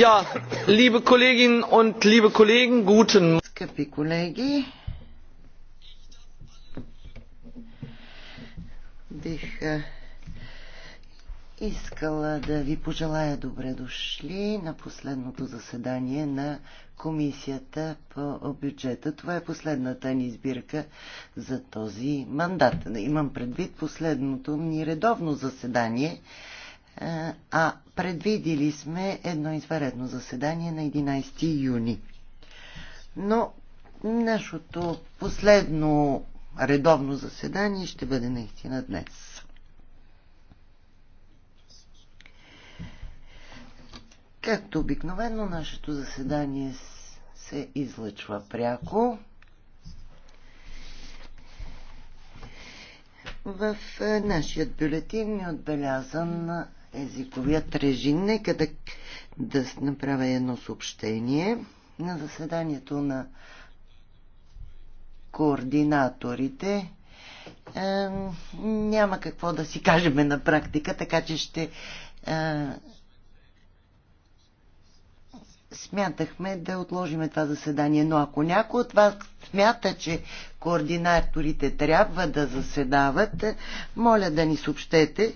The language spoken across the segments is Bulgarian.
Ja, liebe Kolleginnen und liebe Kollegen, guten Скъпи колеги, бих е, искала да ви пожелая добре дошли на последното заседание на Комисията по бюджета. Това е последната ни избирка за този мандат. Имам предвид последното ни редовно заседание – а предвидили сме едно изваредно заседание на 11 юни. Но нашето последно редовно заседание ще бъде наистина днес. Както обикновено, нашето заседание се излъчва пряко. В е, нашия бюлетин е отбелязан езиковият режим. Нека да, да направя едно съобщение на заседанието на координаторите. Е, няма какво да си кажем на практика, така че ще е, смятахме да отложиме това заседание, но ако някой от вас смята, че координаторите трябва да заседават, моля да ни съобщете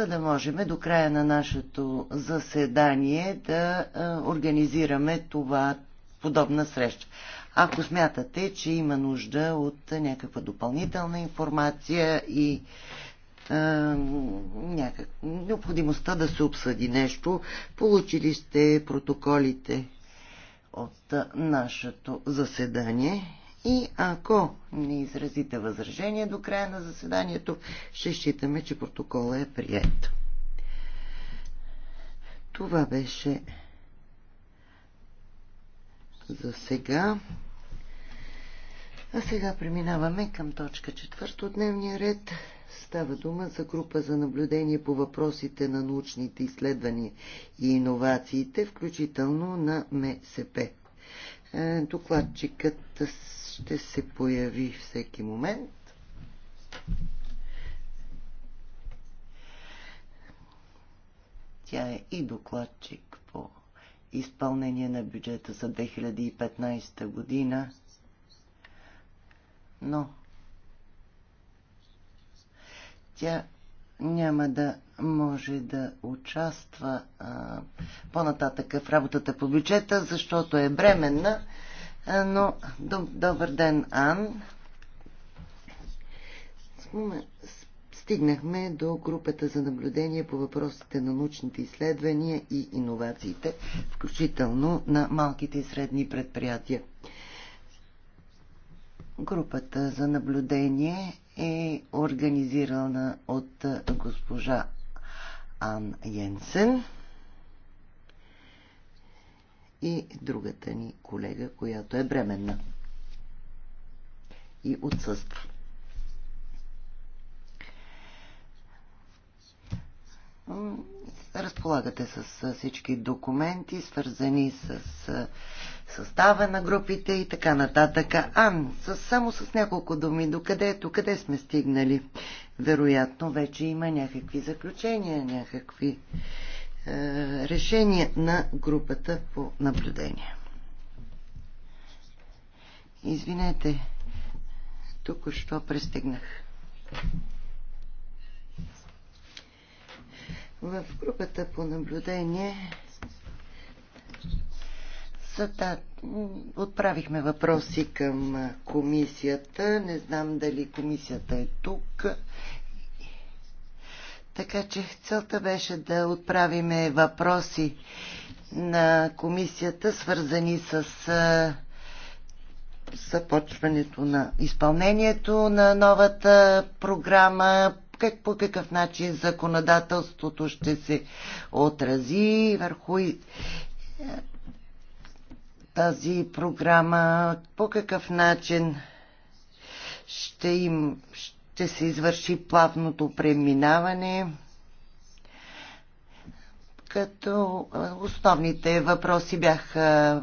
за да можем до края на нашето заседание да организираме това подобна среща. Ако смятате, че има нужда от някаква допълнителна информация и е, някак... необходимостта да се обсъди нещо, получили сте протоколите от нашето заседание. И ако не изразите възражение до края на заседанието, ще считаме, че протокола е прият. Това беше за сега. А сега преминаваме към точка четвърта от дневния ред. Става дума за група за наблюдение по въпросите на научните изследвания и иновациите, включително на МСП. Е, докладчикът ще се появи всеки момент. Тя е и докладчик по изпълнение на бюджета за 2015 година, но тя няма да може да участва по-нататък в работата по бюджета, защото е бременна е, но, добър ден, Ан. Стигнахме до групата за наблюдение по въпросите на научните изследвания и иновациите, включително на малките и средни предприятия. Групата за наблюдение е организирана от е, госпожа Ан Йенсен и другата ни колега, която е бременна и отсъства. Разполагате с всички документи, свързани с състава на групите и така нататък. А, с, само с няколко думи, докъде, докъде сме стигнали? Вероятно, вече има някакви заключения, някакви е, решение на групата по наблюдение. Извинете, тук що пристигнах. В групата по наблюдение Сата, отправихме въпроси към комисията. Не знам дали комисията е тук така че целта беше да отправиме въпроси на комисията, свързани с започването на изпълнението на новата програма, как, по какъв начин законодателството ще се отрази върху тази програма, по какъв начин ще им ще ще се извърши плавното преминаване, като основните въпроси бяха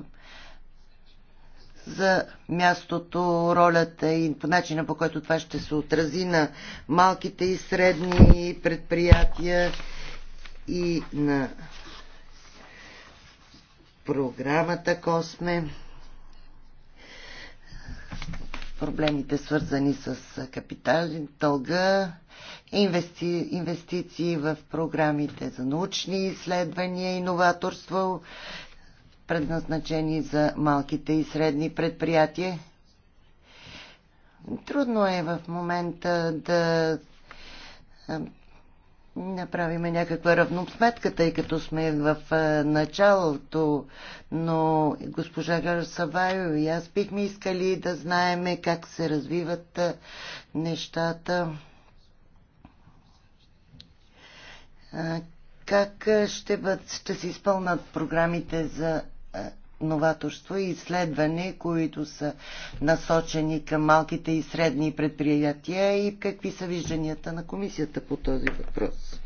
за мястото, ролята и по начина по който това ще се отрази на малките и средни предприятия и на програмата Косме проблемите свързани с капитален, дълга, инвести, инвестиции в програмите за научни изследвания, иноваторство, предназначени за малките и средни предприятия. Трудно е в момента да направиме някаква равносметка, тъй като сме в началото, но госпожа Гарсавайо и аз бихме искали да знаеме как се развиват нещата. Как ще, бъд, ще се изпълнат програмите за новаторство и изследване, които са насочени към малките и средни предприятия и какви са вижданията на комисията по този въпрос?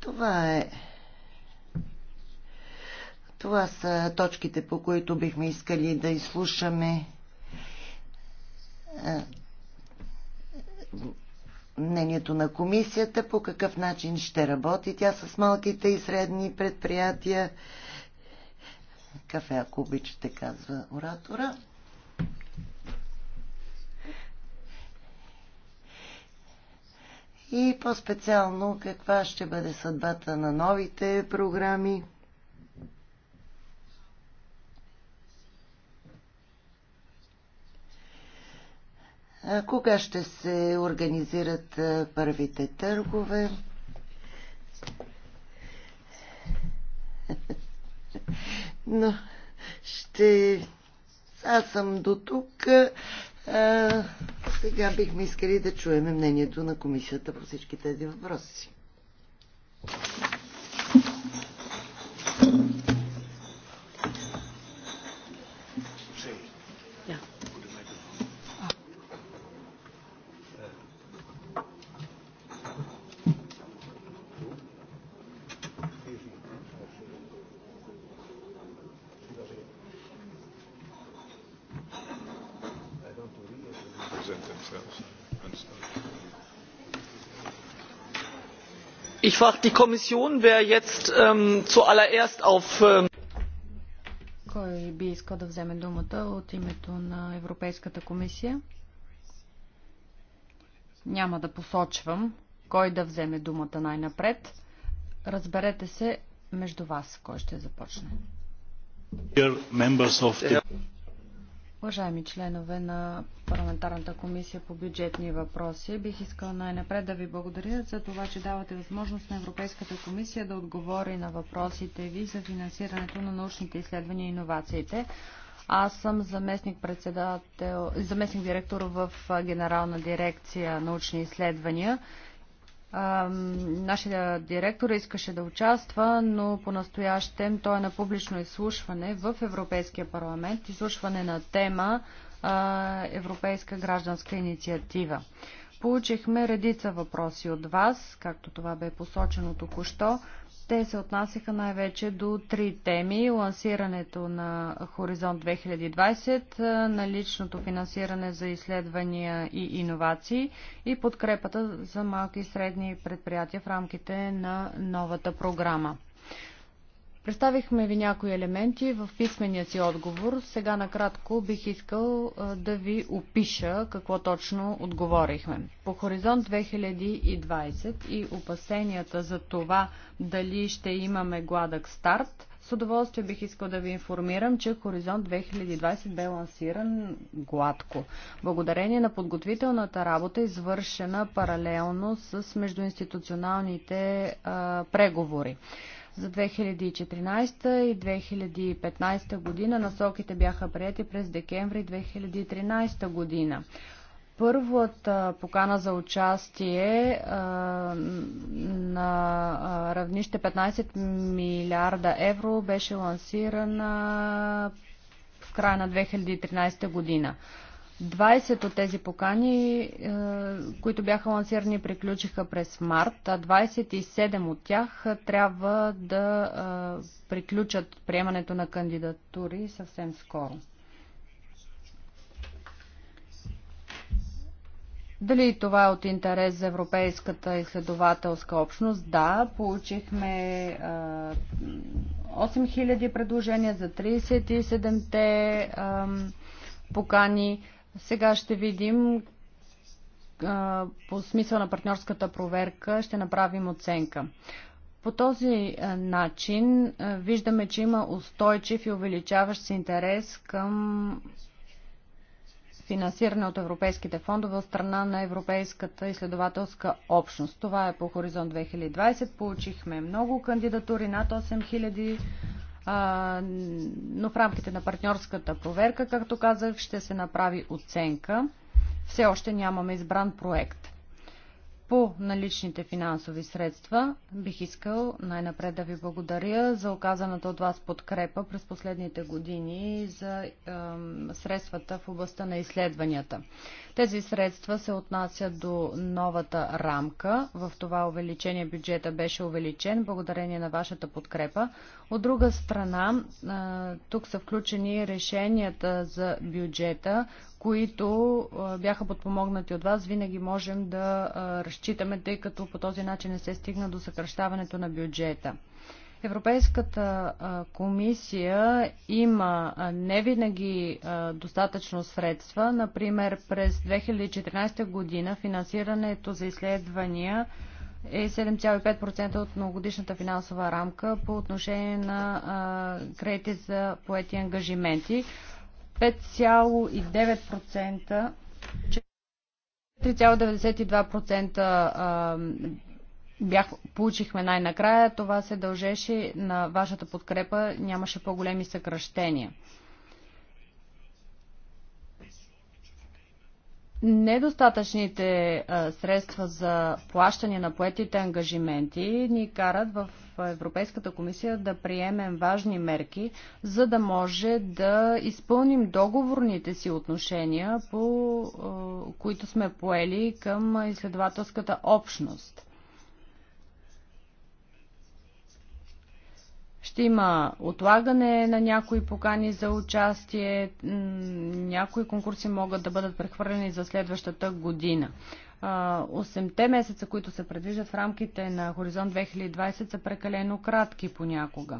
Това е това са точките, по които бихме искали да изслушаме мнението на комисията, по какъв начин ще работи тя с малките и средни предприятия. Кафе, ако обичате, казва оратора. И по-специално каква ще бъде съдбата на новите програми. Кога ще се организират първите търгове? Но ще... Аз съм до тук. А, сега бихме искали да чуем мнението на комисията по всички тези въпроси. ich frage die kommission wer jetzt ähm, zuallererst auf ähm, кой би искал да вземе думата от името на Европейската комисия? Няма да посочвам кой да вземе думата най-напред. Разберете се между вас кой ще започне. Уважаеми членове на парламентарната комисия по бюджетни въпроси, бих искал най-напред да ви благодаря за това, че давате възможност на Европейската комисия да отговори на въпросите ви за финансирането на научните изследвания и иновациите. Аз съм заместник-председател, заместник-директор в Генерална дирекция научни изследвания нашия директор искаше да участва, но по-настоящем той е на публично изслушване в Европейския парламент, изслушване на тема Европейска гражданска инициатива. Получихме редица въпроси от вас, както това бе посочено току-що. Те се отнасяха най-вече до три теми. Лансирането на Хоризонт 2020, наличното финансиране за изследвания и иновации и подкрепата за малки и средни предприятия в рамките на новата програма. Представихме ви някои елементи в писмения си отговор. Сега накратко бих искал да ви опиша какво точно отговорихме. По Хоризонт 2020 и опасенията за това дали ще имаме гладък старт, с удоволствие бих искал да ви информирам, че Хоризонт 2020 бе лансиран гладко. Благодарение на подготвителната работа, извършена паралелно с междуинституционалните а, преговори. За 2014 и 2015 година насоките бяха прияти през декември 2013 година. Първата покана за участие на равнище 15 милиарда евро беше лансирана в края на 2013 година. 20 от тези покани, е, които бяха лансирани, приключиха през март, а 27 от тях трябва да е, приключат приемането на кандидатури съвсем скоро. Дали това е от интерес за Европейската изследователска общност? Да, получихме 8000 е, предложения за 37-те покани. Сега ще видим по смисъл на партньорската проверка ще направим оценка. По този начин виждаме, че има устойчив и увеличаващ се интерес към финансиране от европейските фондове от страна на Европейската изследователска общност. Това е по Хоризонт 2020. Получихме много кандидатури, над 8000 но в рамките на партньорската проверка, както казах, ще се направи оценка. Все още нямаме избран проект по наличните финансови средства, бих искал най-напред да ви благодаря за оказаната от вас подкрепа през последните години за е, средствата в областта на изследванията. Тези средства се отнасят до новата рамка. В това увеличение бюджета беше увеличен благодарение на вашата подкрепа. От друга страна, е, тук са включени решенията за бюджета, които бяха подпомогнати от вас, винаги можем да разчитаме, тъй като по този начин не се стигна до съкръщаването на бюджета. Европейската комисия има не винаги достатъчно средства. Например, през 2014 година финансирането за изследвания е 7,5% от многогодишната финансова рамка по отношение на кредити за поети ангажименти. 5,9%, 3,92% бях, получихме най-накрая. Това се дължеше на вашата подкрепа. Нямаше по-големи съкръщения. недостатъчните а, средства за плащане на поетите ангажименти ни карат в Европейската комисия да приемем важни мерки, за да може да изпълним договорните си отношения, по е, които сме поели към изследователската общност. Ще има отлагане на някои покани за участие, някои конкурси могат да бъдат прехвърлени за следващата година. Осемте те месеца, които се предвиждат в рамките на Хоризонт 2020, са прекалено кратки понякога.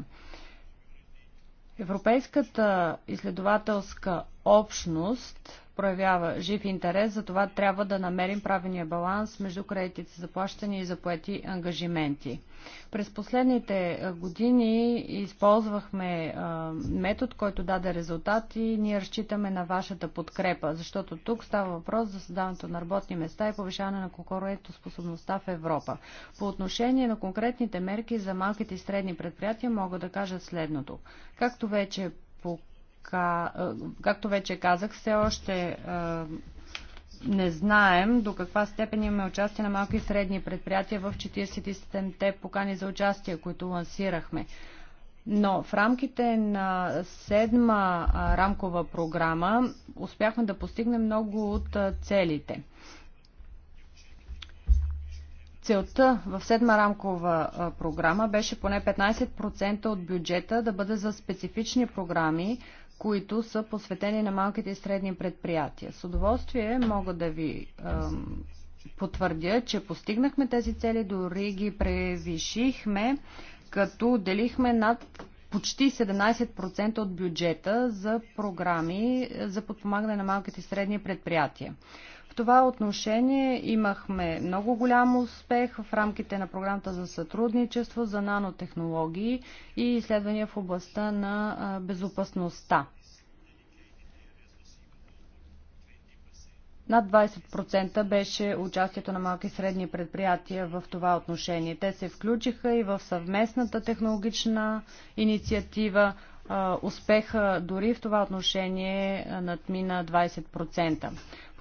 Европейската изследователска общност проявява жив интерес, за това трябва да намерим правилния баланс между кредитите за плащане и за поети ангажименти. През последните години използвахме метод, който даде резултат и ние разчитаме на вашата подкрепа, защото тук става въпрос за създаването на работни места и повишаване на конкурентоспособността в Европа. По отношение на конкретните мерки за малките и средни предприятия мога да кажа следното. Както вече по както вече казах, все още не знаем до каква степен имаме участие на малки и средни предприятия в 47-те покани за участие, които лансирахме. Но в рамките на седма рамкова програма успяхме да постигнем много от целите. Целта в седма рамкова програма беше поне 15% от бюджета да бъде за специфични програми, които са посветени на малките и средни предприятия. С удоволствие мога да ви ем, потвърдя, че постигнахме тези цели, дори ги превишихме, като делихме над почти 17% от бюджета за програми за подпомагане на малките и средни предприятия. В това отношение имахме много голям успех в рамките на програмата за сътрудничество за нанотехнологии и изследвания в областта на безопасността. Над 20% беше участието на малки и средни предприятия в това отношение. Те се включиха и в съвместната технологична инициатива. Успеха дори в това отношение надмина 20%.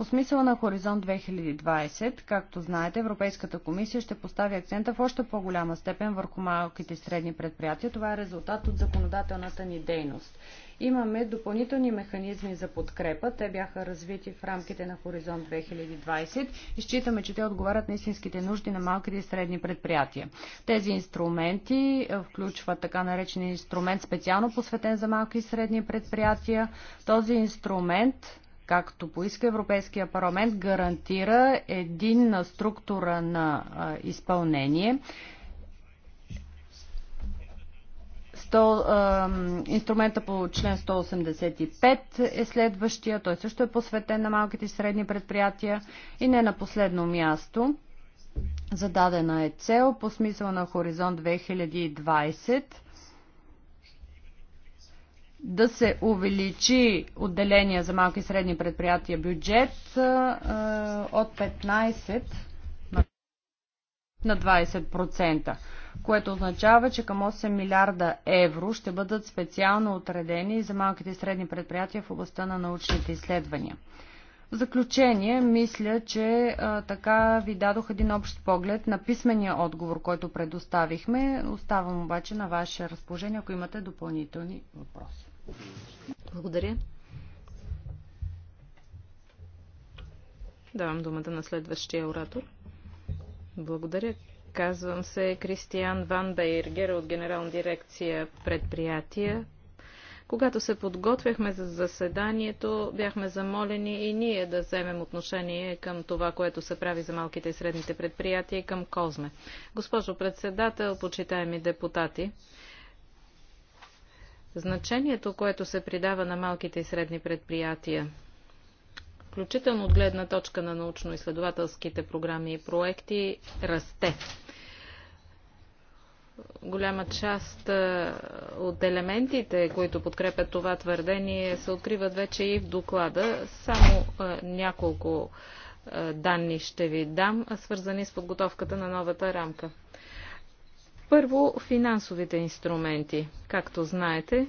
По смисъла на Хоризонт 2020, както знаете, Европейската комисия ще постави акцента в още по-голяма степен върху малките и средни предприятия. Това е резултат от законодателната ни дейност. Имаме допълнителни механизми за подкрепа. Те бяха развити в рамките на Хоризонт 2020 и считаме, че те отговарят на истинските нужди на малките и средни предприятия. Тези инструменти е, включват така наречен инструмент специално посветен за малки и средни предприятия. Този инструмент както поиска Европейския парламент, гарантира единна структура на изпълнение. инструмента по член 185 е следващия. Той също е посветен на малките и средни предприятия. И не на последно място. Зададена е цел по смисъл на Хоризонт 2020 да се увеличи отделение за малки и средни предприятия бюджет от 15 на 20%, което означава, че към 8 милиарда евро ще бъдат специално отредени за малките и средни предприятия в областта на научните изследвания. В заключение, мисля, че а, така ви дадох един общ поглед на писмения отговор, който предоставихме. Оставам обаче на ваше разположение, ако имате допълнителни въпроси. Благодаря. Давам думата на следващия оратор. Благодаря. Казвам се Кристиан Ван Бейргер от Генерална дирекция предприятия. Когато се подготвяхме за заседанието, бяхме замолени и ние да вземем отношение към това, което се прави за малките и средните предприятия и към Козме. Госпожо председател, почитаеми депутати, Значението, което се придава на малките и средни предприятия, включително от гледна точка на научно-изследователските програми и проекти, расте. Голяма част от елементите, които подкрепят това твърдение, се откриват вече и в доклада. Само няколко данни ще ви дам, свързани с подготовката на новата рамка. Първо, финансовите инструменти. Както знаете,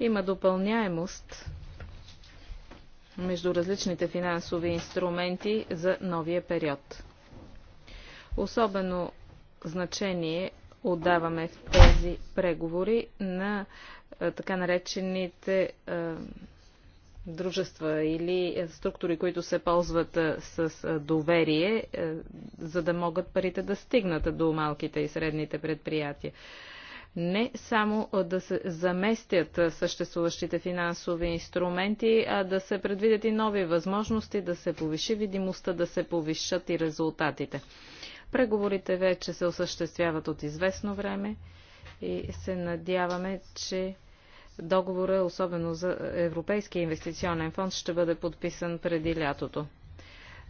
има допълняемост между различните финансови инструменти за новия период. Особено значение отдаваме в тези преговори на така наречените дружества или е, структури, които се ползват е, с е, доверие, за да могат парите да стигнат до малките и средните предприятия. Не само да се заместят съществуващите финансови инструменти, а да се предвидят и нови възможности, да се повиши видимостта, да се повишат и резултатите. Преговорите вече се осъществяват от известно време и се надяваме, че Договора, особено за Европейския инвестиционен фонд, ще бъде подписан преди лятото.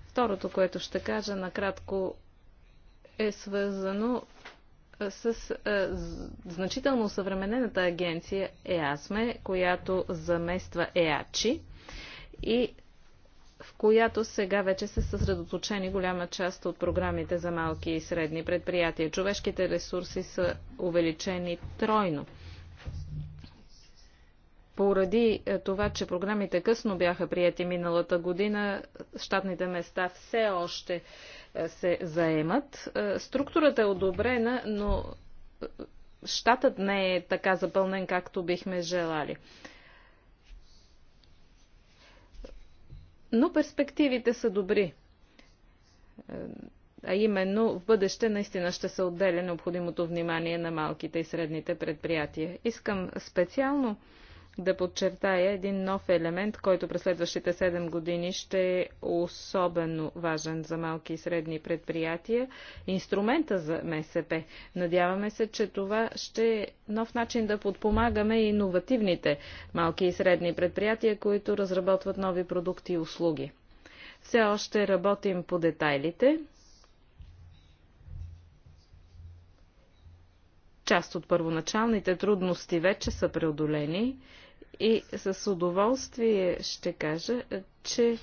Второто, което ще кажа накратко, е свързано с е, значително съвременената агенция ЕАСМЕ, която замества ЕАЧИ и в която сега вече са съсредоточени голяма част от програмите за малки и средни предприятия. Човешките ресурси са увеличени тройно. Поради е, това, че програмите късно бяха прияти миналата година, щатните места все още е, се заемат. Е, структурата е одобрена, но щатът не е така запълнен, както бихме желали. Но перспективите са добри. А именно в бъдеще наистина ще се отделя необходимото внимание на малките и средните предприятия. Искам специално да подчертая един нов елемент, който през следващите 7 години ще е особено важен за малки и средни предприятия – инструмента за МСП. Надяваме се, че това ще е нов начин да подпомагаме и иновативните малки и средни предприятия, които разработват нови продукти и услуги. Все още работим по детайлите. Част от първоначалните трудности вече са преодолени. И с удоволствие ще кажа, че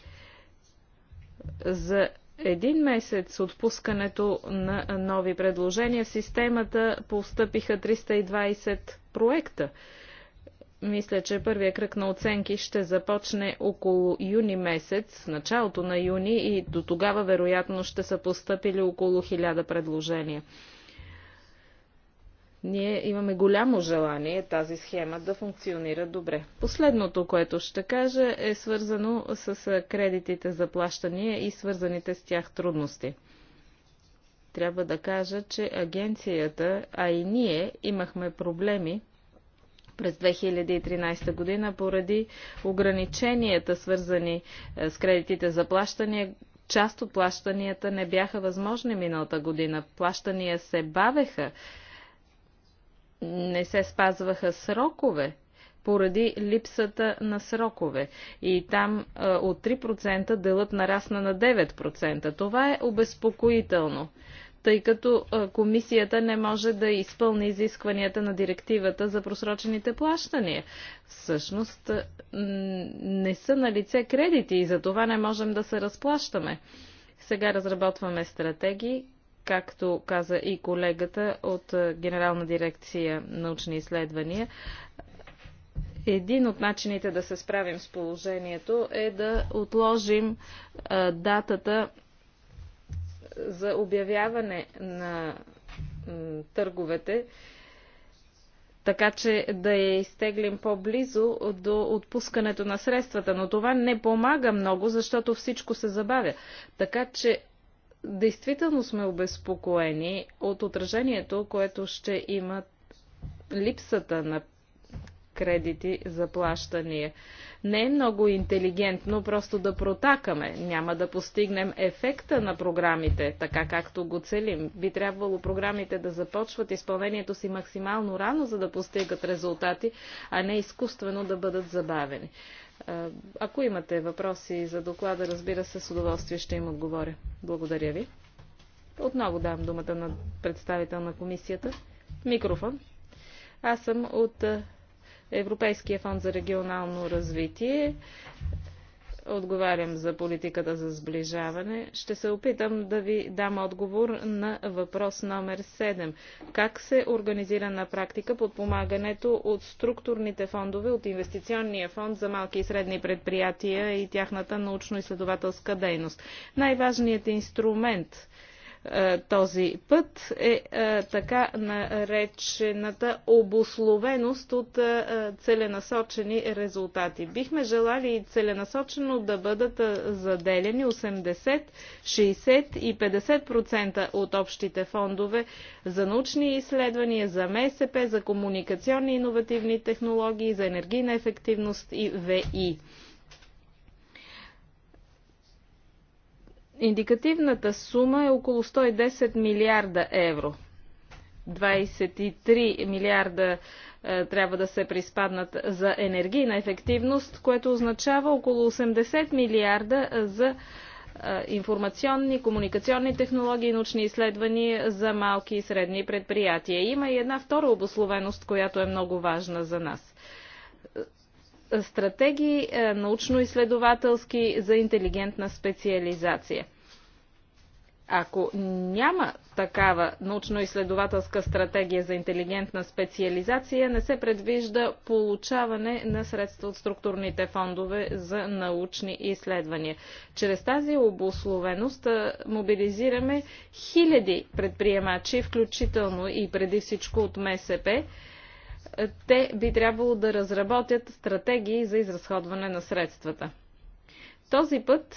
за един месец отпускането на нови предложения в системата постъпиха 320 проекта. Мисля, че първия кръг на оценки ще започне около юни месец, началото на юни и до тогава вероятно ще са постъпили около 1000 предложения. Ние имаме голямо желание тази схема да функционира добре. Последното, което ще кажа, е свързано с кредитите за плащания и свързаните с тях трудности. Трябва да кажа, че агенцията, а и ние имахме проблеми през 2013 година поради ограниченията, свързани е, с кредитите за плащания. Част от плащанията не бяха възможни миналата година. Плащания се бавеха не се спазваха срокове поради липсата на срокове. И там от 3% делът нарасна на 9%. Това е обезпокоително тъй като комисията не може да изпълни изискванията на директивата за просрочените плащания. Всъщност не са на лице кредити и за това не можем да се разплащаме. Сега разработваме стратегии, както каза и колегата от е, Генерална дирекция научни изследвания, един от начините да се справим с положението е да отложим е, датата за обявяване на търговете, така че да я изтеглим по-близо до отпускането на средствата. Но това не помага много, защото всичко се забавя. Така че действително сме обезпокоени от отражението, което ще имат липсата на кредити за плащания. Не е много интелигентно просто да протакаме. Няма да постигнем ефекта на програмите, така както го целим. Би трябвало програмите да започват изпълнението си максимално рано, за да постигат резултати, а не изкуствено да бъдат забавени. Ако имате въпроси за доклада, разбира се, с удоволствие ще им отговоря. Благодаря ви. Отново дам думата на представител на комисията. Микрофон. Аз съм от Европейския фонд за регионално развитие. Отговарям за политиката за сближаване. Ще се опитам да ви дам отговор на въпрос номер 7. Как се организира на практика подпомагането от структурните фондове, от инвестиционния фонд за малки и средни предприятия и тяхната научно-изследователска дейност? Най-важният инструмент – е, този път е, е така наречената обословеност от е, целенасочени резултати. Бихме желали целенасочено да бъдат заделени 80, 60 и 50% от общите фондове за научни изследвания, за МСП, за комуникационни иновативни технологии, за енергийна ефективност и ВИ. Индикативната сума е около 110 милиарда евро. 23 милиарда е, трябва да се приспаднат за енергийна ефективност, което означава около 80 милиарда за е, информационни, комуникационни технологии и научни изследвания за малки и средни предприятия. Има и една втора обословеност, която е много важна за нас стратегии е, научно-изследователски за интелигентна специализация. Ако няма такава научно-изследователска стратегия за интелигентна специализация, не се предвижда получаване на средства от структурните фондове за научни изследвания. Чрез тази обословеност мобилизираме хиляди предприемачи, включително и преди всичко от МСП. Те би трябвало да разработят стратегии за изразходване на средствата. Този път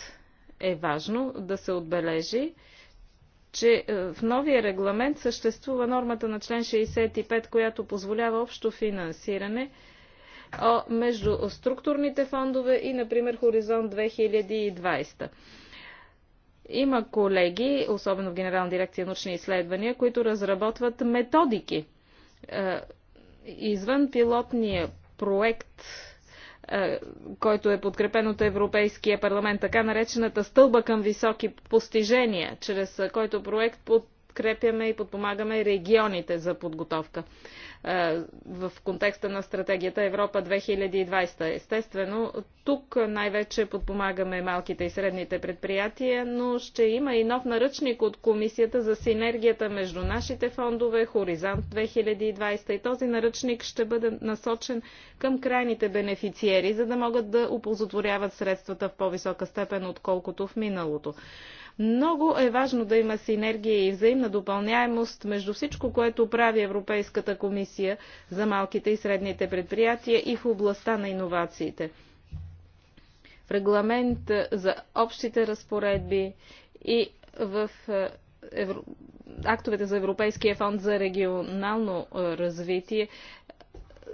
е важно да се отбележи, че е, в новия регламент съществува нормата на член 65, която позволява общо финансиране между структурните фондове и, например, Хоризонт 2020. Има колеги, особено в Генерална дирекция научни изследвания, които разработват методики е, извън пилотния проект е, който е подкрепен от Европейския парламент, така наречената стълба към високи постижения, чрез е, който проект под подкрепяме и подпомагаме регионите за подготовка е, в контекста на стратегията Европа 2020. Естествено, тук най-вече подпомагаме малките и средните предприятия, но ще има и нов наръчник от Комисията за синергията между нашите фондове Хоризонт 2020 и този наръчник ще бъде насочен към крайните бенефициери, за да могат да оползотворяват средствата в по-висока степен, отколкото в миналото. Много е важно да има синергия и взаимна допълняемост между всичко, което прави Европейската комисия за малките и средните предприятия и в областта на иновациите. В регламент е, за общите разпоредби и в е, евро... актовете за Европейския фонд за регионално е, развитие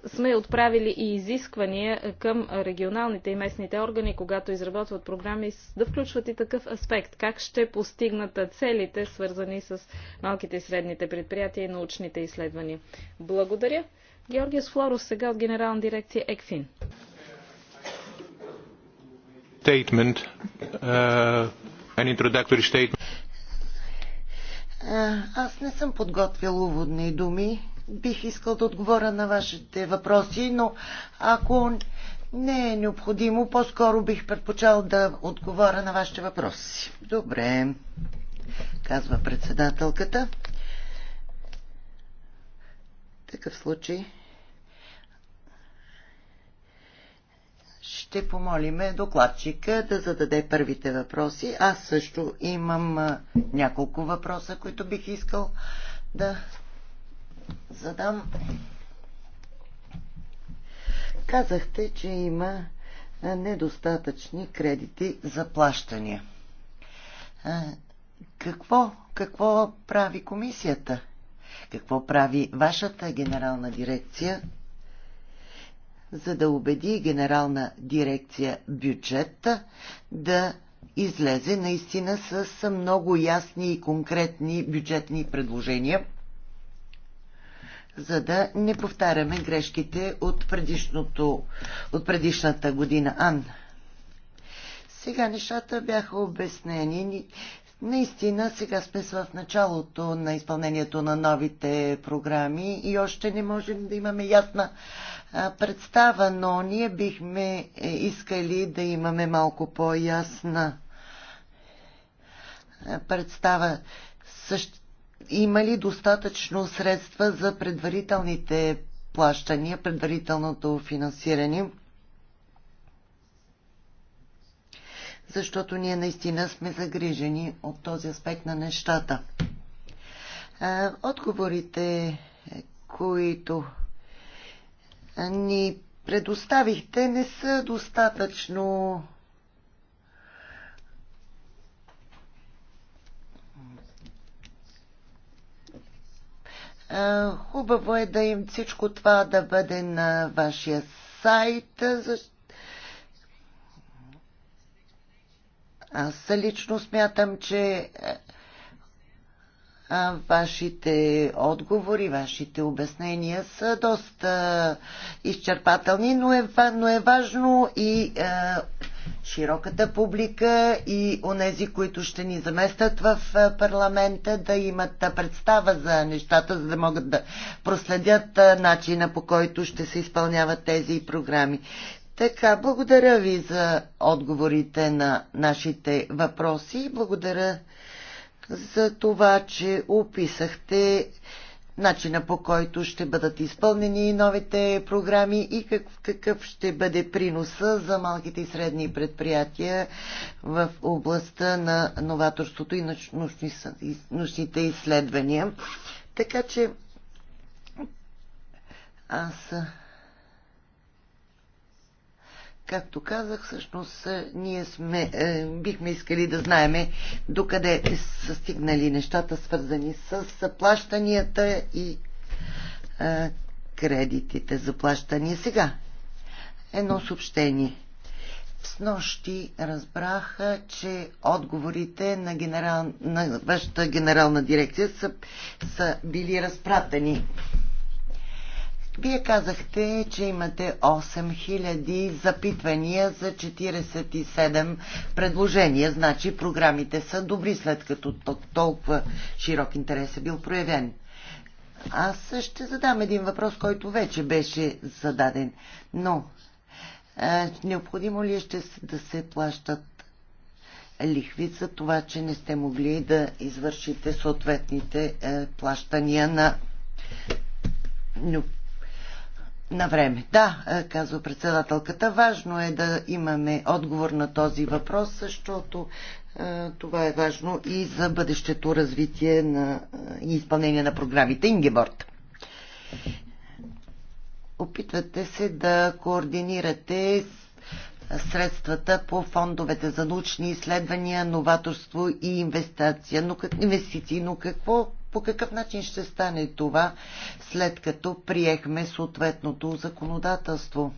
сме отправили и изисквания към регионалните и местните органи, когато изработват програми, да включват и такъв аспект. Как ще постигнат целите, свързани с малките и средните предприятия и научните изследвания. Благодаря. Георгия Флоров сега от Генерална дирекция ЕКФИН. Statement, uh, an introductory statement. Аз не съм подготвил уводни думи бих искал да отговоря на вашите въпроси, но ако не е необходимо, по-скоро бих предпочел да отговоря на вашите въпроси. Добре, казва председателката. такъв случай ще помолиме докладчика да зададе първите въпроси. Аз също имам няколко въпроса, които бих искал да задам. Казахте, че има недостатъчни кредити за плащания. Какво, какво прави комисията? Какво прави вашата генерална дирекция, за да убеди генерална дирекция бюджета да излезе наистина с много ясни и конкретни бюджетни предложения? за да не повтаряме грешките от, от предишната година. Ан. Сега нещата бяха обяснени. Наистина, сега сме в началото на изпълнението на новите програми и още не можем да имаме ясна представа, но ние бихме е, искали да имаме малко по-ясна представа. Същ има ли достатъчно средства за предварителните плащания, предварителното финансиране? Защото ние наистина сме загрижени от този аспект на нещата. Отговорите, които ни предоставихте, не са достатъчно Е, хубаво е да им всичко това да бъде на вашия сайт. Аз лично смятам, че е, вашите отговори, вашите обяснения са доста е, изчерпателни, но е, но е важно и широката публика и онези, които ще ни заместят в парламента, да имат представа за нещата, за да могат да проследят начина по който ще се изпълняват тези програми. Така, благодаря ви за отговорите на нашите въпроси. Благодаря за това, че описахте начина по който ще бъдат изпълнени новите програми и какъв ще бъде приноса за малките и средни предприятия в областта на новаторството и научните изследвания. Така че аз Както казах, всъщност е, ние сме, е, бихме искали да знаеме докъде са стигнали нещата, свързани с заплащанията и е, кредитите за плащания. Сега едно съобщение. С нощи разбраха, че отговорите на, генерал, на вашата генерална дирекция са, са били разпратени. Вие казахте, че имате 8000 запитвания за 47 предложения. Значи програмите са добри, след като толкова широк интерес е бил проявен. Аз ще задам един въпрос, който вече беше зададен. Но е, необходимо ли е ще да се плащат лихви за това, че не сте могли да извършите съответните е, плащания на на време. Да, е, казва председателката, важно е да имаме отговор на този въпрос, защото е, това е важно и за бъдещето развитие на, е, и изпълнение на програмите. Ингеборд. Опитвате се да координирате средствата по фондовете за научни изследвания, новаторство и инвестиция. Но, инвестиции, но какво по какъв начин ще стане това, след като приехме съответното законодателство?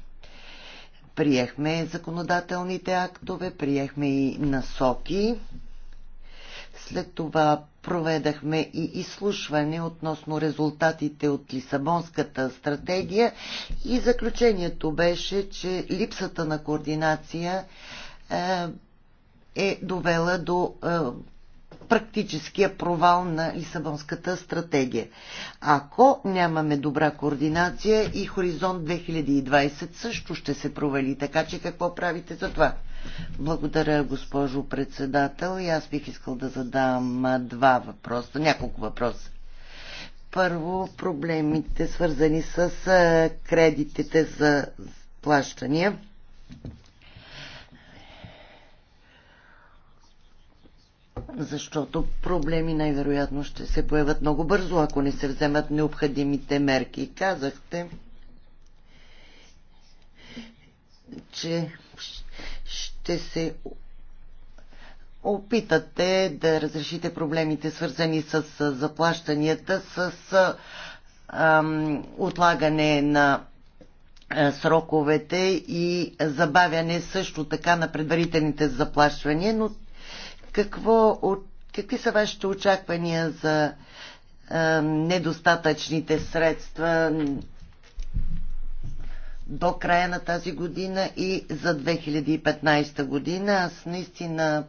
Приехме законодателните актове, приехме и насоки. След това проведахме и изслушване относно резултатите от Лисабонската стратегия и заключението беше, че липсата на координация е, е довела до е, практическия провал на Лисабонската стратегия. Ако нямаме добра координация и Хоризонт 2020 също ще се провали, така че какво правите за това? Благодаря, госпожо председател. И аз бих искал да задам два въпроса, няколко въпроса. Първо, проблемите свързани с кредитите за плащания. защото проблеми най-вероятно ще се появят много бързо, ако не се вземат необходимите мерки. Казахте, че ще се опитате да разрешите проблемите, свързани с заплащанията, с ам, отлагане на сроковете и забавяне също така на предварителните заплащания, но какво, какви са вашите очаквания за а, недостатъчните средства до края на тази година и за 2015 година? Аз наистина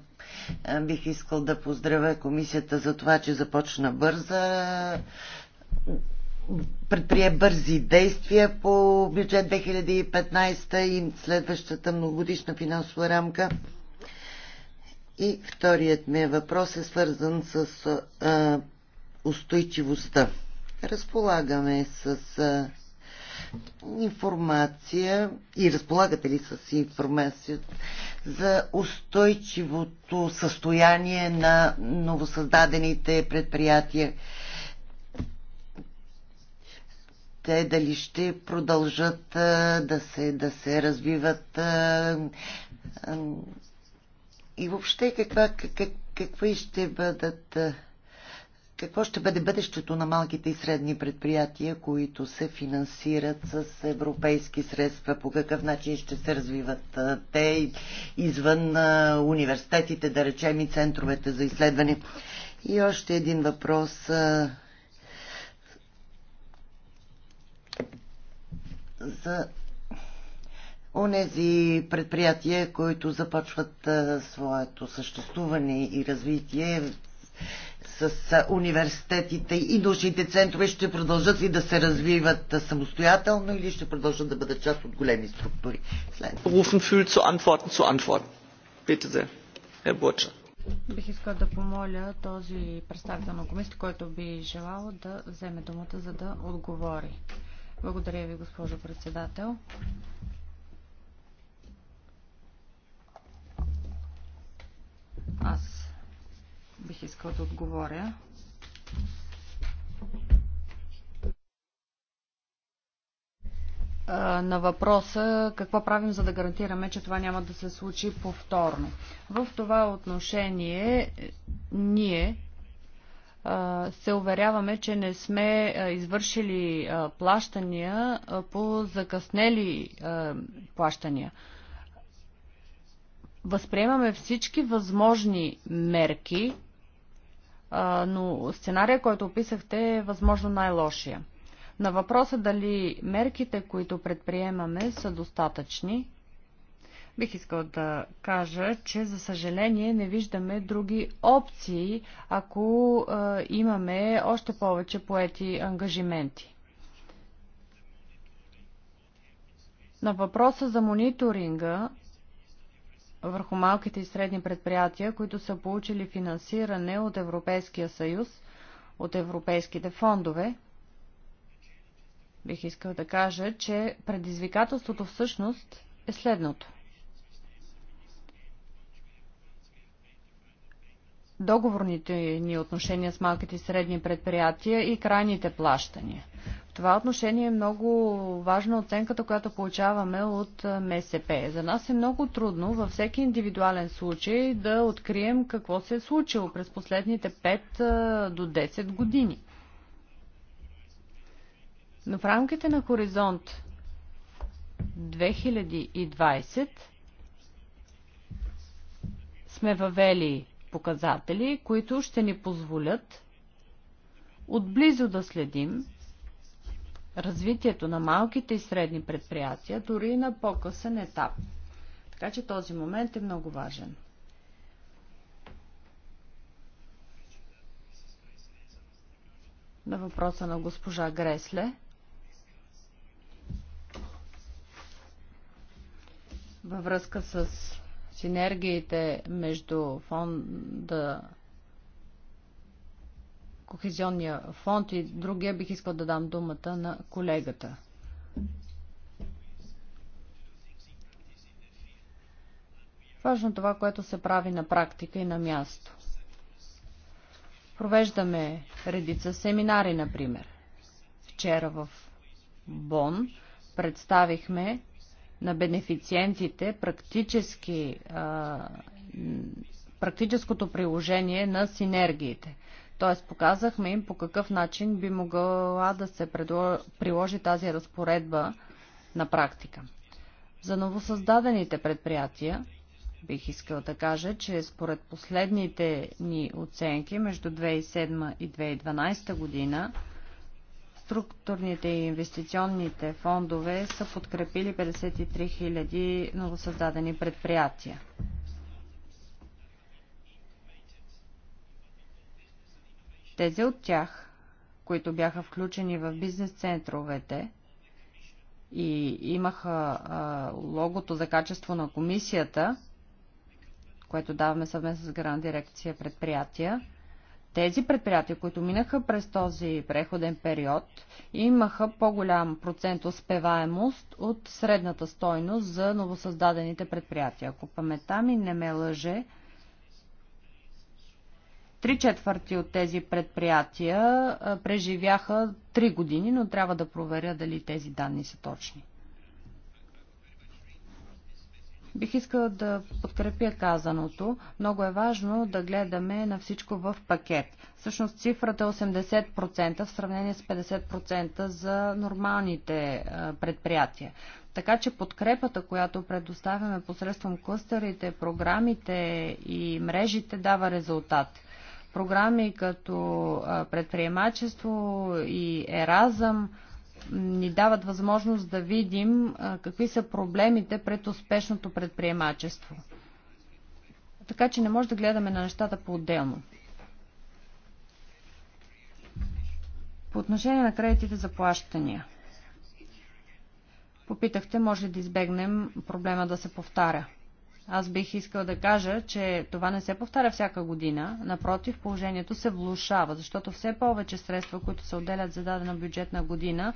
бих искал да поздравя комисията за това, че започна бърза предприе бързи действия по бюджет 2015 и следващата многогодишна финансова рамка. И вторият ми въпрос е свързан с а, устойчивостта. Разполагаме с а, информация и разполагате ли с информация за устойчивото състояние на новосъздадените предприятия? те дали ще продължат да се, да се развиват и въобще каква, как, какви ще бъдат какво ще бъде бъдещето на малките и средни предприятия, които се финансират с европейски средства? По какъв начин ще се развиват те извън университетите, да речем и центровете за изследване? И още един въпрос. За онези предприятия, които започват своето съществуване и развитие с университетите и научните центрове ще продължат ли да се развиват самостоятелно или ще продължат да бъдат част от големи структури? След. Руфен фюль zu antworten, zu antworten. Bitte sehr, Herr Бих искал да помоля този представител на комисията, който би желал да вземе думата, за да отговори. Благодаря ви, госпожо председател. Аз бих искал да отговоря. на въпроса какво правим, за да гарантираме, че това няма да се случи повторно. В това отношение е, ние се уверяваме, че не сме извършили плащания по закъснели плащания възприемаме всички възможни мерки, но сценария, който описахте, е възможно най-лошия. На въпроса дали мерките, които предприемаме, са достатъчни, бих искал да кажа, че за съжаление не виждаме други опции, ако имаме още повече поети ангажименти. На въпроса за мониторинга върху малките и средни предприятия, които са получили финансиране от Европейския съюз, от европейските фондове. Бих искал да кажа, че предизвикателството всъщност е следното. Договорните ни отношения с малките и средни предприятия и крайните плащания това отношение е много важна оценката, която получаваме от МСП. За нас е много трудно във всеки индивидуален случай да открием какво се е случило през последните 5 до 10 години. Но в рамките на хоризонт 2020 сме въвели показатели, които ще ни позволят отблизо да следим развитието на малките и средни предприятия, дори и на по-късен етап. Така че този момент е много важен. На въпроса на госпожа Гресле. Във връзка с синергиите между фонда Кохезионния фонд и другия бих искал да дам думата на колегата. Важно е това, което се прави на практика и на място. Провеждаме редица семинари, например. Вчера в Бон представихме на бенефициентите практически, а, практическото приложение на синергиите. Т.е. показахме им по какъв начин би могла да се приложи тази разпоредба на практика. За новосъздадените предприятия бих искал да кажа, че според последните ни оценки между 2007 и 2012 година структурните и инвестиционните фондове са подкрепили 53 000 новосъздадени предприятия. Тези от тях, които бяха включени в бизнес центровете и имаха а, логото за качество на комисията, което даваме съвместно с Гран дирекция предприятия, тези предприятия, които минаха през този преходен период, имаха по-голям процент успеваемост от средната стойност за новосъздадените предприятия. Ако паметта ми не ме лъже, Три четвърти от тези предприятия преживяха три години, но трябва да проверя дали тези данни са точни. Бих искала да подкрепя казаното. Много е важно да гледаме на всичко в пакет. Всъщност цифрата е 80% в сравнение с 50% за нормалните предприятия. Така че подкрепата, която предоставяме посредством клъстерите, програмите и мрежите, дава резултат. Програми като предприемачество и еразъм ни дават възможност да видим какви са проблемите пред успешното предприемачество. Така че не може да гледаме на нещата по-отделно. По отношение на кредитите за плащания. Попитахте, може ли да избегнем проблема да се повтаря. Аз бих искал да кажа, че това не се повтаря всяка година. Напротив, положението се влушава, защото все повече средства, които се отделят за дадена бюджетна година,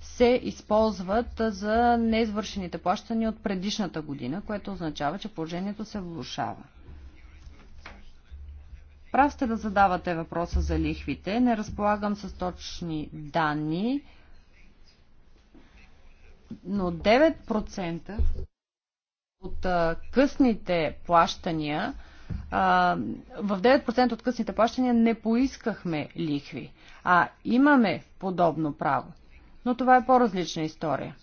се използват за неизвършените плащания от предишната година, което означава, че положението се влушава. Прав сте да задавате въпроса за лихвите. Не разполагам с точни данни, но 9% от късните плащания, в 9% от късните плащания не поискахме лихви, а имаме подобно право. Но това е по-различна история.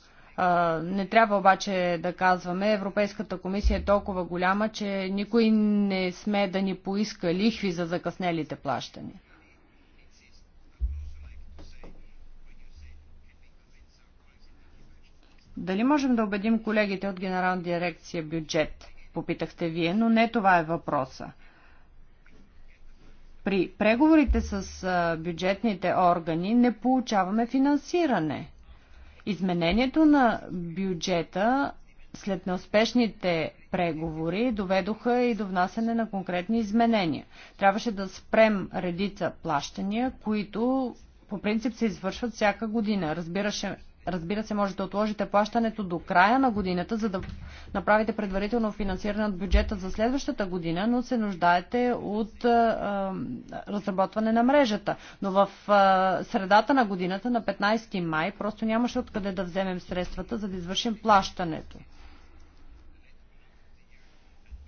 Не трябва обаче да казваме, Европейската комисия е толкова голяма, че никой не сме да ни поиска лихви за закъснелите плащания. Дали можем да убедим колегите от Генерална дирекция бюджет? Попитахте вие, но не това е въпроса. При преговорите с бюджетните органи не получаваме финансиране. Изменението на бюджета след неуспешните преговори доведоха и до внасяне на конкретни изменения. Трябваше да спрем редица плащания, които по принцип се извършват всяка година. Разбираше, Разбира се, можете да отложите плащането до края на годината, за да направите предварително финансиране от бюджета за следващата година, но се нуждаете от а, разработване на мрежата. Но в а, средата на годината, на 15 май, просто нямаше откъде да вземем средствата, за да извършим плащането.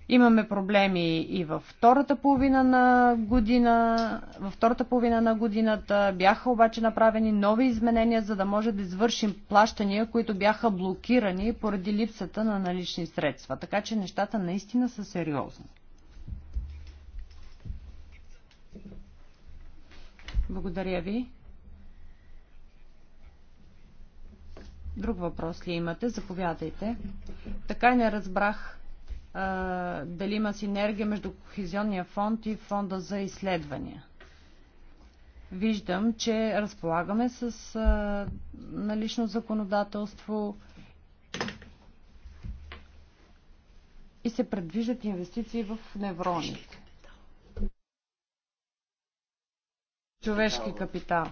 Имаме проблеми и във втората половина на година. Във втората половина на годината бяха обаче направени нови изменения, за да може да извършим плащания, които бяха блокирани поради липсата на налични средства. Така че нещата наистина са сериозни. Благодаря ви. Друг въпрос ли имате? Заповядайте. Така и не разбрах дали има синергия между Кохизионния фонд и фонда за изследвания. Виждам, че разполагаме с налично законодателство и се предвиждат инвестиции в невроните. Човешки капитал.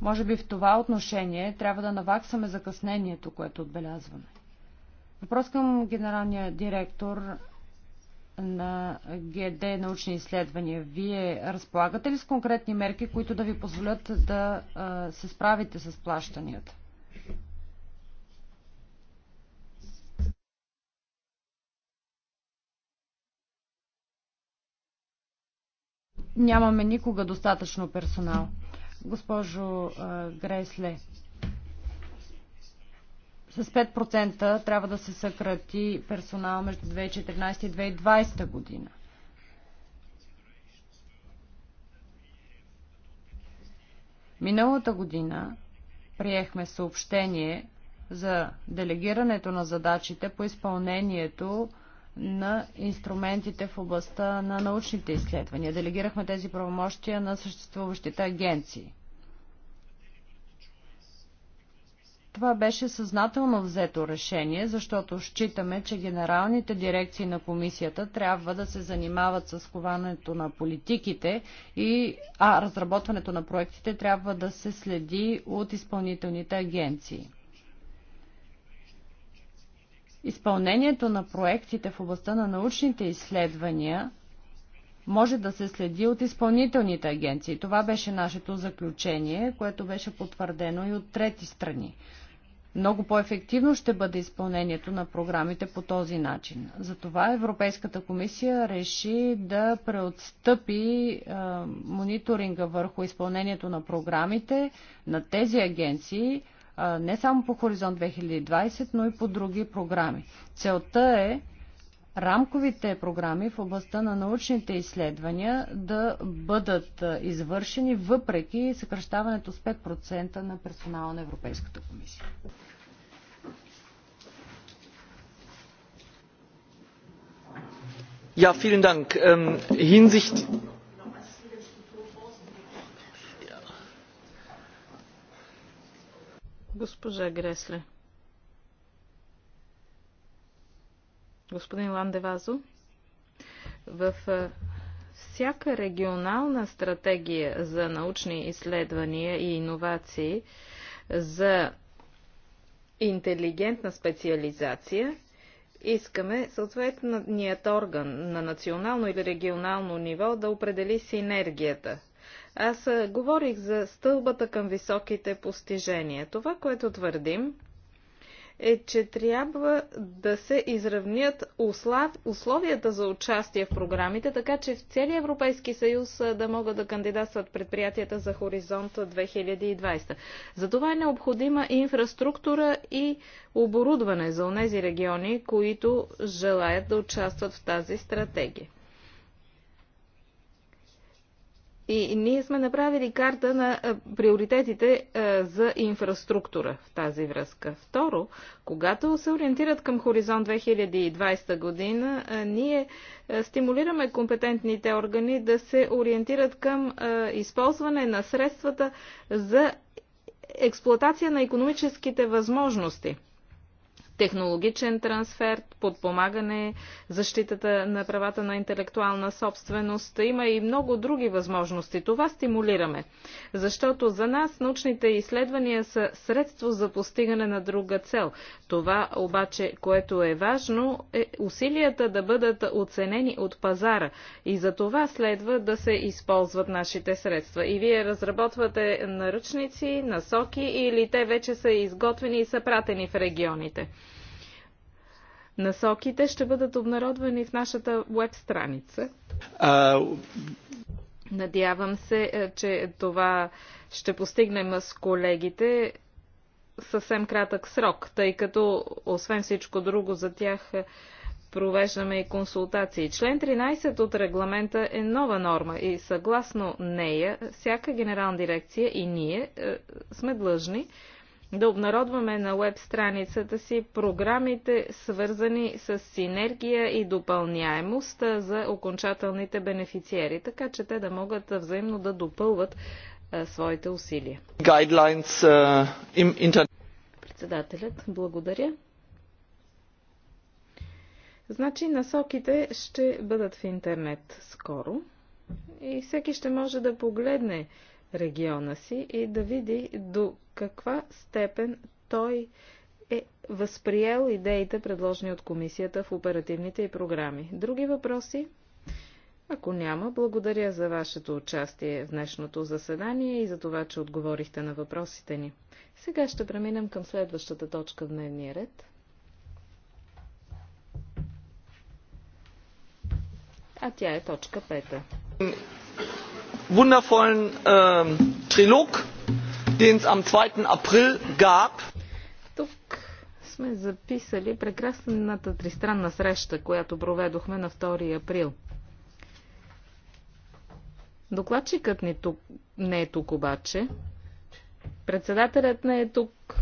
Може би в това отношение трябва да наваксаме закъснението, което отбелязваме. Въпрос към генералния директор на ГД научни изследвания. Вие разполагате ли с конкретни мерки, които да ви позволят да се справите с плащанията? Нямаме никога достатъчно персонал. Госпожо Гресле, с 5% трябва да се съкрати персонал между 2014 и 2020 година. Миналата година приехме съобщение за делегирането на задачите по изпълнението на инструментите в областта на научните изследвания. Делегирахме тези правомощия на съществуващите агенции. Това беше съзнателно взето решение, защото считаме, че генералните дирекции на комисията трябва да се занимават с коването на политиките и а, разработването на проектите трябва да се следи от изпълнителните агенции. Изпълнението на проектите в областта на научните изследвания може да се следи от изпълнителните агенции. Това беше нашето заключение, което беше потвърдено и от трети страни. Много по-ефективно ще бъде изпълнението на програмите по този начин. Затова Европейската комисия реши да преотстъпи мониторинга върху изпълнението на програмите на тези агенции, не само по Хоризонт 2020, но и по други програми. Целта е рамковите програми в областта на научните изследвания да бъдат извършени въпреки съкръщаването с 5% на персонала на Европейската комисия. Ja, vielen Dank. Ähm, hinsicht Госпожа Гресле. господин Ландевазо, в всяка регионална стратегия за научни изследвания и иновации за интелигентна специализация искаме съответният орган на национално или регионално ниво да определи синергията. Аз говорих за стълбата към високите постижения. Това, което твърдим, е, че трябва да се изравнят условията за участие в програмите, така че в целия Европейски съюз да могат да кандидатстват предприятията за Хоризонт 2020. За това е необходима инфраструктура и оборудване за онези региони, които желаят да участват в тази стратегия. И ние сме направили карта на приоритетите за инфраструктура в тази връзка. Второ, когато се ориентират към Хоризонт 2020 година, ние стимулираме компетентните органи да се ориентират към използване на средствата за експлоатация на економическите възможности – технологичен трансфер, подпомагане, защитата на правата на интелектуална собственост. Има и много други възможности. Това стимулираме, защото за нас научните изследвания са средство за постигане на друга цел. Това обаче, което е важно, е усилията да бъдат оценени от пазара и за това следва да се използват нашите средства. И вие разработвате наръчници, насоки или те вече са изготвени и са пратени в регионите. Насоките ще бъдат обнародвани в нашата веб страница. А... Надявам се, е, че това ще постигнем с колегите съвсем кратък срок, тъй като освен всичко друго за тях е, провеждаме и консултации. Член 13 от регламента е нова норма и съгласно нея всяка генерална дирекция и ние е, сме длъжни да обнародваме на веб страницата си програмите, свързани с синергия и допълняемост за окончателните бенефициери, така че те да могат взаимно да допълват своите усилия. Председателят, благодаря. Значи насоките ще бъдат в интернет скоро и всеки ще може да погледне региона си и да види до каква степен той е възприел идеите, предложени от комисията в оперативните и програми. Други въпроси? Ако няма, благодаря за вашето участие в днешното заседание и за това, че отговорихте на въпросите ни. Сега ще преминем към следващата точка в дневния ред. А тя е точка пета. Wundervollen äh, Trilog den es am 2. April gab. Тук сме записали прекрасната тристранна среща, която проведохме на 2 април. Докладчикът ни тук, не е тук обаче. Председателят не е тук.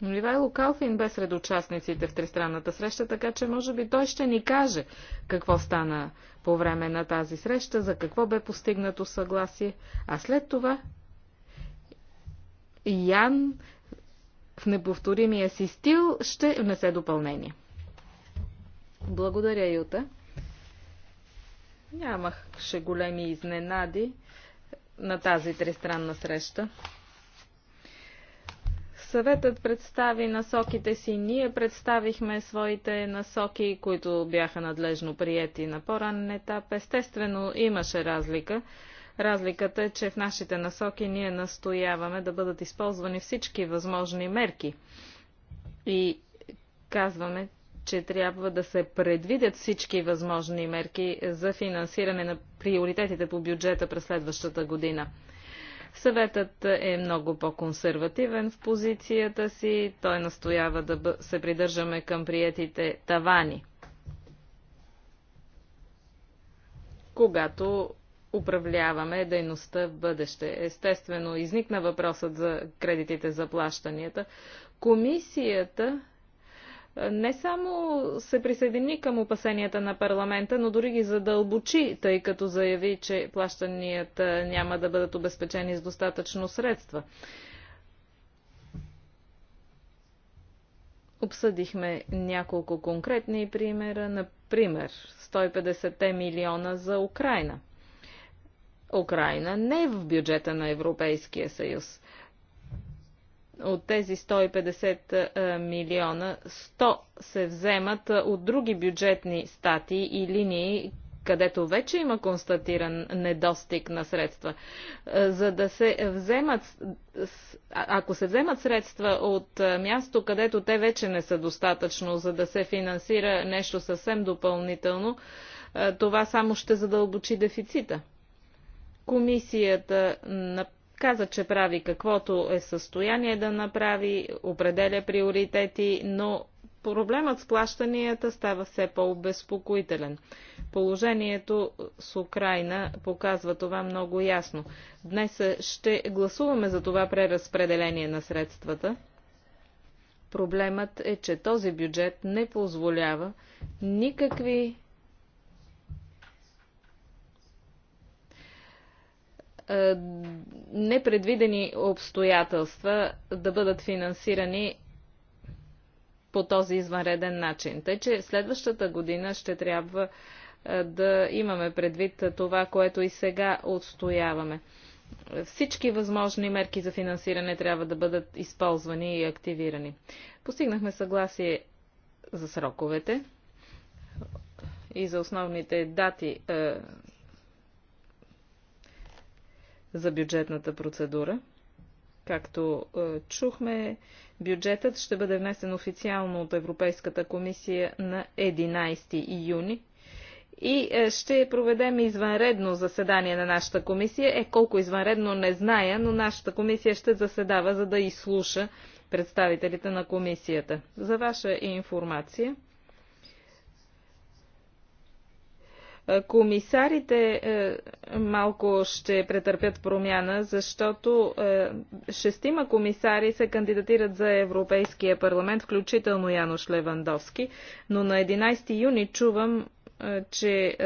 Но нали, Ивайло Калфин бе сред участниците в тристранната среща, така че може би той ще ни каже какво стана по време на тази среща, за какво бе постигнато съгласие, а след това Ян в неповторимия си стил ще внесе допълнение. Благодаря, Юта. Нямаше големи изненади на тази тристранна среща. Съветът представи насоките си, ние представихме своите насоки, които бяха надлежно приети на по-ранен етап. Естествено, имаше разлика. Разликата е, че в нашите насоки ние настояваме да бъдат използвани всички възможни мерки. И казваме, че трябва да се предвидят всички възможни мерки за финансиране на приоритетите по бюджета през следващата година. Съветът е много по-консервативен в позицията си. Той настоява да се придържаме към приятите тавани. Когато управляваме дейността в бъдеще. Естествено, изникна въпросът за кредитите за плащанията. Комисията не само се присъедини към опасенията на парламента, но дори ги задълбочи, тъй като заяви, че плащанията няма да бъдат обезпечени с достатъчно средства. Обсъдихме няколко конкретни примера, например 150 милиона за Украина. Украина не е в бюджета на Европейския съюз. От тези 150 е, милиона, 100 се вземат е, от други бюджетни статии и линии, където вече има констатиран недостиг на средства. Е, за да се вземат, ако се вземат средства от място, където те вече не са достатъчно, за да се финансира нещо съвсем допълнително, това само ще задълбочи дефицита. Комисията на каза, че прави каквото е състояние да направи, определя приоритети, но проблемът с плащанията става все по-обезпокоителен. Положението с Украина показва това много ясно. Днес ще гласуваме за това преразпределение на средствата. Проблемът е, че този бюджет не позволява никакви Е, непредвидени обстоятелства да бъдат финансирани по този извънреден начин. Тъй, че следващата година ще трябва е, да имаме предвид това, което и сега отстояваме. Всички възможни мерки за финансиране трябва да бъдат използвани и активирани. Постигнахме съгласие за сроковете и за основните дати е, за бюджетната процедура. Както е, чухме, бюджетът ще бъде внесен официално от Европейската комисия на 11 юни и е, ще проведем извънредно заседание на нашата комисия. Е, колко извънредно не зная, но нашата комисия ще заседава, за да изслуша представителите на комисията. За ваша информация, Е, комисарите е, малко ще претърпят промяна, защото е, шестима комисари се кандидатират за Европейския парламент, включително Януш Левандовски, но на 11 юни чувам, че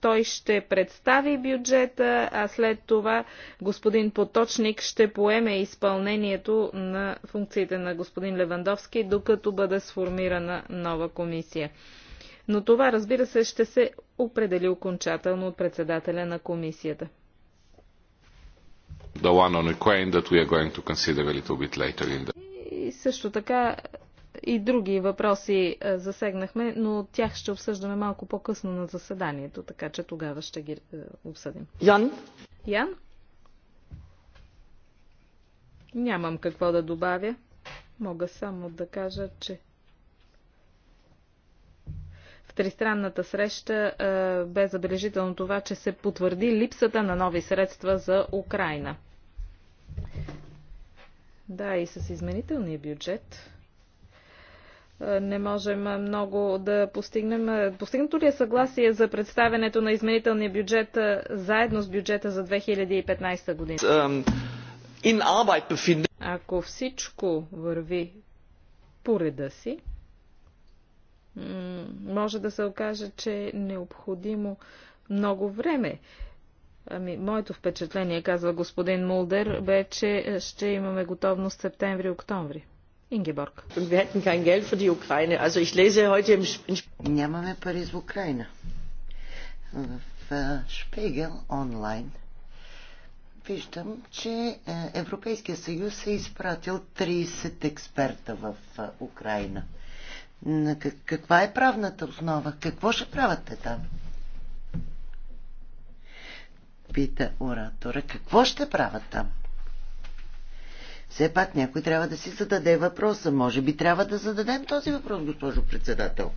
той ще представи бюджета, а след това господин Поточник ще поеме изпълнението на функциите на господин Левандовски, докато бъде сформирана нова комисия. Но това, разбира се, ще се определи окончателно от председателя на комисията. The... И също така и други въпроси е, засегнахме, но тях ще обсъждаме малко по-късно на заседанието, така че тогава ще ги е, обсъдим. Ян? Ян? Нямам какво да добавя. Мога само да кажа, че тристранната среща бе забележително това, че се потвърди липсата на нови средства за Украина. Да, и с изменителния бюджет не можем много да постигнем. Постигнато ли е съгласие за представенето на изменителния бюджет заедно с бюджета за 2015 година? Ако всичко върви по реда си, може да се окаже, че е необходимо много време. Ами, моето впечатление, казва господин Мулдер, бе, че ще имаме готовност септември-октомври. Ингеборг. Нямаме пари за Украина. В Шпегел онлайн виждам, че е, Европейския съюз е изпратил 30 експерта в Украина – каква е правната основа? Какво ще правят те там? Пита оратора. Какво ще правят там? Все пак някой трябва да си зададе въпроса. Може би трябва да зададем този въпрос, госпожо председател.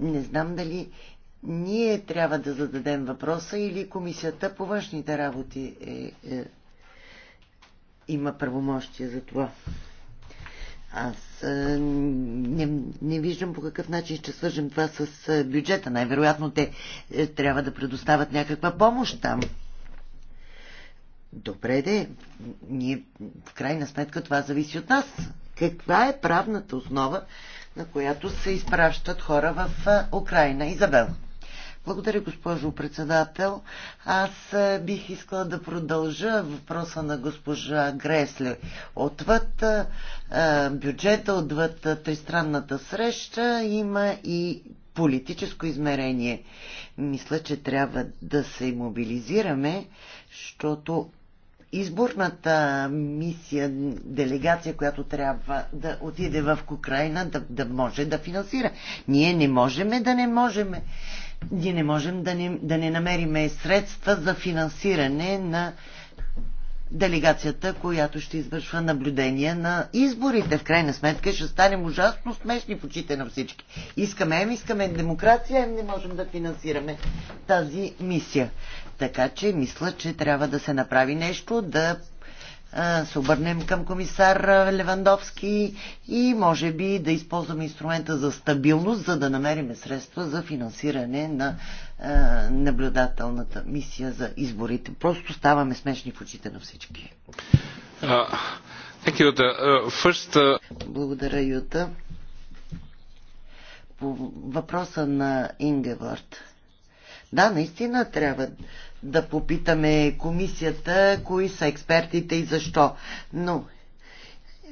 Не знам дали ние трябва да зададем въпроса или комисията по външните работи е, е, има правомощие за това. Аз не, не виждам по какъв начин ще свържем това с бюджета. Най-вероятно те е, трябва да предоставят някаква помощ там. Добре де, ние в крайна сметка това зависи от нас. Каква е правната основа, на която се изпращат хора в Украина? Изабел. Благодаря, госпожо председател. Аз е, бих искала да продължа въпроса на госпожа Гресле. Отвъд е, е, бюджета, отвъд тристранната среща има и политическо измерение. Мисля, че трябва да се мобилизираме, защото изборната мисия, делегация, която трябва да отиде в Украина, да, да може да финансира. Ние не можем да не можем ние не можем да не, да не намериме средства за финансиране на делегацията, която ще извършва наблюдение на изборите. В крайна сметка ще станем ужасно смешни в очите на всички. Искаме, ем искаме демокрация, ем не можем да финансираме тази мисия. Така че мисля, че трябва да се направи нещо, да се обърнем към комисар Левандовски и може би да използваме инструмента за стабилност, за да намерим средства за финансиране на наблюдателната мисия за изборите. Просто ставаме смешни в очите на всички. Благодаря, Юта. По въпроса на Ингевард. Да, наистина трябва да попитаме комисията, кои са експертите и защо. Но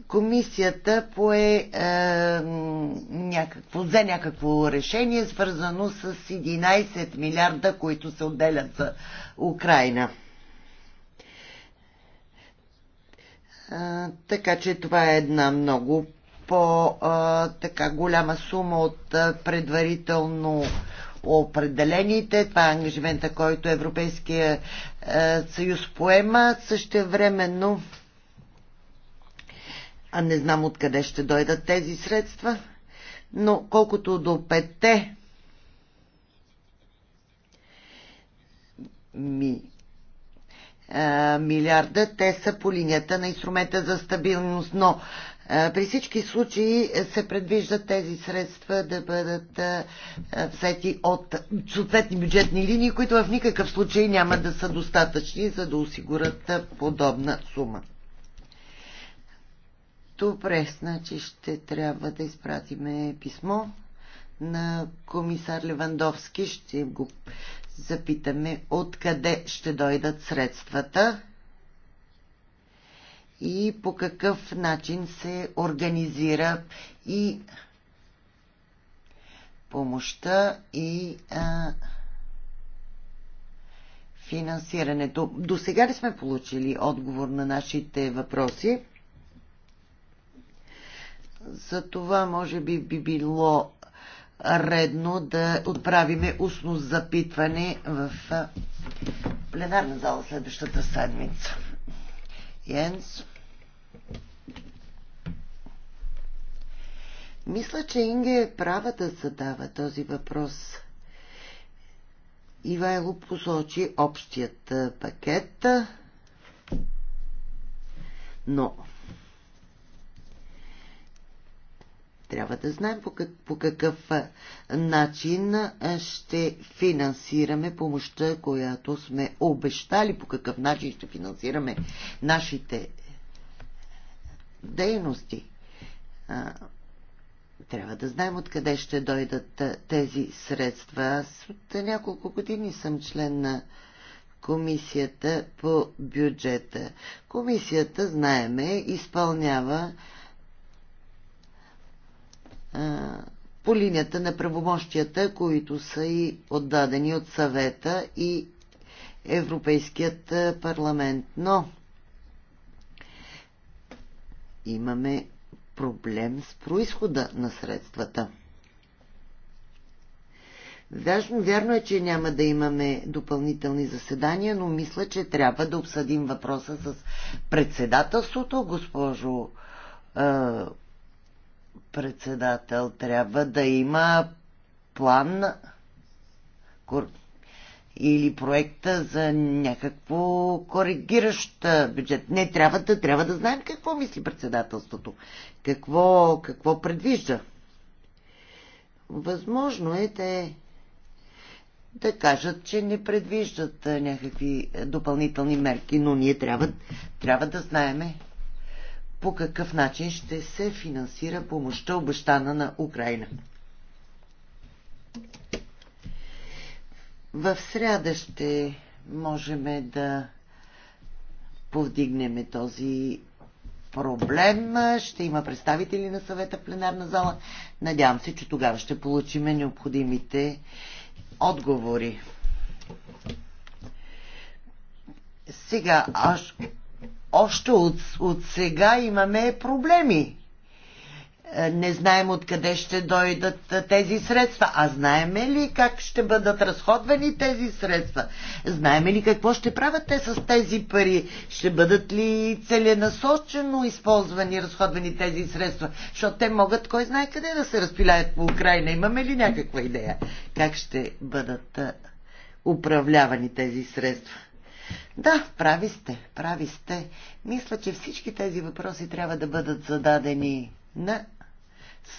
комисията пое е, някакво, взе някакво решение, свързано с 11 милиарда, които се отделят за Украина. така че това е една много по-голяма сума от предварително определените. Това е ангажимента, който Европейския е, съюз поема. Също времено а не знам откъде ще дойдат тези средства, но колкото до пете ми, а, е, милиарда, те са по линията на инструмента за стабилност, но при всички случаи се предвиждат тези средства да бъдат взети от съответни бюджетни линии, които в никакъв случай няма да са достатъчни, за да осигурят подобна сума. Добре, значи ще трябва да изпратиме писмо на комисар Левандовски. Ще го запитаме откъде ще дойдат средствата и по какъв начин се организира и помощта и а, финансирането. До сега ли сме получили отговор на нашите въпроси? За това може би би било редно да отправиме устно запитване в пленарна зала следващата седмица. Йенс. Мисля, че Инге е права да задава този въпрос. Ивайло посочи общият пакет, но трябва да знаем по, как, по какъв начин ще финансираме помощта, която сме обещали, по какъв начин ще финансираме нашите дейности. Трябва да знаем откъде ще дойдат тези средства. Аз от няколко години съм член на комисията по бюджета. Комисията, знаеме, изпълнява а, по линията на правомощията, които са и отдадени от съвета и Европейският парламент. Но имаме проблем с происхода на средствата. Вярно, вярно е, че няма да имаме допълнителни заседания, но мисля, че трябва да обсъдим въпроса с председателството, госпожо е, председател. Трябва да има план или проекта за някакво коригиращ бюджет. Не, трябва да, трябва да знаем какво мисли председателството, какво, какво предвижда. Възможно е те да кажат, че не предвиждат някакви допълнителни мерки, но ние трябва, трябва да знаеме по какъв начин ще се финансира помощта обещана на Украина. В сряда ще можем да повдигнем този проблем. Ще има представители на съвета в пленарна зала. Надявам се, че тогава ще получим необходимите отговори. Сега, аж, още от, от сега имаме проблеми. Е, не знаем откъде ще дойдат е, тези средства. А знаеме ли как ще бъдат разходвани тези средства? Знаеме ли какво ще правят те с тези пари? Ще бъдат ли целенасочено използвани, разходвани тези средства? Защото те могат, кой знае къде да се разпиляят по Украина. Имаме ли някаква идея? Как ще бъдат е, управлявани тези средства? Да, прави сте, прави сте. Мисля, че всички тези въпроси трябва да бъдат зададени на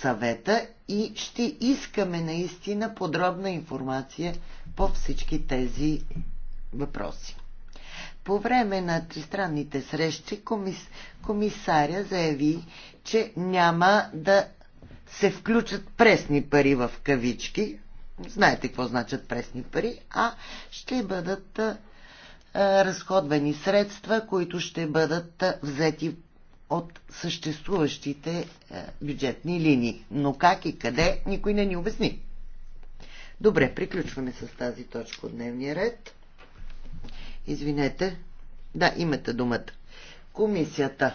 съвета и ще искаме наистина подробна информация по всички тези въпроси. По време на тристранните срещи комис... комисаря заяви, че няма да се включат пресни пари в кавички. Знаете какво значат пресни пари, а ще бъдат разходвани средства, които ще бъдат взети от съществуващите е, бюджетни линии. Но как и къде, никой не ни обясни. Добре, приключваме с тази точка от дневния ред. Извинете. Да, имате думата. Комисията.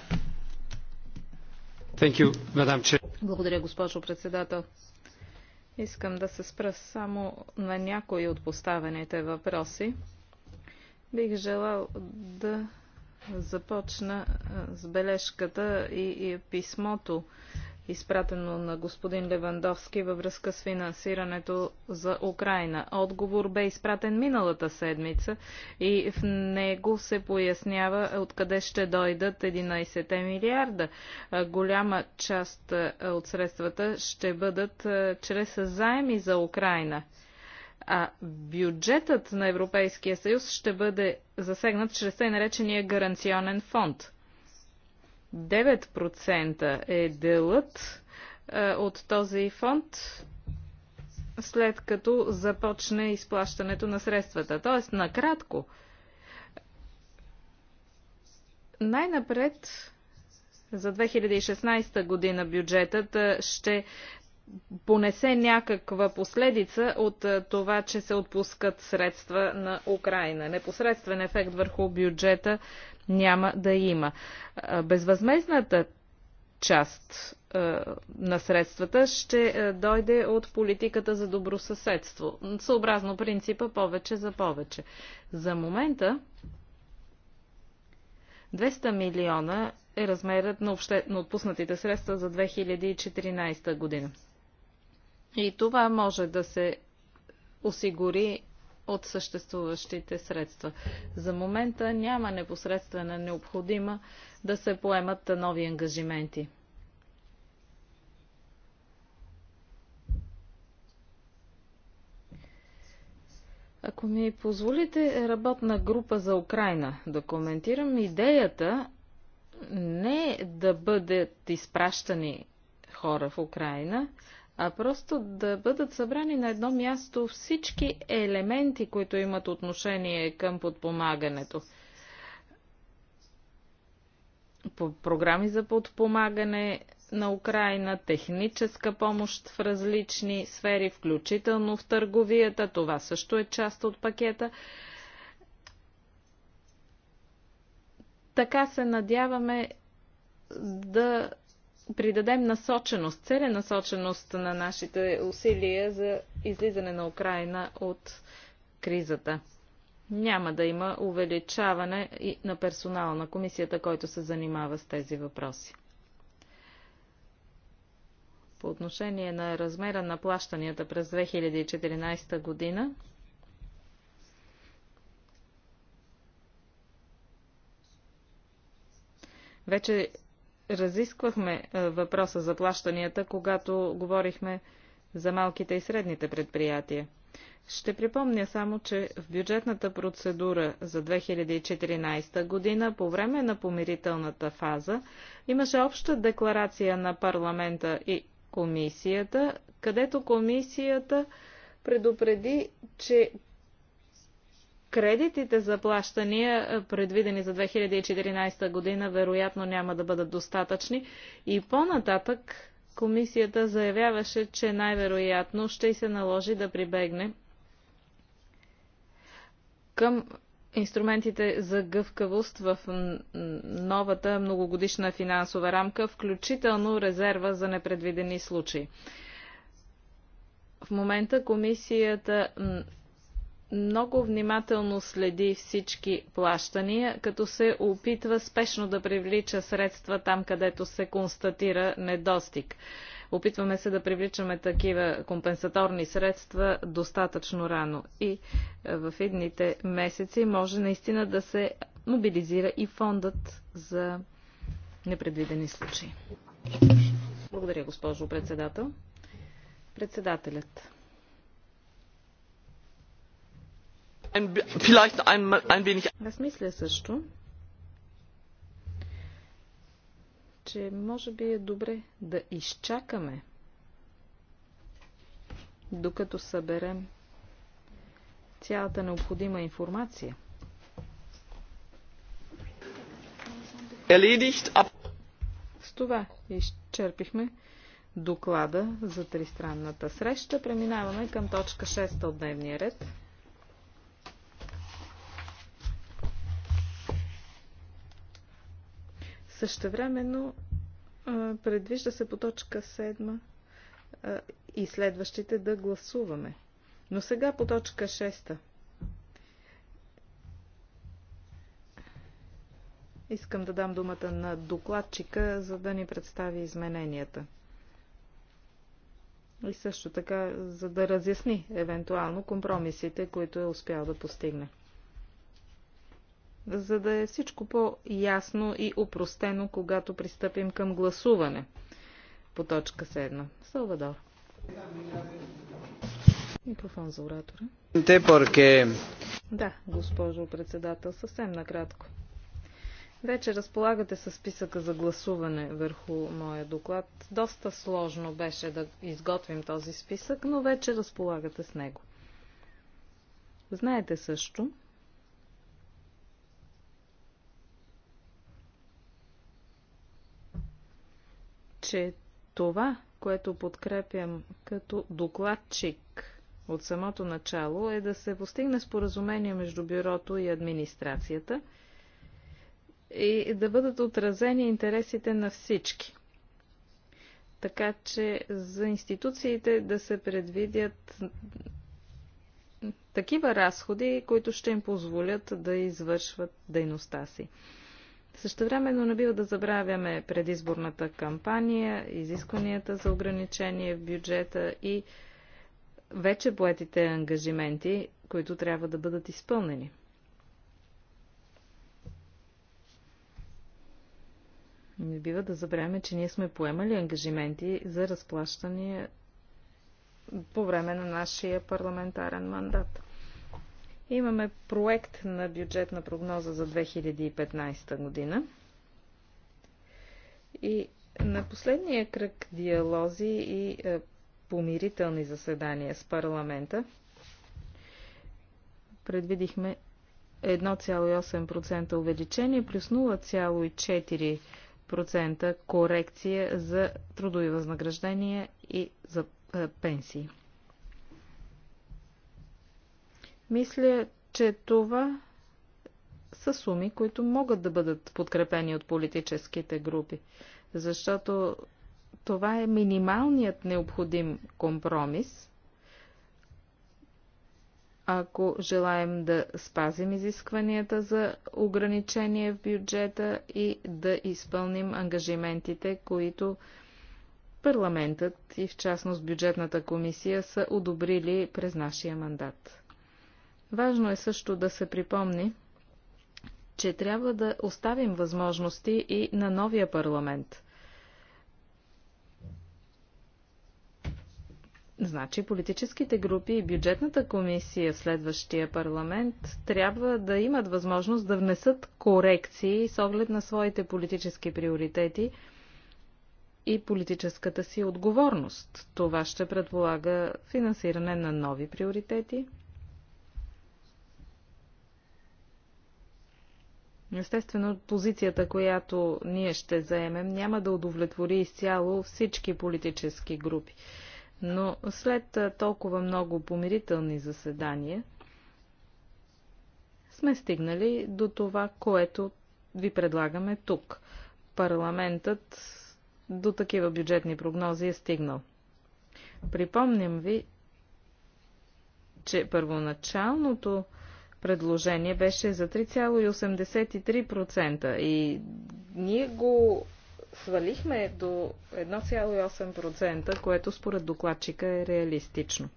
Thank you, madam Благодаря, госпожо председател. Искам да се спра само на някои от поставените въпроси. Бих желал да започна с бележката и, и писмото, изпратено на господин Левандовски във връзка с финансирането за Украина. Отговор бе изпратен миналата седмица и в него се пояснява откъде ще дойдат 11 милиарда. Голяма част от средствата ще бъдат чрез заеми за Украина а бюджетът на Европейския съюз ще бъде засегнат чрез тъй наречения гаранционен фонд. 9% е делът а, от този фонд след като започне изплащането на средствата. Тоест, накратко, най-напред за 2016 година бюджетът ще понесе някаква последица от е, това, че се отпускат средства на Украина. Непосредствен ефект върху бюджета няма да има. Е, безвъзмезната част е, на средствата ще дойде от политиката за добросъседство, съобразно принципа повече за повече. За момента 200 милиона е размерът на, обще... на отпуснатите средства за 2014 година. И това може да се осигури от съществуващите средства. За момента няма непосредствена необходима да се поемат нови ангажименти. Ако ми позволите работна група за Украина да коментирам, идеята не е да бъдат изпращани хора в Украина, а просто да бъдат събрани на едно място всички елементи, които имат отношение към подпомагането. По програми за подпомагане на Украина, техническа помощ в различни сфери, включително в търговията, това също е част от пакета. Така се надяваме да придадем насоченост, целенасоченост на нашите усилия за излизане на Украина от кризата. Няма да има увеличаване и на персонала на комисията, който се занимава с тези въпроси. По отношение на размера на плащанията през 2014 година, вече разисквахме е, въпроса за плащанията, когато говорихме за малките и средните предприятия. Ще припомня само, че в бюджетната процедура за 2014 година, по време на помирителната фаза, имаше обща декларация на парламента и комисията, където комисията предупреди, че Кредитите за плащания, е, предвидени за 2014 година, вероятно няма да бъдат достатъчни и по-нататък комисията заявяваше, че най-вероятно ще се наложи да прибегне към инструментите за гъвкавост в новата многогодишна финансова рамка, включително резерва за непредвидени случаи. В момента комисията много внимателно следи всички плащания, като се опитва спешно да привлича средства там, където се констатира недостиг. Опитваме се да привличаме такива компенсаторни средства достатъчно рано и е, в едните месеци може наистина да се мобилизира и фондът за непредвидени случаи. Благодаря, госпожо председател. Председателят. Размисля също, че може би е добре да изчакаме, докато съберем цялата необходима информация. С това изчерпихме доклада за тристранната среща. Преминаваме към точка 6 от дневния ред. Същевременно предвижда се по точка 7 и следващите да гласуваме. Но сега по точка 6. Искам да дам думата на докладчика, за да ни представи измененията. И също така, за да разясни евентуално компромисите, които е успял да постигне за да е всичко по-ясно и упростено, когато пристъпим към гласуване по точка 7. Салвадор. Микрофон за оратора. Те порке. Да, госпожо председател, съвсем накратко. Вече разполагате с списъка за гласуване върху моя доклад. Доста сложно беше да изготвим този списък, но вече разполагате с него. Знаете също, че това, което подкрепям като докладчик от самото начало, е да се постигне споразумение между бюрото и администрацията и да бъдат отразени интересите на всички. Така че за институциите да се предвидят такива разходи, които ще им позволят да извършват дейността си. Същевременно не бива да забравяме предизборната кампания, изискванията за ограничение в бюджета и вече поетите ангажименти, които трябва да бъдат изпълнени. Не бива да забравяме, че ние сме поемали ангажименти за разплащане по време на нашия парламентарен мандат. Имаме проект на бюджетна прогноза за 2015 година. И на последния кръг диалози и е, помирителни заседания с парламента предвидихме 1,8% увеличение плюс 0,4% корекция за трудови възнаграждения и за е, пенсии. Мисля, че това са суми, които могат да бъдат подкрепени от политическите групи, защото това е минималният необходим компромис, ако желаем да спазим изискванията за ограничение в бюджета и да изпълним ангажиментите, които парламентът и в частност бюджетната комисия са одобрили през нашия мандат. Важно е също да се припомни, че трябва да оставим възможности и на новия парламент. Значи политическите групи и бюджетната комисия в следващия парламент трябва да имат възможност да внесат корекции с оглед на своите политически приоритети и политическата си отговорност. Това ще предполага финансиране на нови приоритети, Естествено, позицията, която ние ще заемем, няма да удовлетвори изцяло всички политически групи. Но след толкова много помирителни заседания, сме стигнали до това, което ви предлагаме тук. Парламентът до такива бюджетни прогнози е стигнал. Припомням ви, че първоначалното предложение беше за 3,83% и ние го свалихме до 1,8%, което според докладчика е реалистично.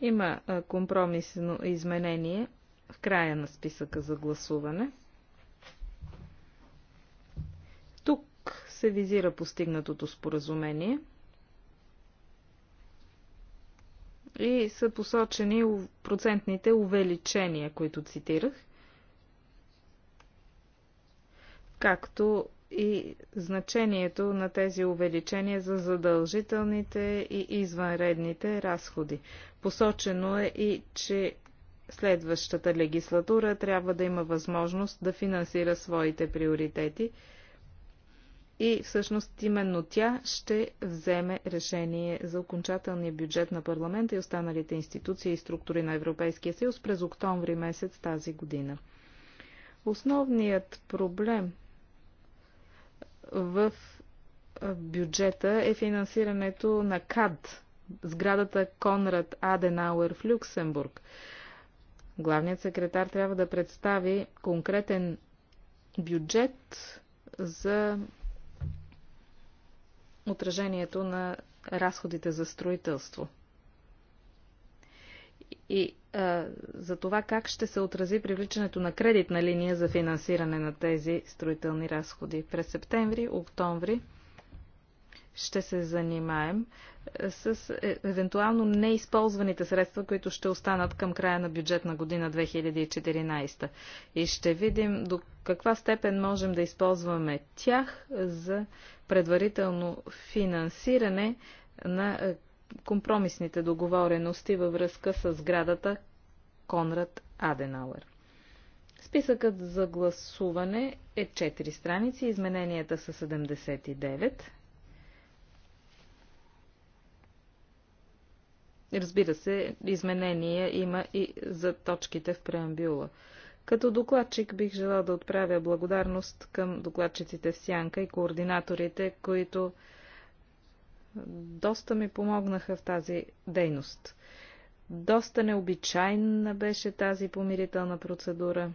Има компромисно изменение в края на списъка за гласуване. Тук се визира постигнатото споразумение – и са посочени процентните увеличения, които цитирах, както и значението на тези увеличения за задължителните и извънредните разходи. Посочено е и, че следващата легислатура трябва да има възможност да финансира своите приоритети – и всъщност именно тя ще вземе решение за окончателния бюджет на парламента и останалите институции и структури на Европейския съюз през октомври месец тази година. Основният проблем в бюджета е финансирането на КАД, сградата Конрад Аденауер в Люксембург. Главният секретар трябва да представи конкретен бюджет за отражението на разходите за строителство. И а, за това как ще се отрази привличането на кредитна линия за финансиране на тези строителни разходи през септември, октомври ще се занимаем е, с е, евентуално неизползваните средства, които ще останат към края на бюджет на година 2014. И ще видим до каква степен можем да използваме тях за предварително финансиране на е, компромисните договорености във връзка с сградата Конрад Аденауер. Списъкът за гласуване е 4 страници, измененията са 79. Разбира се, изменения има и за точките в преамбюла. Като докладчик бих желал да отправя благодарност към докладчиците в Сянка и координаторите, които доста ми помогнаха в тази дейност. Доста необичайна беше тази помирителна процедура.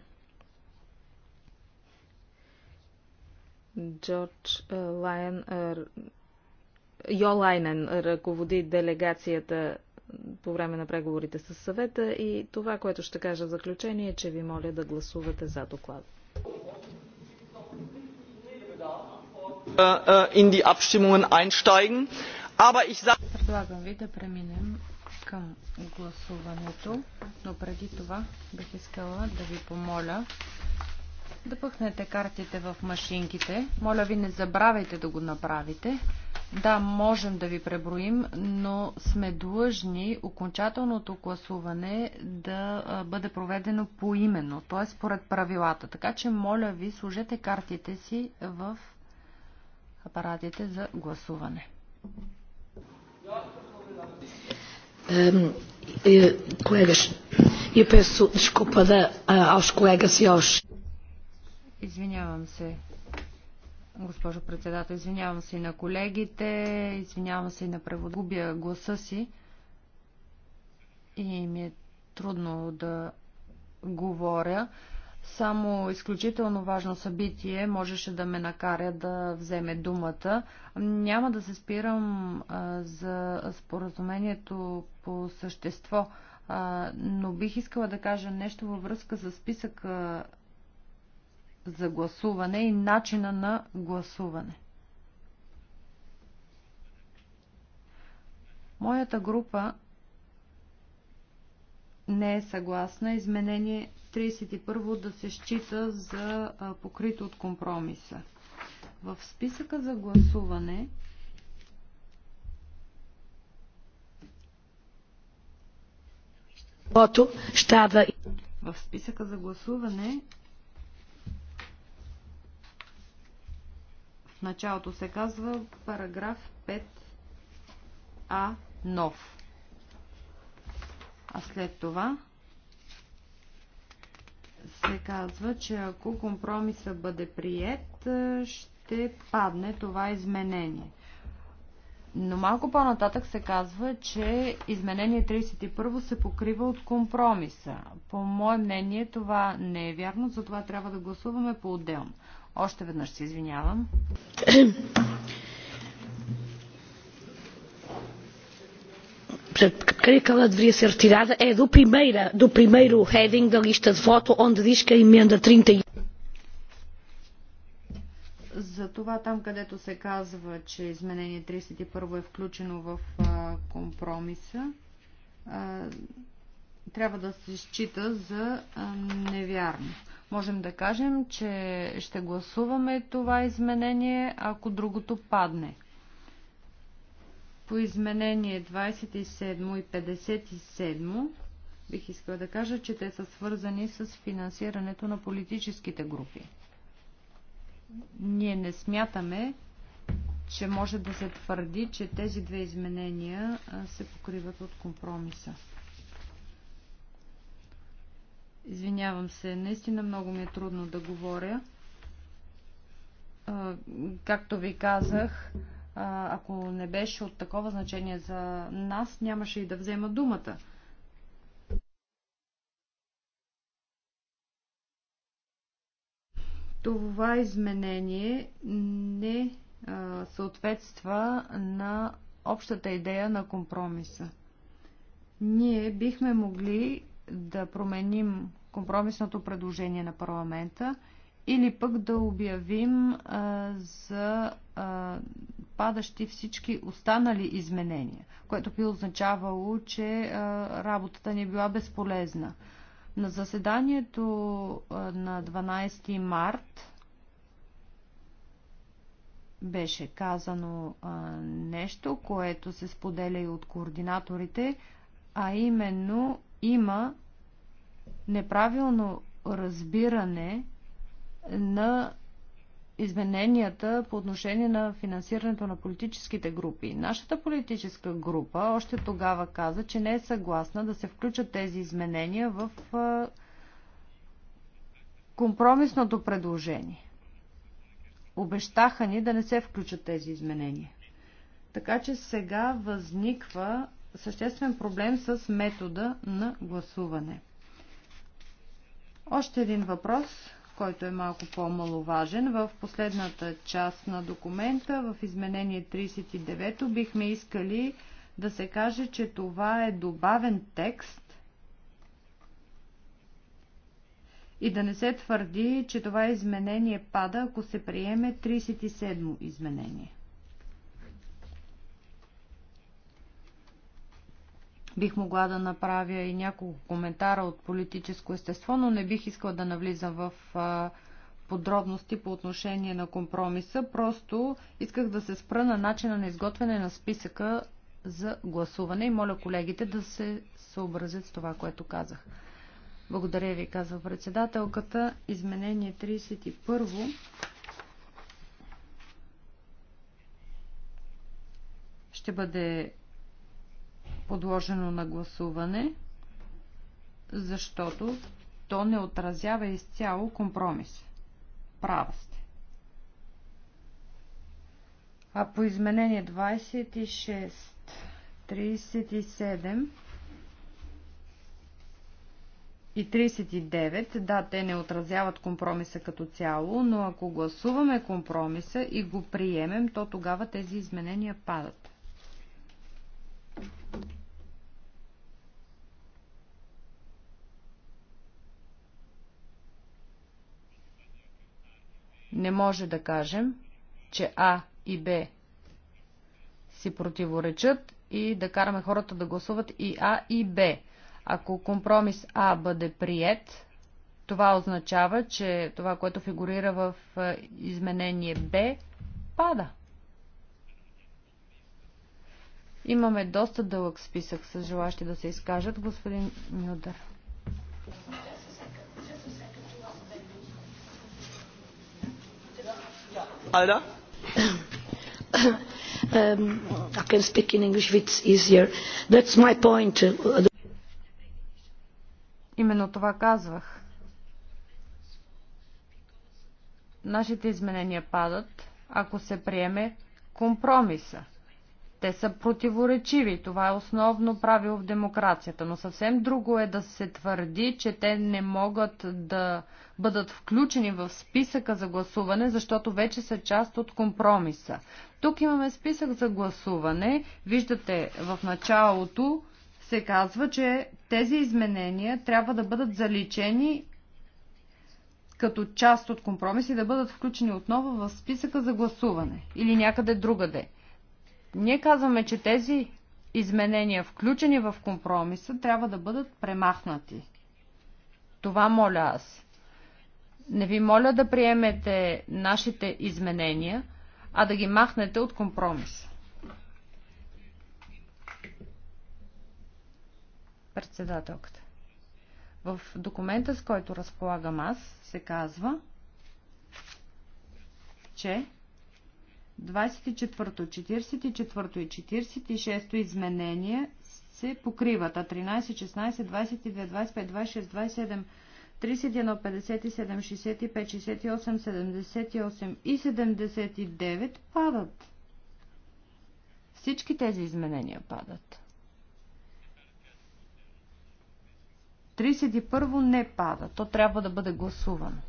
Джордж Лайен, Йо Лайнен ръководи делегацията по време на преговорите с съвета и това, което ще кажа в заключение, е, че ви моля да гласувате за доклад. Äh, äh, Предлагам ви да преминем към гласуването, но преди това бих искала да ви помоля да пъхнете картите в машинките. Моля ви, не забравяйте да го направите. Да, можем да ви преброим, но сме длъжни окончателното гласуване да бъде проведено поименно, т.е. според правилата. Така че, моля ви, сложете картите си в апаратите за гласуване. Е, Извинявам се госпожо председател. Извинявам се и на колегите, извинявам се и на преводгубя гласа си и ми е трудно да говоря. Само изключително важно събитие можеше да ме накаря да вземе думата. Няма да се спирам а, за споразумението по същество, а, но бих искала да кажа нещо във връзка с списъка за гласуване и начина на гласуване. Моята група не е съгласна изменение 31 да се счита за покрито от компромиса. В списъка за гласуване В списъка за гласуване началото се казва параграф 5а нов. А след това се казва, че ако компромиса бъде прият, ще падне това изменение. Но малко по-нататък се казва, че изменение 31 се покрива от компромиса. По мое мнение това не е вярно, затова трябва да гласуваме по-отделно. Още веднъж се извинявам. creio que ela deveria ser retirada, é do, primeira, do primeiro heading da lista de voto, onde diz que a emenda 31. За това там, където се казва, че изменение 31 е включено в а, компромиса, а, трябва да се счита за а, невярно. Можем да кажем, че ще гласуваме това изменение, ако другото падне. По изменение 27 и 57 бих искала да кажа, че те са свързани с финансирането на политическите групи. Ние не смятаме, че може да се твърди, че тези две изменения се покриват от компромиса. Извинявам се, наистина много ми е трудно да говоря. Както ви казах, ако не беше от такова значение за нас, нямаше и да взема думата. Това изменение не съответства на общата идея на компромиса. Ние бихме могли да променим компромисното предложение на парламента или пък да обявим а, за а, падащи всички останали изменения, което би означавало, че а, работата ни е била безполезна. На заседанието а, на 12 март беше казано а, нещо, което се споделя и от координаторите, а именно има неправилно разбиране на измененията по отношение на финансирането на политическите групи. Нашата политическа група още тогава каза, че не е съгласна да се включат тези изменения в компромисното предложение. Обещаха ни да не се включат тези изменения. Така че сега възниква съществен проблем с метода на гласуване. Още един въпрос, който е малко по-маловажен. В последната част на документа, в изменение 39, бихме искали да се каже, че това е добавен текст и да не се твърди, че това изменение пада, ако се приеме 37 изменение. Бих могла да направя и няколко коментара от политическо естество, но не бих искала да навлизам в подробности по отношение на компромиса. Просто исках да се спра на начина на изготвяне на списъка за гласуване и моля колегите да се съобразят с това, което казах. Благодаря ви, казва председателката. Изменение 31. Ще бъде подложено на гласуване, защото то не отразява изцяло компромис. Права сте. А по изменение 26, 37 и 39, да, те не отразяват компромиса като цяло, но ако гласуваме компромиса и го приемем, то тогава тези изменения падат. Не може да кажем, че А и Б си противоречат и да караме хората да гласуват и А и Б. Ако компромис А бъде прият, това означава, че това, което фигурира в изменение Б, пада. Имаме доста дълъг списък с желащи да се изкажат, господин Мюдър. Alda? um, I can speak in English if it's easier. That's my point. Именно това казвах. Нашите изменения падат, ако се приеме компромиса. Те са противоречиви. Това е основно правило в демокрацията. Но съвсем друго е да се твърди, че те не могат да бъдат включени в списъка за гласуване, защото вече са част от компромиса. Тук имаме списък за гласуване. Виждате в началото се казва, че тези изменения трябва да бъдат заличени като част от компромиси да бъдат включени отново в списъка за гласуване или някъде другаде. Ние казваме, че тези изменения, включени в компромиса, трябва да бъдат премахнати. Това моля аз не ви моля да приемете нашите изменения, а да ги махнете от компромис. Председателката. В документа, с който разполагам аз, се казва, че 24, то 44 то и 46 то изменение се покриват, а 13, 16, 22, 25, 26, 27, 31, 57, 65, 68, 78 и 79 падат. Всички тези изменения падат. 31 не пада. То трябва да бъде гласувано.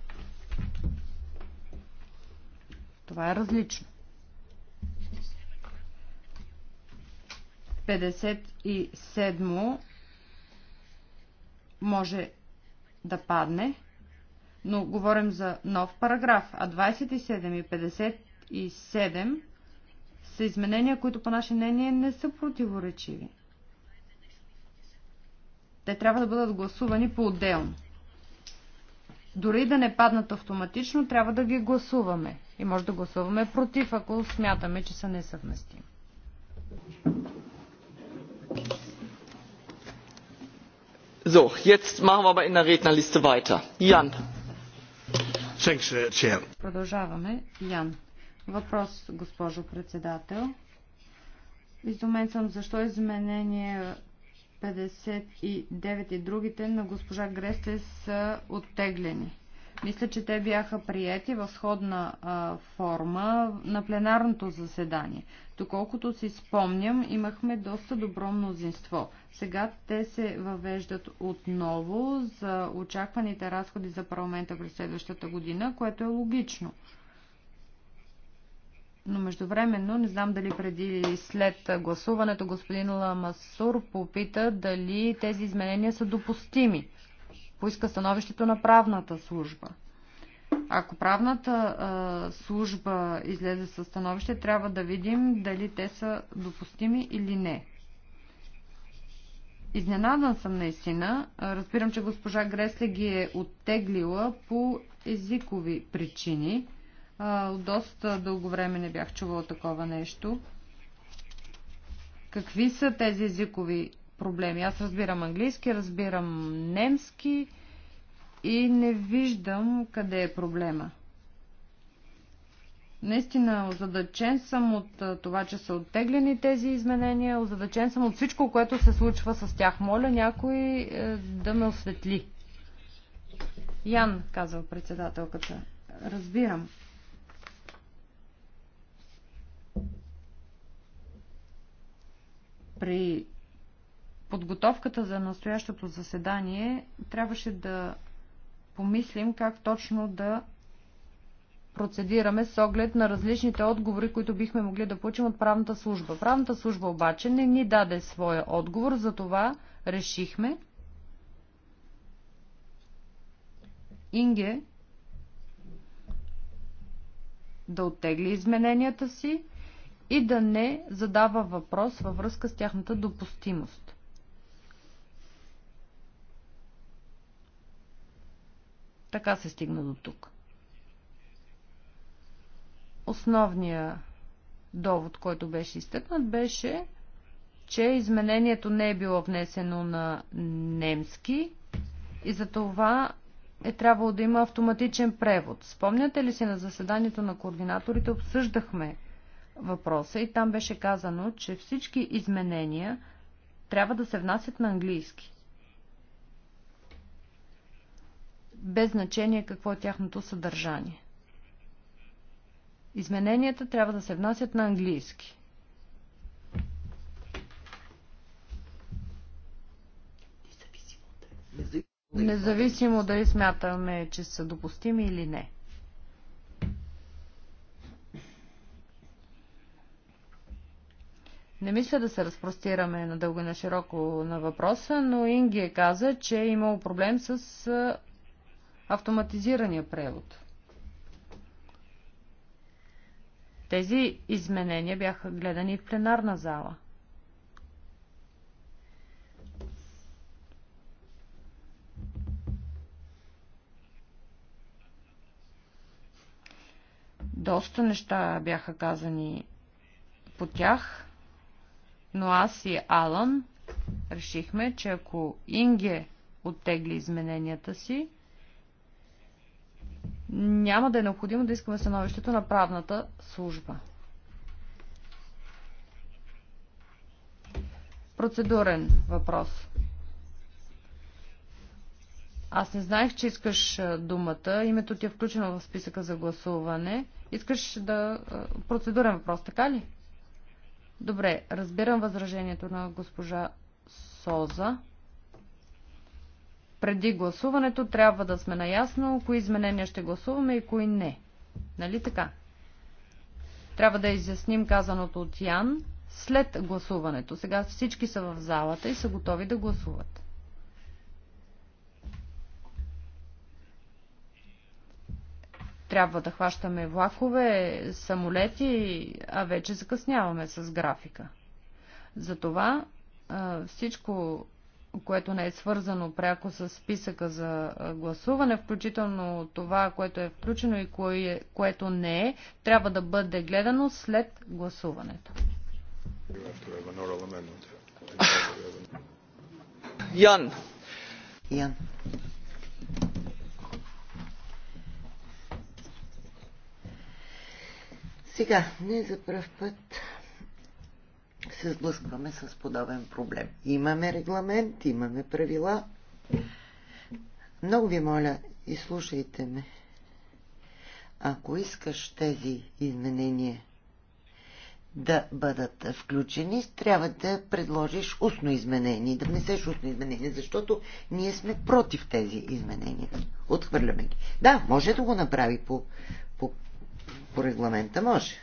Това е различно. 57 може да падне, но говорим за нов параграф, а 27 и 57 са изменения, които по наше мнение не са противоречиви. Те трябва да бъдат гласувани по-отделно. Дори да не паднат автоматично, трябва да ги гласуваме. И може да гласуваме против, ако смятаме, че са несъвместими. Uh, Продължаваме. Ян. Въпрос, госпожо председател. Изумен съм защо изменение 59 и другите на госпожа Гресте са оттеглени. Мисля, че те бяха приети в сходна форма на пленарното заседание. Доколкото си спомням, имахме доста добро мнозинство. Сега те се въвеждат отново за очакваните разходи за парламента през следващата година, което е логично. Но междувременно, не знам дали преди или след гласуването, господин Ламасур попита дали тези изменения са допустими. Поиска становището на правната служба. Ако правната а, служба излезе със становище, трябва да видим дали те са допустими или не. Изненадан съм наистина. Разбирам, че госпожа Гресле ги е оттеглила по езикови причини. От доста дълго време не бях чувала такова нещо. Какви са тези езикови проблеми? Аз разбирам английски, разбирам немски и не виждам къде е проблема. Наистина, озадачен съм от това, че са оттеглени тези изменения, озадачен съм от всичко, което се случва с тях. Моля някой е, да ме осветли. Ян, казва председателката. Разбирам. При подготовката за настоящото заседание трябваше да помислим как точно да процедираме с оглед на различните отговори, които бихме могли да получим от правната служба. Правната служба обаче не ни даде своя отговор, затова решихме Инге да оттегли измененията си и да не задава въпрос във връзка с тяхната допустимост. Така се стигна до тук. Основният довод, който беше изтъкнат, беше, че изменението не е било внесено на немски и за това е трябвало да има автоматичен превод. Спомняте ли си на заседанието на координаторите обсъждахме въпроса и там беше казано, че всички изменения трябва да се внасят на английски. без значение какво е тяхното съдържание. Измененията трябва да се внасят на английски. Независимо дали смятаме, че са допустими или не. Не мисля да се разпростираме дълго и на широко на въпроса, но Инги е каза, че е имал проблем с автоматизирания превод. Тези изменения бяха гледани в пленарна зала. Доста неща бяха казани по тях, но аз и Алан решихме, че ако Инге оттегли измененията си, няма да е необходимо да искаме становището на правната служба. Процедурен въпрос. Аз не знаех, че искаш думата. Името ти е включено в списъка за гласуване. Искаш да... Процедурен въпрос, така ли? Добре, разбирам възражението на госпожа Соза преди гласуването трябва да сме наясно кои изменения ще гласуваме и кои не. Нали така? Трябва да изясним казаното от Ян след гласуването. Сега всички са в залата и са готови да гласуват. Трябва да хващаме влакове, самолети, а вече закъсняваме с графика. Затова всичко което не е свързано пряко с списъка за гласуване, включително това, което е включено и кое, което не е, трябва да бъде гледано след гласуването. Ян. Ян. Сега, не за първ път се сблъскваме с подобен проблем. Имаме регламент, имаме правила. Много ви моля, и слушайте ме. Ако искаш тези изменения да бъдат включени, трябва да предложиш устно изменение, да внесеш устно изменение, защото ние сме против тези изменения. Отхвърляме ги. Да, може да го направи по, по, по регламента, може.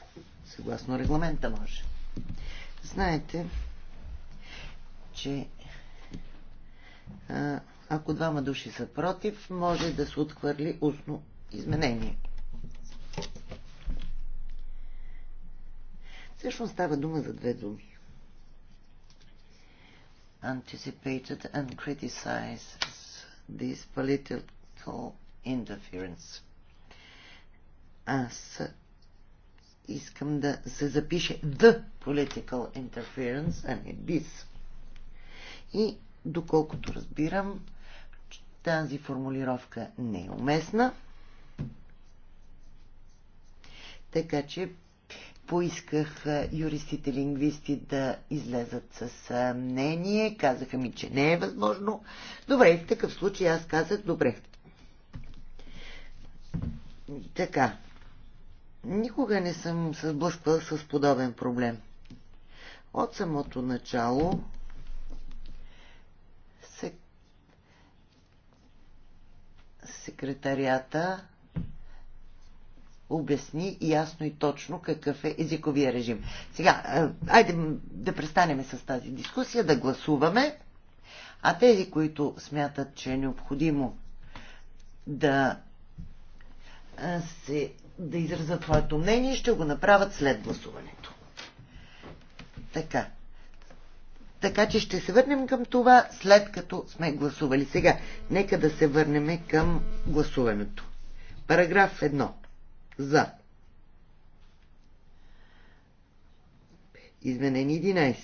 Съгласно регламента може. Знаете, че ако двама души са против, може да се отхвърли устно изменение. Всъщност става дума за две думи. Anticipated and criticizes this political interference. Аз искам да се запише The Political Interference, а не BIS. И доколкото разбирам, тази формулировка не е уместна. Така че поисках юристите лингвисти да излезат с мнение. Казаха ми, че не е възможно. Добре, в такъв случай аз казах добре. Така, Никога не съм се сблъсквал с подобен проблем. От самото начало секретарията обясни ясно и точно какъв е езиковия режим. Сега, е, айде да престанеме с тази дискусия, да гласуваме, а тези, които смятат, че е необходимо да е, се да изразят твоето мнение, ще го направят след гласуването. Така. Така че ще се върнем към това, след като сме гласували. Сега, нека да се върнем към гласуването. Параграф 1. За. Изменени 11.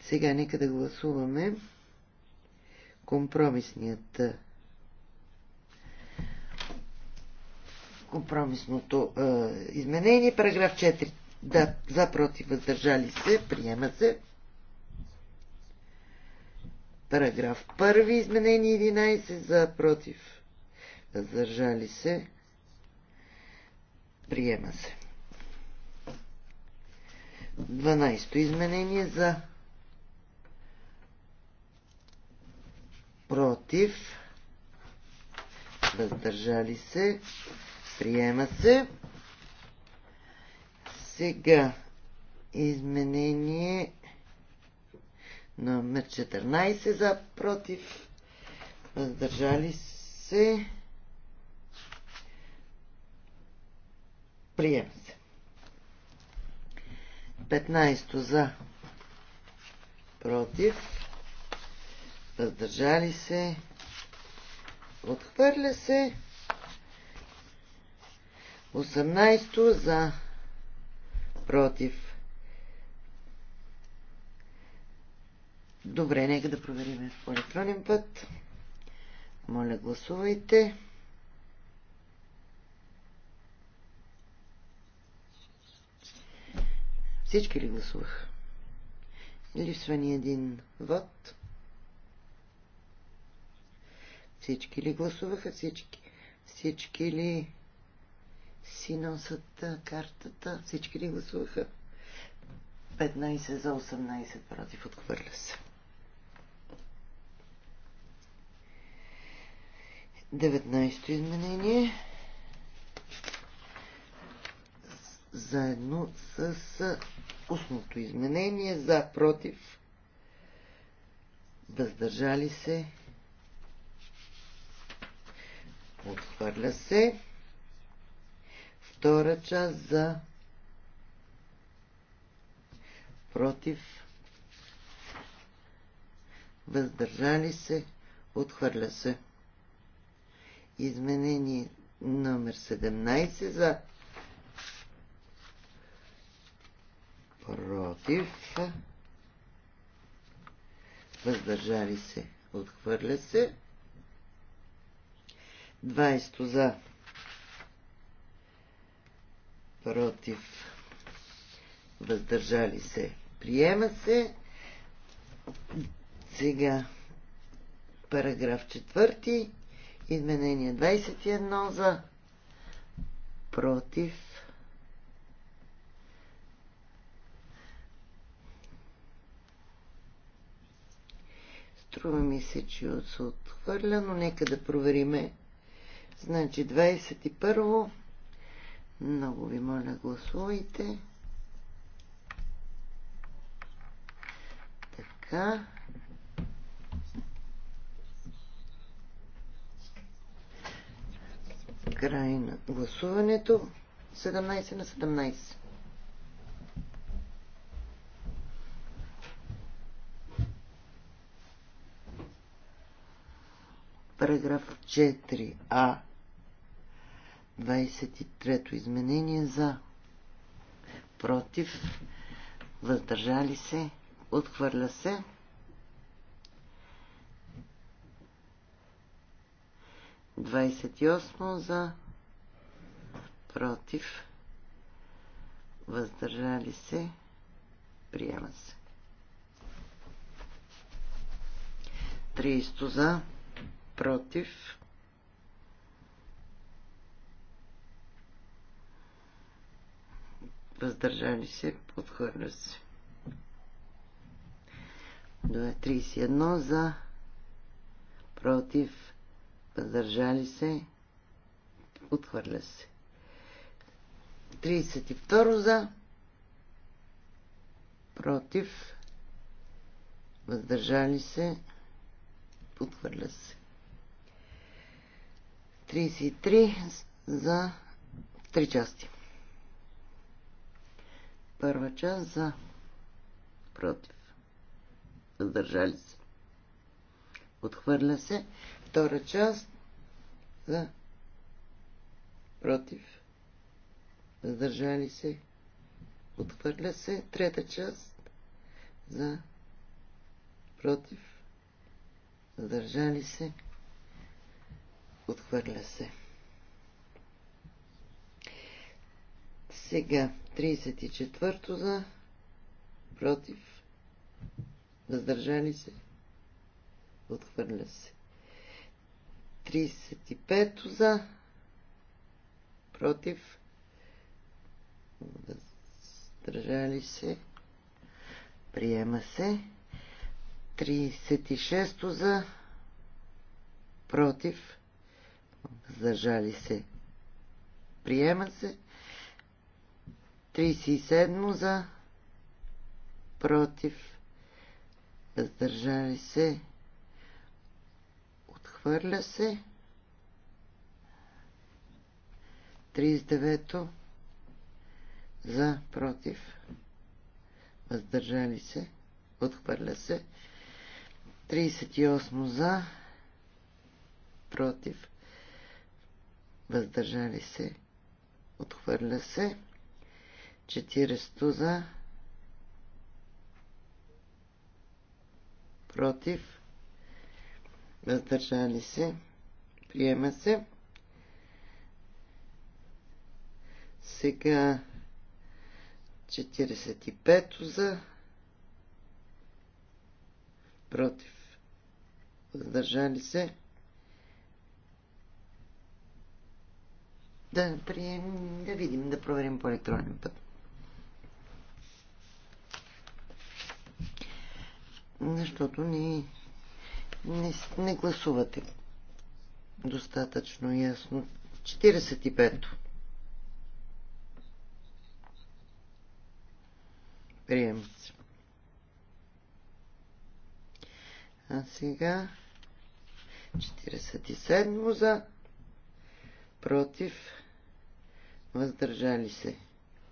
Сега нека да гласуваме компромисният Компромисното е, изменение. Параграф 4. Да, за против въздържали се. Приема се. Параграф 1. Изменение 11. За против въздържали се. Приема се. 12 изменение за против въздържали се Приема се. Сега изменение номер 14 за против. Въздържали се. Приема се. 15 за против. Въздържали се. Отхвърля се. 18 за против. Добре, нека да проверим по електронен път. Моля, гласувайте. Всички ли гласувах? Липсва ни един вод. Всички ли гласуваха? Всички. Всички ли си носят картата. Всички ли гласуваха? 15 за 18 против. Отхвърля се. 19-то изменение. Заедно с устното изменение. За, против. Въздържали се. Отхвърля се. Втора част за против въздържали се, отхвърля се. Изменение номер 17 за против въздържали се, отхвърля се. 20 за против, въздържали се, приема се. Сега параграф 4, изменение 21 за против. Струва ми се, че се отхвърля, но нека да провериме. Значи 21 много ви моля, гласувайте. Така. Край на гласуването. 17 на 17. Параграф 4а 23-то изменение за против, въздържали се, отхвърля се. Двадесет и осмо за против, въздържали се, приема се. 30 за, против, въздържали се, подхвърля се. 31 за, против, въздържали се, отхвърля се. 32 за, против, въздържали се, подхвърля се. 33 за три части. Първа част за. Против. Въздържали се. Отхвърля се. Втора част за. Против. Въздържали се. Отхвърля се. Трета част за. Против. Въздържали се. Отхвърля се. Сега 34-то за против. Въздържали се. Отхвърля се. 35-то за против. Въздържали се. Приема се. 36-то за против. Въздържали се. Приема се. 37 за против въздържали се отхвърля се 39 за против въздържали се отхвърля се 38 за против въздържали се отхвърля се 40 за. Против. Въздържали се. Приема се. Сега 45 за. Против. Въздържали се. Да, прием, да видим, да проверим по електронен път. защото не, не, не гласувате достатъчно ясно. 45-то. Приема се. А сега 47 за против въздържали се.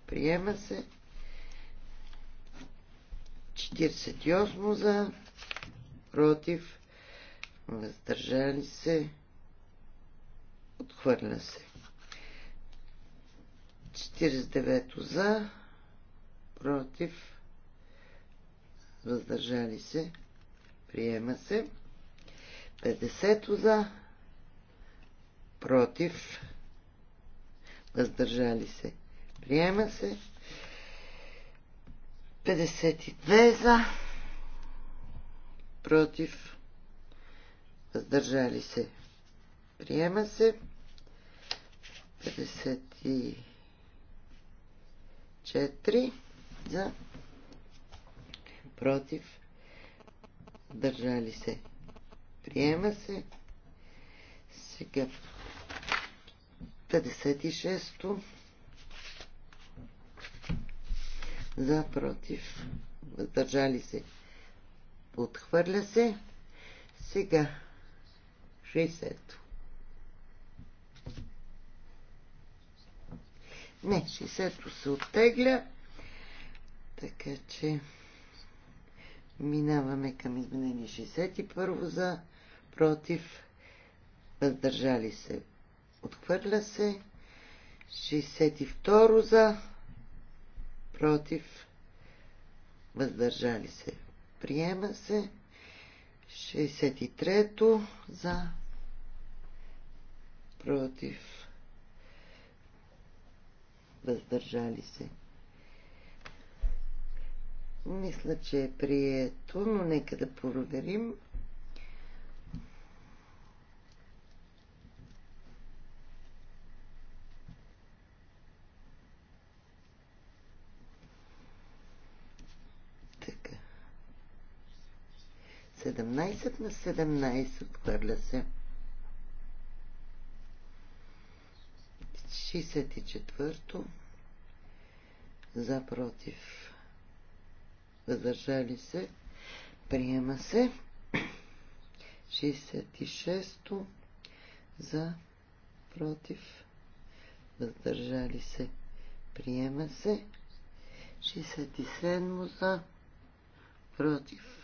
Приема се. 48 за, против, въздържали се, отхвърля се. 49 за, против, въздържали се, приема се. 50 за, против, въздържали се, приема се. 52 за, против, въздържали се. Приема се. 54 за, против, държали се. Приема се. Сега 56-то. за против. Въздържали се. Отхвърля се. Сега 60 Не, 60-то се оттегля. Така че минаваме към изменение 61 за против. Въздържали се. Отхвърля се. 62 за против, въздържали се, приема се. 63-то за, против, въздържали се. Мисля, че е прието, но нека да проверим. 17 на 17 отхвърля се. 64-то за против въздържали се приема се 66-то за против въздържали се приема се 67-то за против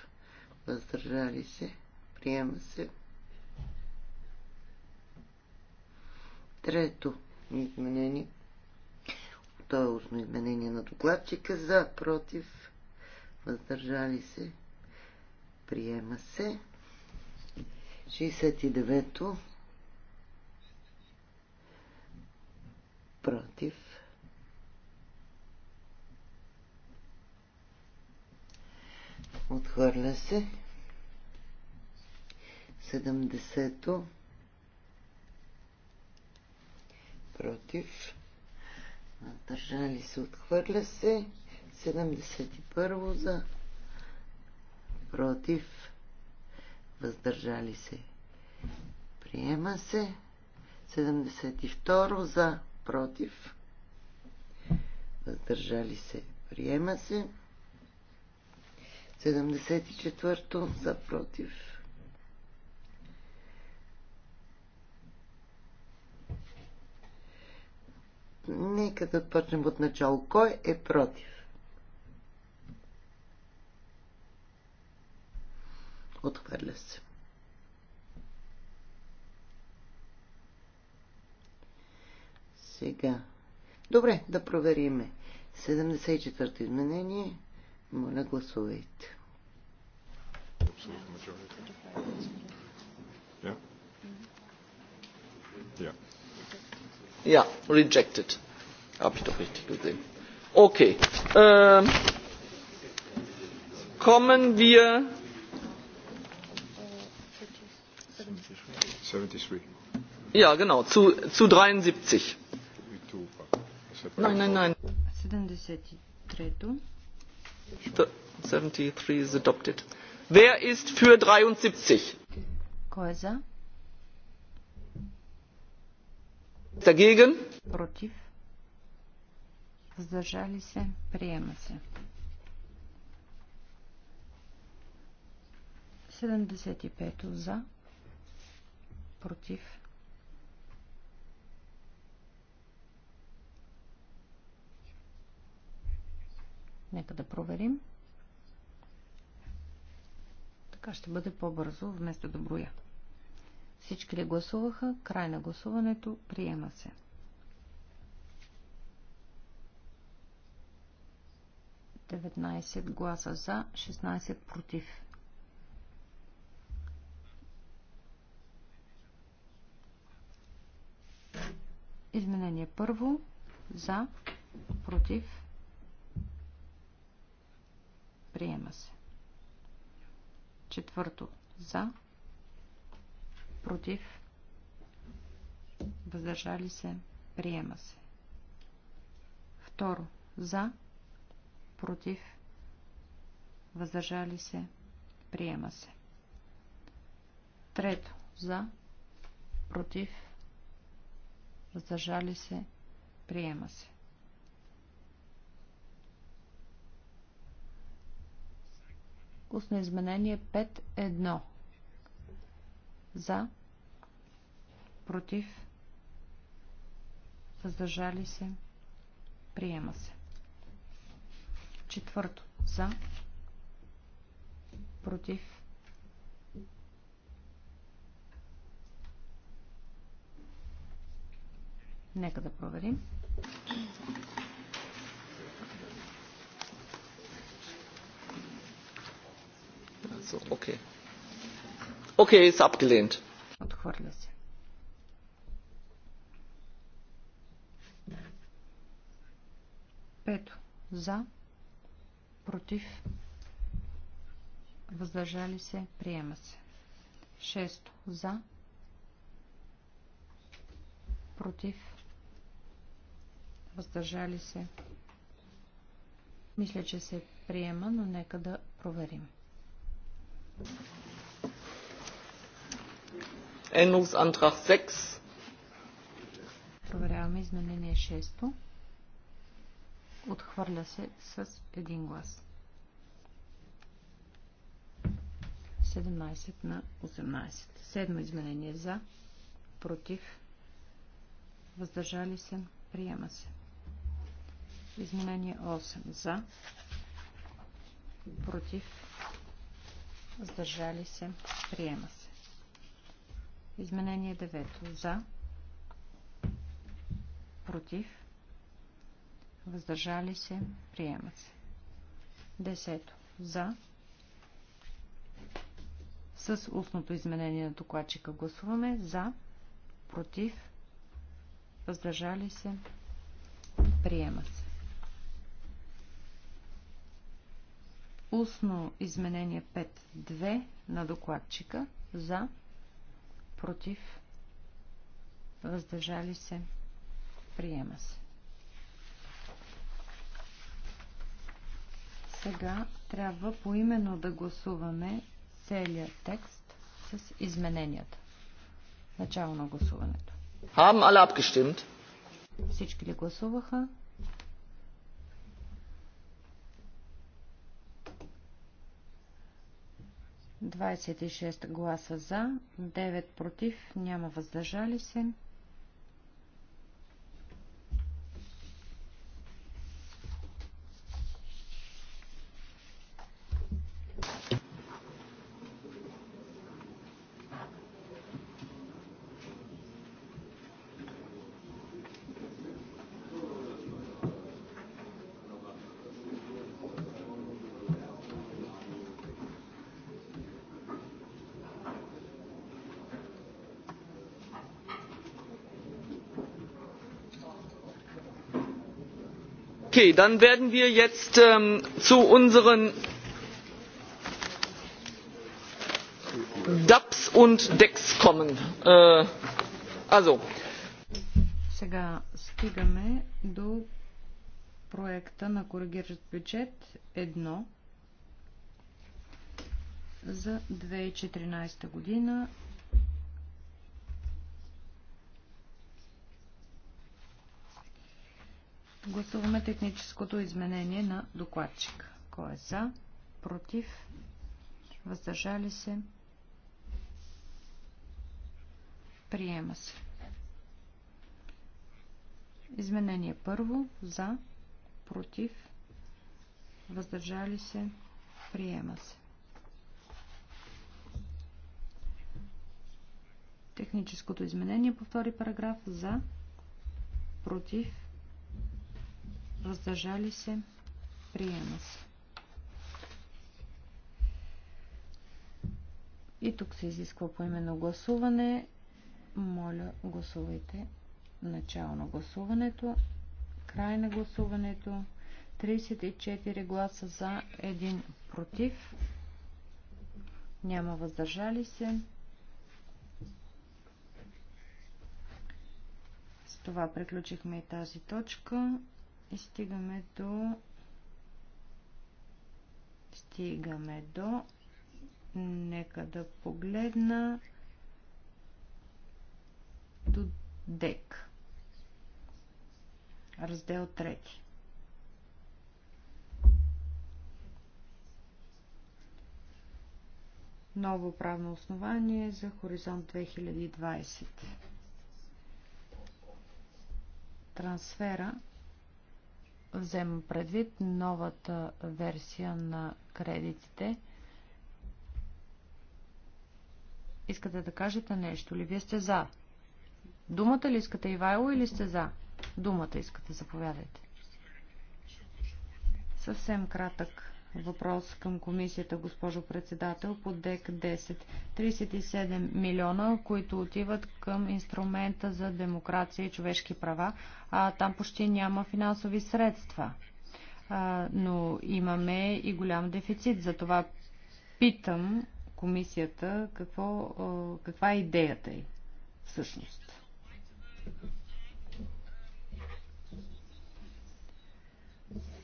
въздържали се, приема се. Трето изменение. То е устно изменение на докладчика. За, против, въздържали се, приема се. 69-то. Против Отхвърля се. 70-то. Против. Държали се. Отхвърля се. 71-во за. Против. Въздържали се. Приема се. 72 за. Против. Въздържали се. Приема се. 74-то за против. Нека да почнем от начало. Кой е против? Отхвърля се. Сега. Добре, да провериме. 74-то изменение. Моля, гласувайте. Yeah. Yeah. rejected. Habe ich doch richtig gesehen. Okay. Ähm, kommen wir. 73. Ja, genau, zu, zu 73. Nein, nein, nein. 73. 73 is adopted. Wer ist für 73? Кой е за? Dagegen? Против. Въздържали се. Приема се. 75 за. Против. Нека да проверим. Така ще бъде по-бързо, вместо да броя. Всички ли гласуваха? Край на гласуването. Приема се. Деветнайсет гласа за, 16 против. Изменение първо. За, против, Приема се. Четвърто. За. Против. Въздържали се. Приема се. Второ. За. Против. Въздържали се. Приема се. Трето. За. Против. Въздържали се. Приема се. Устно изменение 5.1. За. Против. Въздържали се. Приема се. Четвърто. За. Против. Нека да проверим. So, okay. Okay, ist abgelehnt. Отхвърля се. Пето. За. Против. Въздържали се. Приема се. Шесто. За. Против. Въздържали се. Мисля, че се приема, но нека да проверим. Änderungsantrag 6. Проверяваме изменение 6. Отхвърля се с един глас. 17 на 18. Седмо изменение за, против, въздържали се, приема се. Изменение 8 за, против, въздържали се, приема се. Изменение 9. За, против, въздържали се, приема се. 10. За, с устното изменение на докладчика гласуваме за, против, въздържали се, приема се. Устно изменение 5.2 на докладчика. За. Против. Въздържали се. Приема се. Сега трябва поименно да гласуваме целият текст с измененията. Начало на гласуването. Haben alle abgestimmt? Всички ли гласуваха? 26 гласа за, 9 против, няма въздържали се. okay dann werden wir jetzt zu unseren DAPs und decks kommen. проекта на коригиращ бюджет 1 за 2014 година Гласуваме техническото изменение на докладчик. Кой е за? Против? Въздържали се? Приема се. Изменение първо. За? Против? Въздържали се? Приема се. Техническото изменение повтори параграф. За? Против? въздържали се, приема се. И тук се изисква поименно гласуване. Моля, гласувайте начало на гласуването, край на гласуването. 34 гласа за, 1 против. Няма въздържали се. С това приключихме и тази точка. И стигаме до стигаме до нека да погледна до ДЕК раздел 3 ново правно основание за Хоризонт 2020 трансфера взема предвид новата версия на кредитите. Искате да кажете нещо ли? Вие сте за. Думата ли искате, Ивайло, или сте за? Думата искате, заповядайте. Съвсем кратък въпрос към комисията, госпожо председател, по ДЕК 10. 37 милиона, които отиват към инструмента за демокрация и човешки права, а там почти няма финансови средства. А, но имаме и голям дефицит. Затова питам комисията какво, каква е идеята й всъщност.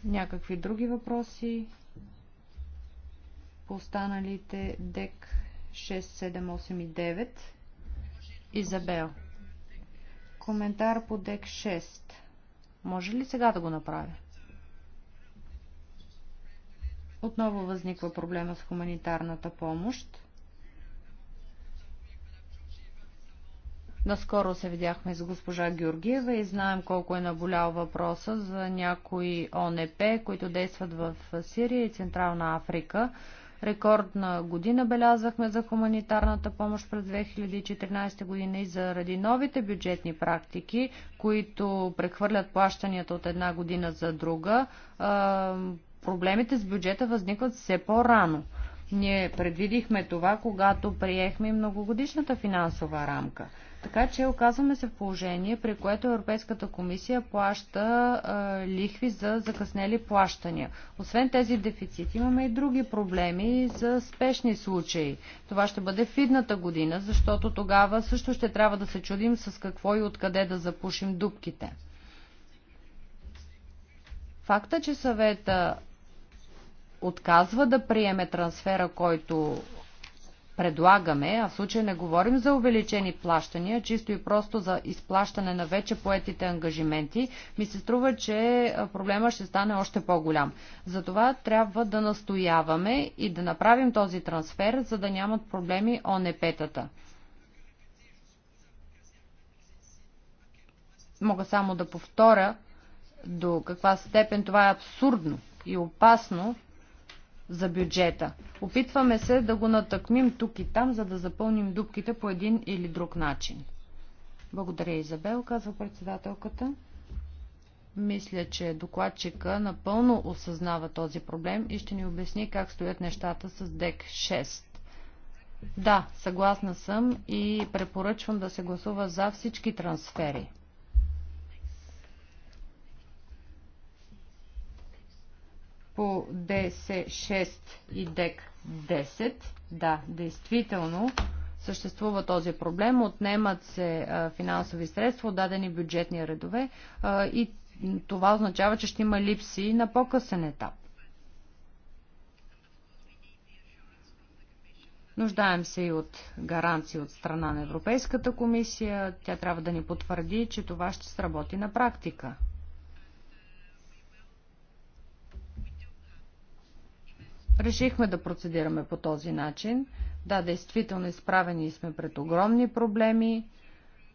Някакви други въпроси? по останалите ДЕК 6, 7, 8 и 9. Изабел. Коментар по ДЕК 6. Може ли сега да го направя? Отново възниква проблема с хуманитарната помощ. Наскоро се видяхме с госпожа Георгиева и знаем колко е наболял въпроса за някои ОНП, които действат в Сирия и Централна Африка. Рекордна година белязахме за хуманитарната помощ през 2014 година и заради новите бюджетни практики, които прехвърлят плащанията от една година за друга, проблемите с бюджета възникват все по-рано. Ние предвидихме това, когато приехме многогодишната финансова рамка. Така че оказваме се в положение, при което Европейската комисия плаща а, лихви за закъснели плащания. Освен тези дефицити имаме и други проблеми за спешни случаи. Това ще бъде в идната година, защото тогава също ще трябва да се чудим с какво и откъде да запушим дубките. Факта, че съвета отказва да приеме трансфера, който предлагаме, а в случай не говорим за увеличени плащания, чисто и просто за изплащане на вече поетите ангажименти, ми се струва, че проблема ще стане още по-голям. Затова трябва да настояваме и да направим този трансфер, за да нямат проблеми ОНП-тата. Мога само да повторя до каква степен това е абсурдно и опасно за бюджета. Опитваме се да го натъкмим тук и там, за да запълним дупките по един или друг начин. Благодаря, Изабел, казва председателката. Мисля, че докладчика напълно осъзнава този проблем и ще ни обясни как стоят нещата с ДЕК 6. Да, съгласна съм и препоръчвам да се гласува за всички трансфери. по dc 6 и ДЕК-10. Да, действително съществува този проблем. Отнемат се финансови средства от дадени бюджетни редове и това означава, че ще има липси на по-късен етап. Нуждаем се и от гаранции от страна на Европейската комисия. Тя трябва да ни потвърди, че това ще сработи на практика. Решихме да процедираме по този начин. Да, действително изправени сме пред огромни проблеми.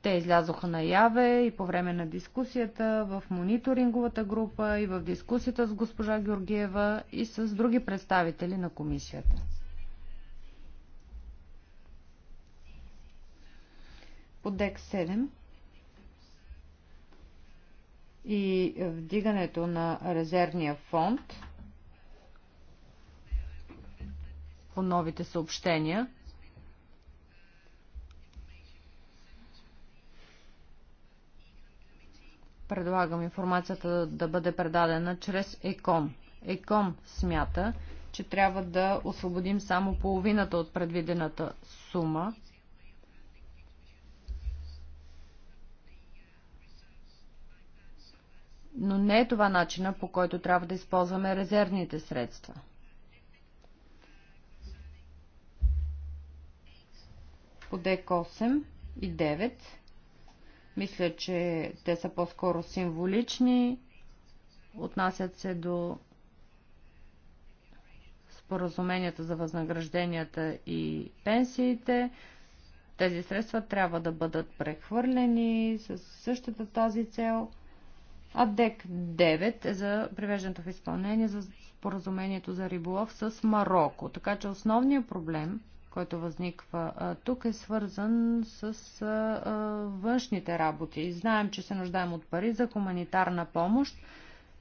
Те излязоха наяве и по време на дискусията в мониторинговата група и в дискусията с госпожа Георгиева и с други представители на комисията. По ДЕК 7 и вдигането на резервния фонд – по новите съобщения. Предлагам информацията да бъде предадена чрез ЕКОМ. ЕКОМ смята, че трябва да освободим само половината от предвидената сума. Но не е това начина, по който трябва да използваме резервните средства. по ДЕК 8 и 9. Мисля, че те са по-скоро символични, отнасят се до споразуменията за възнагражденията и пенсиите. Тези средства трябва да бъдат прехвърлени с същата тази цел. А ДЕК 9 е за привеждането в изпълнение за споразумението за риболов с Марокко. Така че основният проблем който възниква тук, е свързан с външните работи. Знаем, че се нуждаем от пари за хуманитарна помощ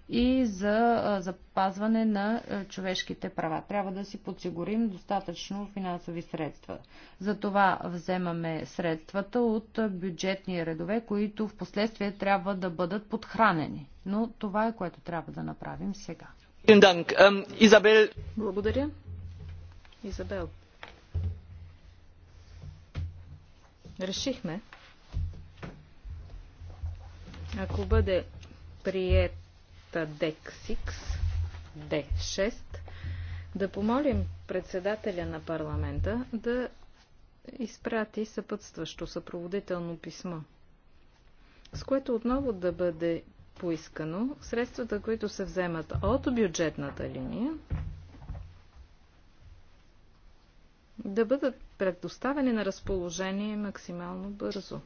и за запазване на човешките права. Трябва да си подсигурим достатъчно финансови средства. За това вземаме средствата от бюджетни редове, които в последствие трябва да бъдат подхранени. Но това е което трябва да направим сега. Благодаря. Изабел. решихме, ако бъде приета DEC6, D6, да помолим председателя на парламента да изпрати съпътстващо съпроводително писмо, с което отново да бъде поискано средствата, които се вземат от бюджетната линия, да бъдат предоставени на разположение максимално бързо.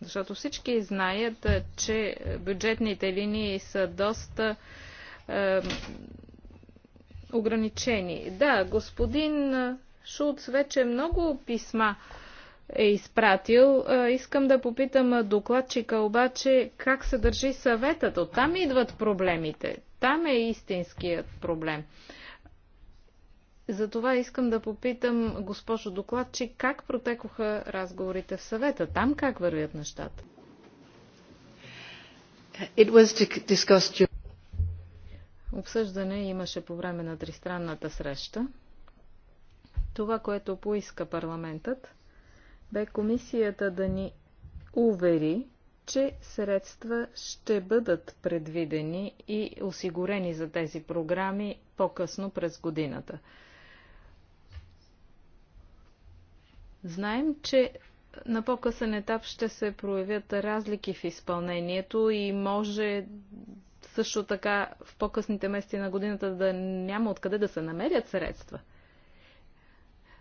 Защото всички знаят, е, че бюджетните линии са доста е, ограничени. Да, господин е, Шулц вече много писма е изпратил. Е, искам да попитам докладчика обаче как се държи съветът. Оттам идват проблемите. Там е истинският проблем. Затова искам да попитам, госпожо Докладчи как протекоха разговорите в съвета? Там как вървят нещата? It was discuss... Обсъждане имаше по време на тристранната среща. Това, което поиска парламентът, бе комисията да ни увери, че средства ще бъдат предвидени и осигурени за тези програми по-късно през годината. Знаем, че на по-късен етап ще се проявят разлики в изпълнението и може също така в по-късните месеци на годината да няма откъде да се намерят средства.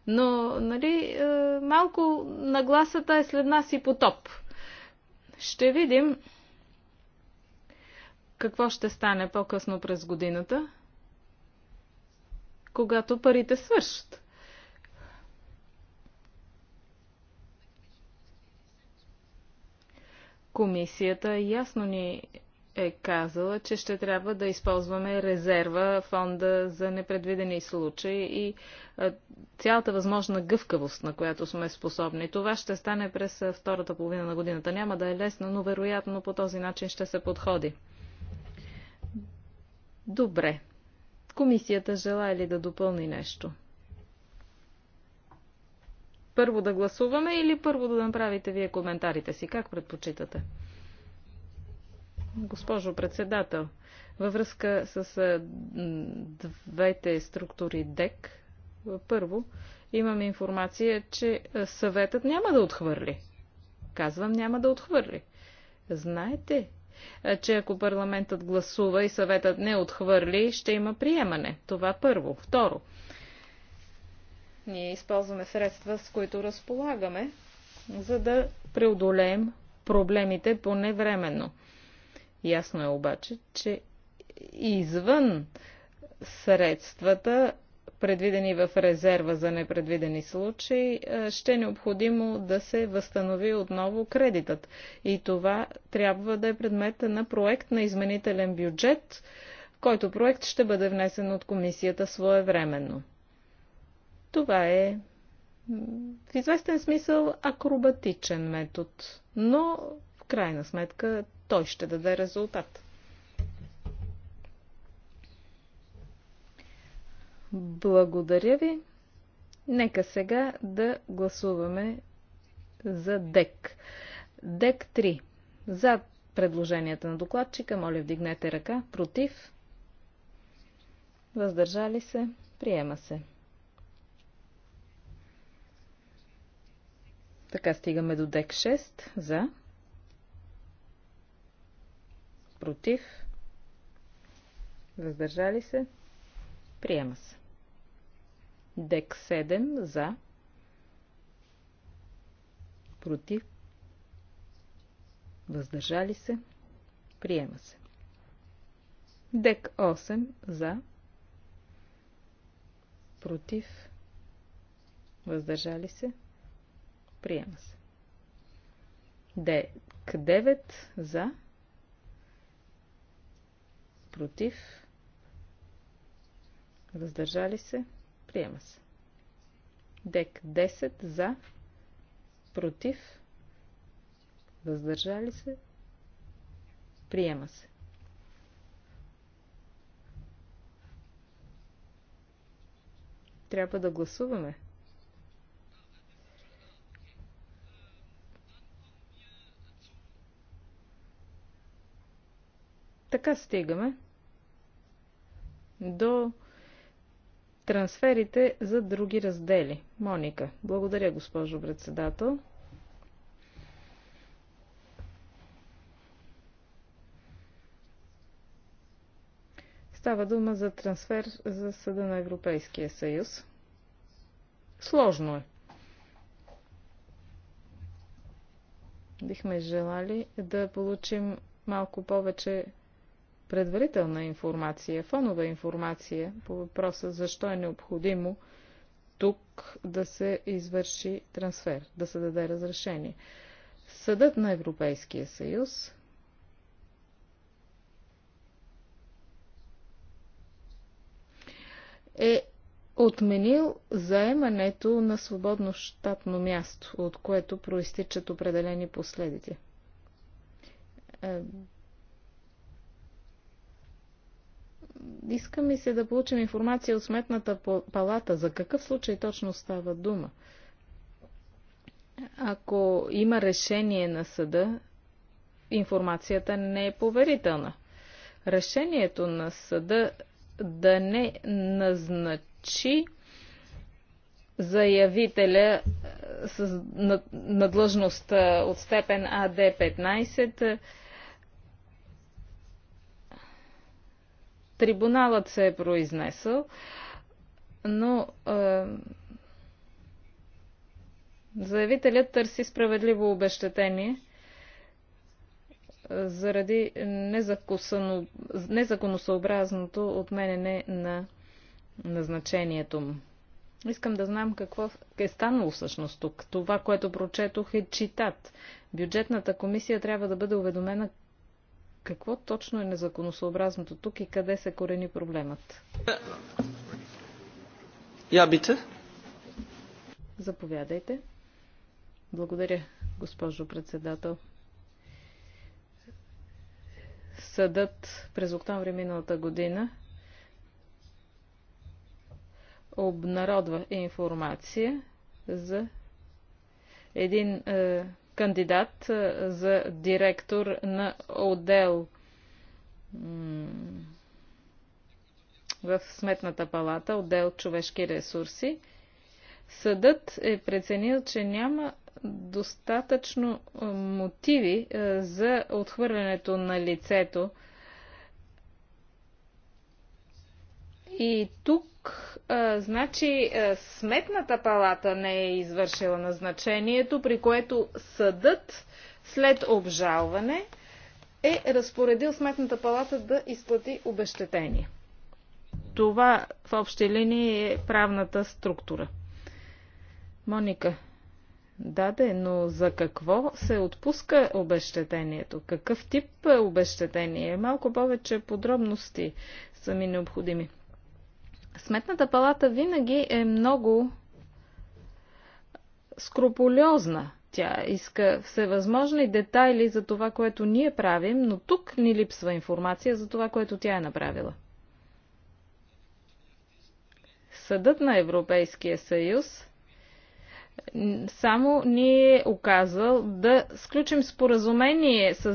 Но, нали, е, малко нагласата е след нас и потоп. Ще видим какво ще стане по-късно през годината, когато парите свършат. Комисията ясно ни е казала, че ще трябва да използваме резерва, фонда за непредвидени случаи и цялата възможна гъвкавост, на която сме способни. Това ще стане през втората половина на годината. Няма да е лесно, но вероятно по този начин ще се подходи. Добре. Комисията желая ли да допълни нещо? първо да гласуваме или първо да направите вие коментарите си? Как предпочитате? Госпожо председател, във връзка с двете структури ДЕК, първо имаме информация, че съветът няма да отхвърли. Казвам, няма да отхвърли. Знаете, че ако парламентът гласува и съветът не отхвърли, ще има приемане. Това първо. Второ, ние използваме средства, с които разполагаме, за да преодолеем проблемите поне временно. Ясно е обаче, че извън средствата, предвидени в резерва за непредвидени случаи, е, ще е необходимо да се възстанови отново кредитът. И това трябва да е предмет на проект на изменителен бюджет, който проект ще бъде внесен от комисията своевременно. Това е в известен смисъл акробатичен метод, но в крайна сметка той ще даде резултат. Благодаря ви. Нека сега да гласуваме за ДЕК. ДЕК 3. За предложенията на докладчика, моля вдигнете ръка. Против. Въздържали се. Приема се. Така стигаме до дек 6 за, против, въздържали се, приема се. Дек 7 за, против, въздържали се, приема се. Дек 8 за, против, въздържали се, приема се. Приема се. Д. 9 за. Против. Въздържали се. Приема се. Дек 10 за. Против. Въздържали се. Приема се. Трябва да гласуваме. Така стигаме до трансферите за други раздели. Моника, благодаря, госпожо председател. Става дума за трансфер за Съда на Европейския съюз. Сложно е. Бихме желали да получим малко повече предварителна информация, фонова информация по въпроса защо е необходимо тук да се извърши трансфер, да се даде разрешение. Съдът на Европейския съюз е отменил заемането на свободно щатно място, от което проистичат определени последици. Е, иска ми се да получим информация от сметната палата за какъв случай точно става дума. Ако има решение на съда, информацията не е поверителна. Решението на съда да не назначи заявителя е, на, на длъжност е, от степен АД 15 Трибуналът се е произнесъл, но е, заявителят търси справедливо обещетение е, заради незаконосъобразното отменене на назначението му. Искам да знам какво е станало всъщност тук. Това, което прочетох е читат. Бюджетната комисия трябва да бъде уведомена какво точно е незаконосъобразното тук и къде се корени проблемът? Ябите. Заповядайте. Благодаря, госпожо председател. Съдът през октомври миналата година обнародва информация за един е, кандидат за директор на отдел в Сметната палата, отдел човешки ресурси. Съдът е преценил, че няма достатъчно мотиви за отхвърлянето на лицето И тук, а, значи, а, сметната палата не е извършила назначението, при което съдът след обжалване е разпоредил сметната палата да изплати обещетение. Това в общи линии е правната структура. Моника, даде, но за какво се отпуска обещетението? Какъв тип обещетение? Малко повече подробности са ми необходими. Сметната палата винаги е много скрупулезна. Тя иска всевъзможни детайли за това, което ние правим, но тук ни липсва информация за това, което тя е направила. Съдът на Европейския съюз само ни е оказал да сключим споразумение с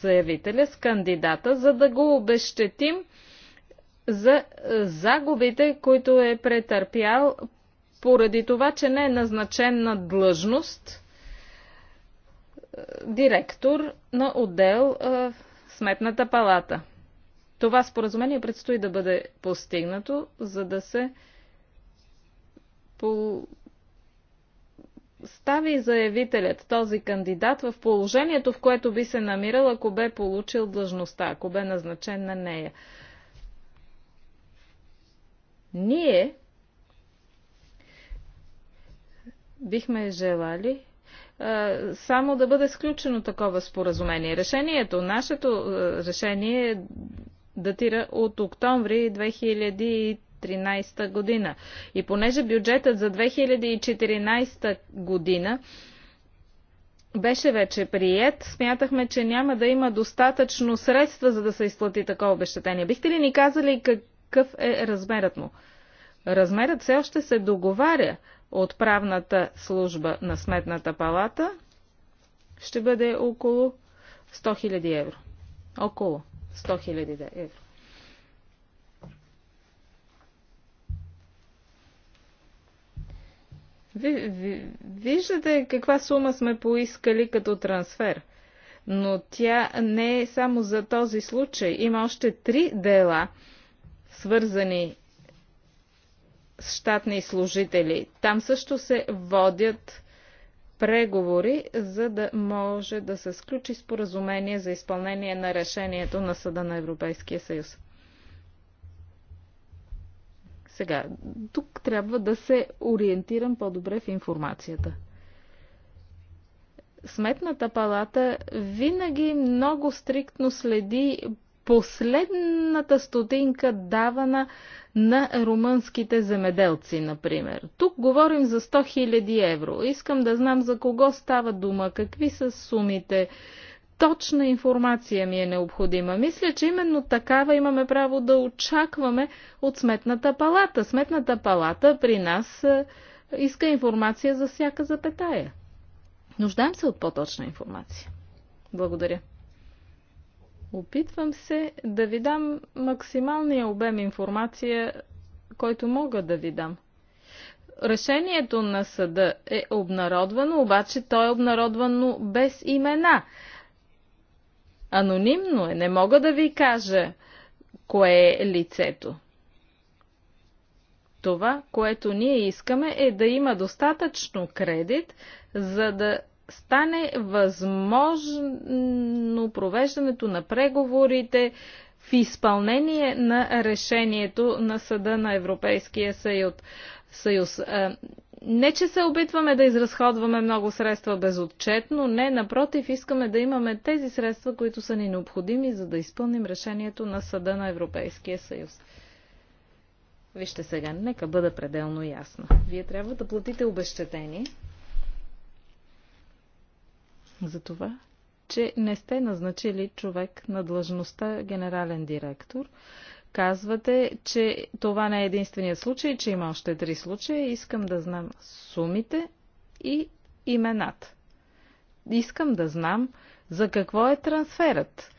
заявителя, с кандидата, за да го обещетим за е, загубите, които е претърпял поради това, че не е назначен на длъжност е, директор на отдел в е, Сметната палата. Това споразумение предстои да бъде постигнато, за да се по... стави заявителят, този кандидат, в положението, в което би се намирал, ако бе получил длъжността, ако бе назначен на нея. Ние бихме желали само да бъде сключено такова споразумение. Решението, нашето решение датира от октомври 2013 година. И понеже бюджетът за 2014 година беше вече прият, смятахме, че няма да има достатъчно средства, за да се изплати такова обещетение. Бихте ли ни казали как, какъв е размерът му. Размерът все още се договаря от правната служба на Сметната палата. Ще бъде около 100 000 евро. Около 100 000 евро. Виждате каква сума сме поискали като трансфер. Но тя не е само за този случай. Има още три дела свързани с щатни служители. Там също се водят преговори, за да може да се сключи споразумение за изпълнение на решението на Съда на Европейския съюз. Сега, тук трябва да се ориентирам по-добре в информацията. Сметната палата винаги много стриктно следи последната стотинка давана на румънските земеделци, например. Тук говорим за 100 000 евро. Искам да знам за кого става дума, какви са сумите. Точна информация ми е необходима. Мисля, че именно такава имаме право да очакваме от Сметната палата. Сметната палата при нас е, иска информация за всяка запетая. Нуждаем се от по-точна информация. Благодаря. Опитвам се да ви дам максималния обем информация, който мога да ви дам. Решението на съда е обнародвано, обаче то е обнародвано без имена. Анонимно е, не мога да ви кажа кое е лицето. Това, което ние искаме е да има достатъчно кредит, за да стане възможно провеждането на преговорите в изпълнение на решението на Съда на Европейския съюз. Не, че се опитваме да изразходваме много средства безотчетно, не, напротив, искаме да имаме тези средства, които са ни необходими, за да изпълним решението на Съда на Европейския съюз. Вижте сега, нека бъда пределно ясна. Вие трябва да платите обещетение – за това, че не сте назначили човек на длъжността генерален директор. Казвате, че това не е единствения случай, че има още три случая. Искам да знам сумите и имената. Искам да знам за какво е трансферът.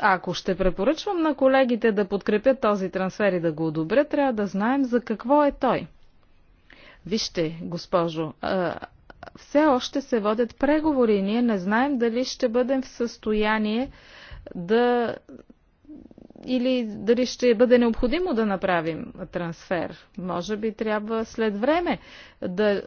Ако ще препоръчвам на колегите да подкрепят този трансфер и да го одобрят, трябва да знаем за какво е той. Вижте, госпожо, все още се водят преговори. Ние не знаем дали ще бъдем в състояние да или дали ще бъде необходимо да направим трансфер. Може би трябва след време да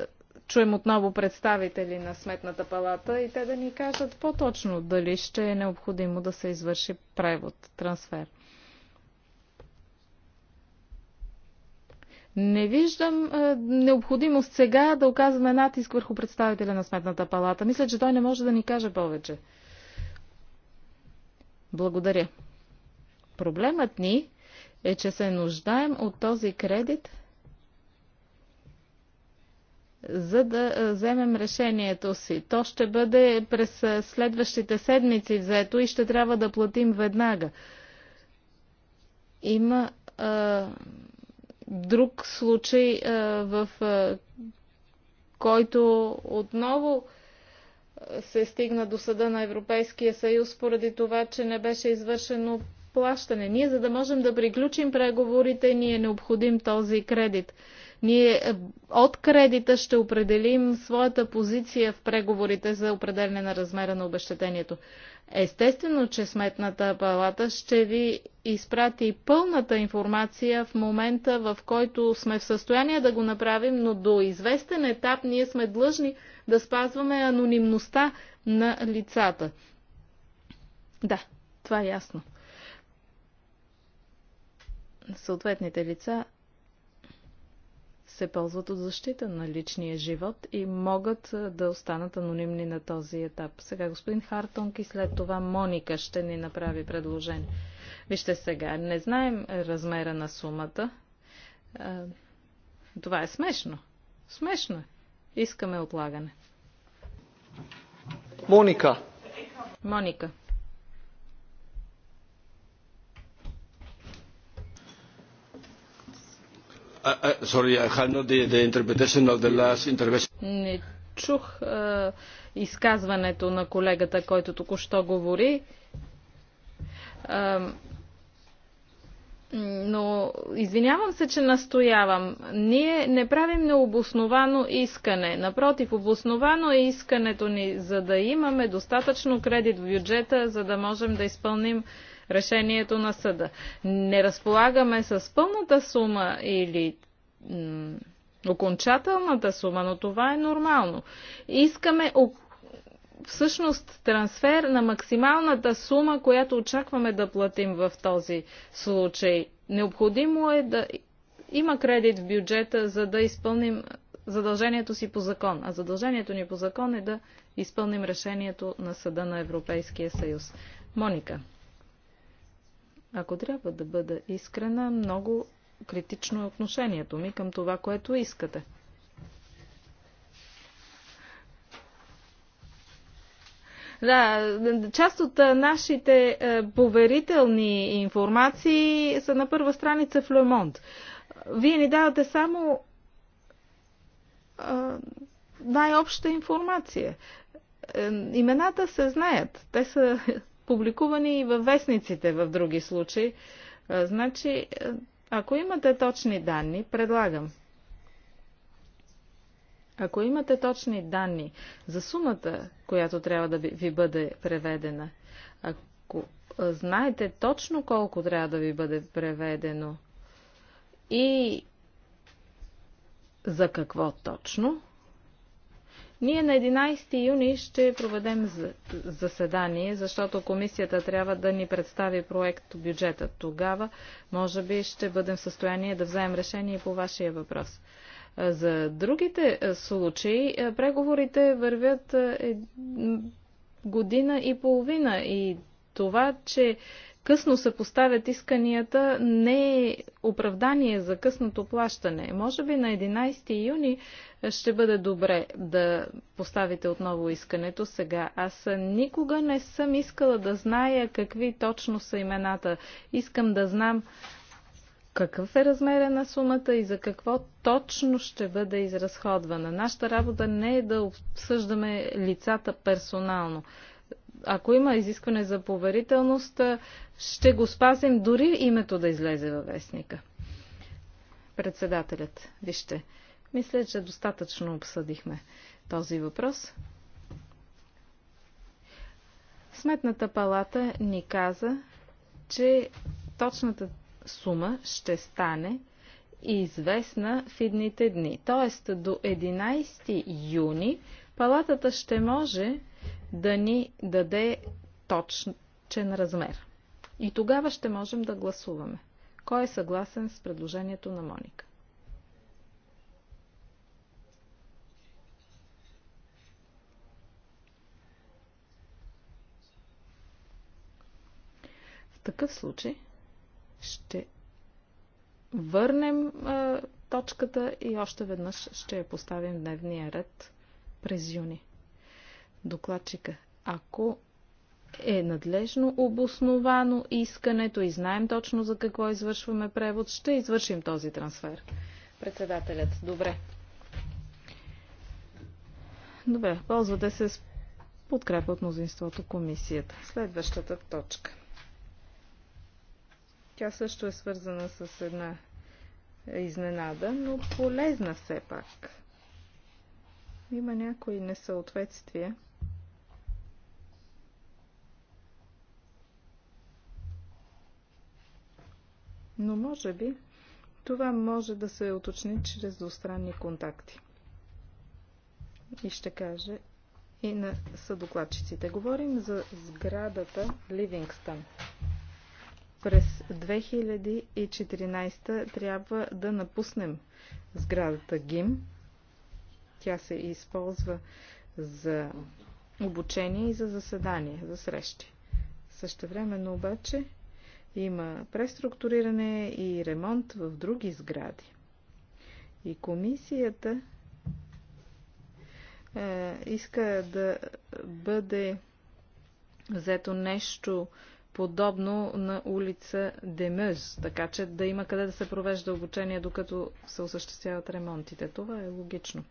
чуем отново представители на Сметната палата и те да ни кажат по-точно дали ще е необходимо да се извърши превод, трансфер. Не виждам е, необходимост сега да оказваме натиск върху представителя на Сметната палата. Мисля, че той не може да ни каже повече. Благодаря. Проблемът ни е, че се нуждаем от този кредит, за да е, вземем решението си. То ще бъде през е, следващите седмици взето и ще трябва да платим веднага. Има Е, друг случай, в който отново се стигна до съда на Европейския съюз поради това, че не беше извършено плащане. Ние, за да можем да приключим преговорите, ни е необходим този кредит. Ние е, от кредита ще определим своята позиция в преговорите за определене на размера на обещетението. Естествено, че Сметната палата ще ви изпрати пълната информация в момента, в който сме в състояние да го направим, но до известен етап ние сме длъжни да спазваме анонимността на лицата. Да, това е ясно. Съответните лица се ползват от защита на личния живот и могат да останат анонимни на този етап. Сега господин Хартонг и след това Моника ще ни направи предложение. Вижте сега, не знаем размера на сумата. Това е смешно. Смешно е. Искаме отлагане. Моника. Моника. Ah, ah, sorry, I have not the, the interpretation of the last intervention. Не чух изказването на колегата, който току-що говори. но извинявам се, че настоявам. Ние не правим необосновано искане. Напротив, обосновано е искането ни, за да имаме достатъчно кредит в бюджета, за да можем да изпълним решението на съда. Не разполагаме с пълната сума или окончателната сума, но това е нормално. Искаме всъщност трансфер на максималната сума, която очакваме да платим в този случай. Необходимо е да има кредит в бюджета, за да изпълним задължението си по закон. А задължението ни по закон е да изпълним решението на Съда на Европейския съюз. Моника. Ако трябва да бъда искрена, много критично е отношението ми към това, което искате. Да, част от нашите поверителни информации са на първа страница в Лемонт. Вие ни давате само най-обща информация. Е, имената се знаят. Те са публикувани и във вестниците в други случаи. Значи, ако имате точни данни, предлагам. Ако имате точни данни за сумата, която трябва да ви бъде преведена, ако знаете точно колко трябва да ви бъде преведено и за какво точно, ние на 11 юни ще проведем заседание, защото комисията трябва да ни представи проект бюджета. Тогава, може би, ще бъдем в състояние да вземем решение по вашия въпрос. За другите случаи, преговорите вървят година и половина и това, че късно се поставят исканията не е оправдание за късното плащане. Може би на 11 юни ще бъде добре да поставите отново искането сега. Аз никога не съм искала да зная какви точно са имената. Искам да знам какъв е размера на сумата и за какво точно ще бъде изразходвана. Нашата работа не е да обсъждаме лицата персонално ако има изискване за поверителност, ще го спазим дори името да излезе във вестника. Председателят, вижте, мисля, че достатъчно обсъдихме този въпрос. Сметната палата ни каза, че точната сума ще стане известна в идните дни. Тоест до 11 юни палатата ще може да ни даде точен размер. И тогава ще можем да гласуваме. Кой е съгласен с предложението на Моника? В такъв случай ще върнем а, точката и още веднъж ще я поставим дневния ред през юни докладчика. Ако е надлежно обосновано искането и знаем точно за какво извършваме превод, ще извършим този трансфер. Председателят, добре. Добре, ползвате се с подкрепа от мнозинството комисията. Следващата точка. Тя също е свързана с една изненада, но полезна все пак. Има някои несъответствия но може би това може да се уточни чрез двустранни контакти. И ще кажа и на съдокладчиците. Говорим за сградата Ливингстън. През 2014 трябва да напуснем сградата ГИМ. Тя се използва за обучение и за заседания, за срещи. Същевременно обаче има преструктуриране и ремонт в други сгради. И комисията е, иска да бъде взето нещо подобно на улица Демъз, така че да има къде да се провежда обучение, докато се осъществяват ремонтите. Това е логично.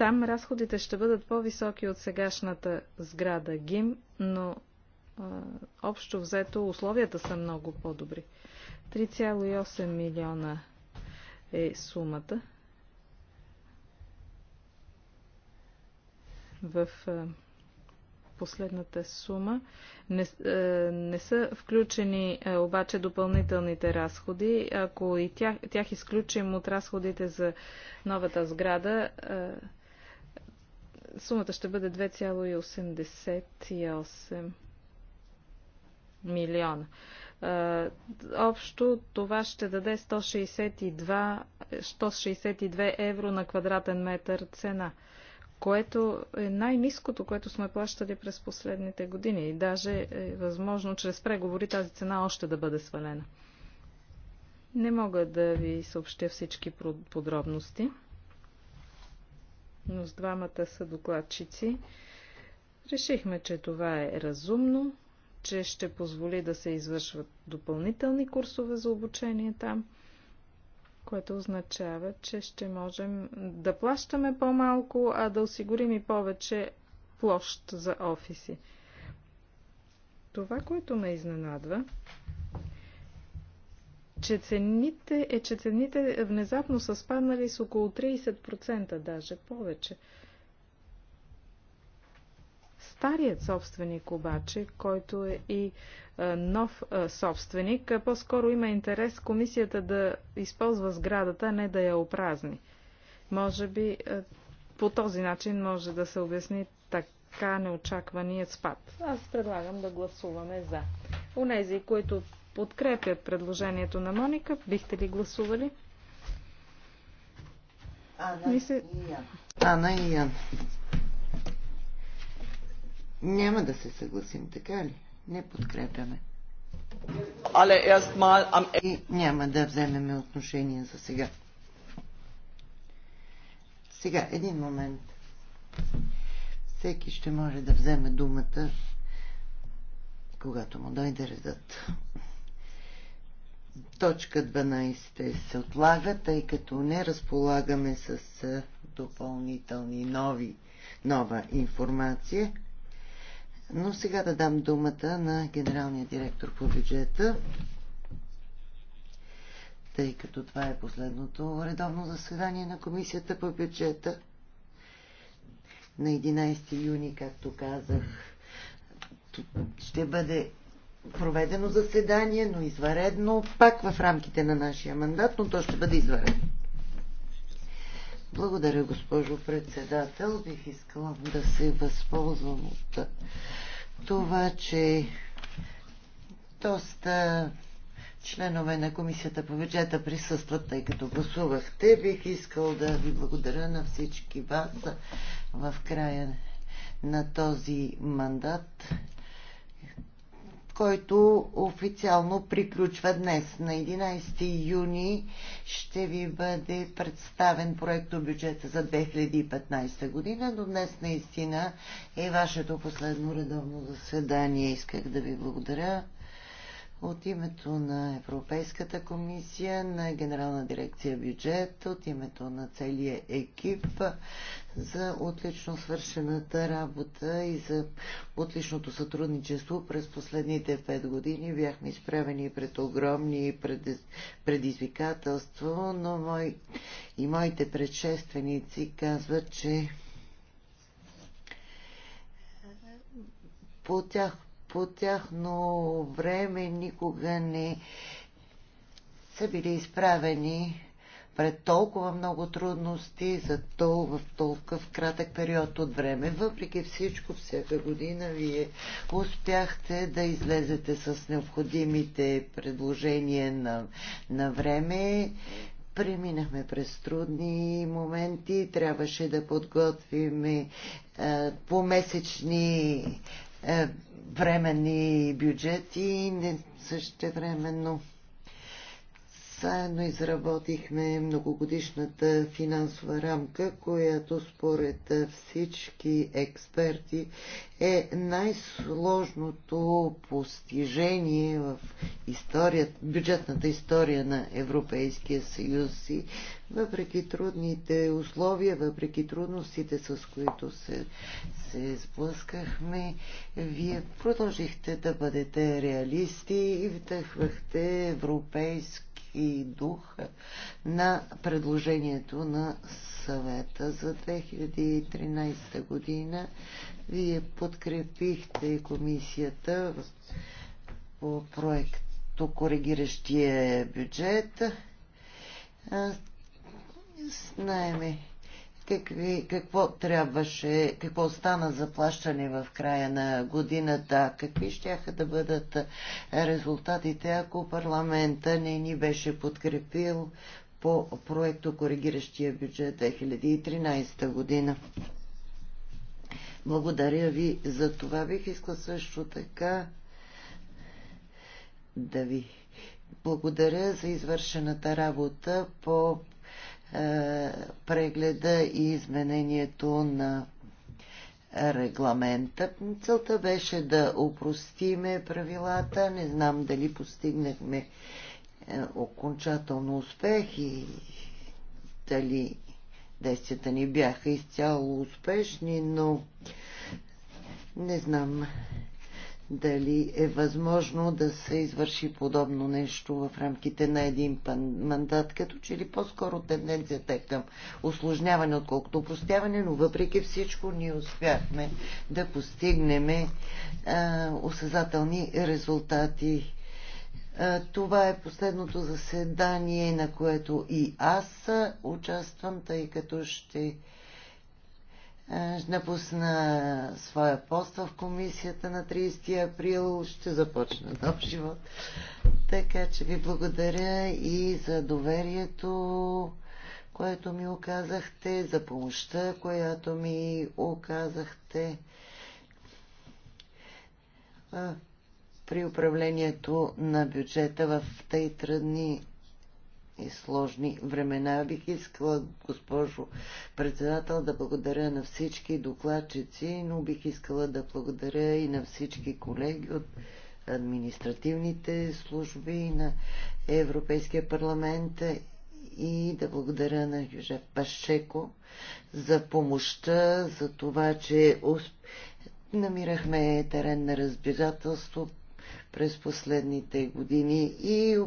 Там разходите ще бъдат по-високи от сегашната сграда ГИМ, но а, общо взето условията са много по-добри. 3,8 милиона е сумата. В а, последната сума. Не, а, не са включени а, обаче допълнителните разходи. Ако и тях, тях изключим от разходите за новата сграда, а, Сумата ще бъде 2,88 милиона. Общо това ще даде 162, 162 евро на квадратен метър цена, което е най-низкото, което сме плащали през последните години. И даже е възможно чрез преговори тази цена още да бъде свалена. Не мога да ви съобщя всички подробности но с двамата са докладчици. Решихме, че това е разумно, че ще позволи да се извършват допълнителни курсове за обучение там, което означава, че ще можем да плащаме по-малко, а да осигурим и повече площ за офиси. Това, което ме изненадва, че цените, е, че цените внезапно са спаднали с около 30%, даже повече. Старият собственик обаче, който е и нов собственик, по-скоро има интерес комисията да използва сградата, а не да я опразни. Може би по този начин може да се обясни така неочакваният спад. Аз предлагам да гласуваме за. Унези, които подкрепят предложението на Моника. Бихте ли гласували? Ана се... и Ян. Ана и Ян. Няма да се съгласим, така ли? Не подкрепяме. Але erstmal am е- И няма да вземем отношение за сега. Сега, един момент. Всеки ще може да вземе думата, когато му дойде редът. Точка 12 се отлага, тъй като не разполагаме с допълнителни нови, нова информация. Но сега да дам думата на генералния директор по бюджета, тъй като това е последното редовно заседание на комисията по бюджета. На 11 юни, както казах, ще бъде проведено заседание, но изваредно, пак в рамките на нашия мандат, но то ще бъде изваредно. Благодаря, госпожо председател. Бих искала да се възползвам от това, че доста членове на Комисията по бюджета присъстват, тъй като гласувахте. Бих искал да ви благодаря на всички вас в края на този мандат който официално приключва днес. На 11 юни ще ви бъде представен проекто бюджета за 2015 година, но днес наистина е вашето последно редовно заседание. Исках да ви благодаря от името на Европейската комисия, на Генерална дирекция бюджет, от името на целия екип за отлично свършената работа и за отличното сътрудничество. През последните пет години бяхме изправени пред огромни предизвикателства, но мой и моите предшественици казват, че по, тях, по тяхно време никога не са били изправени пред толкова много трудности за тол, в толкова кратък период от време. Въпреки всичко, всяка година вие успяхте да излезете с необходимите предложения на, на време. Преминахме през трудни моменти, трябваше да подготвим е, помесечни е, временни бюджети, не същевременно заедно изработихме многогодишната финансова рамка, която според всички експерти е най-сложното постижение в историята, бюджетната история на Европейския съюз и въпреки трудните условия, въпреки трудностите, с които се, се сблъскахме, вие продължихте да бъдете реалисти и вдъхвахте европейско и дух на предложението на съвета за 2013 година. Вие подкрепихте комисията по проекто коригиращия бюджет. Знаеме, какви, какво трябваше, какво стана за плащане в края на годината, какви ще да бъдат резултатите, ако парламента не ни беше подкрепил по проекто коригиращия бюджет 2013 година. Благодаря ви за това. Бих искал също така да ви благодаря за извършената работа по е, прегледа и изменението на регламента. Целта беше да опростиме правилата. Не знам дали постигнахме е, окончателно успех и дали действията ни бяха изцяло успешни, но не знам дали е възможно да се извърши подобно нещо в рамките на един мандат, като че ли по-скоро тенденцията е към осложняване, отколкото упростяване, но въпреки всичко ние успяхме да постигнем а, осъзателни резултати. А, това е последното заседание, на което и аз участвам, тъй като ще е, напусна своя пост в комисията на 30 април. Ще започна нов живот. Така че ви благодаря и за доверието, което ми оказахте, за помощта, която ми оказахте е, при управлението на бюджета в тъй трудни и сложни времена. Бих искала, госпожо председател, да благодаря на всички докладчици, но бих искала да благодаря и на всички колеги от административните служби на Европейския парламент и да благодаря на Южев Пашеко за помощта, за това, че намирахме терен на разбирателство през последните години и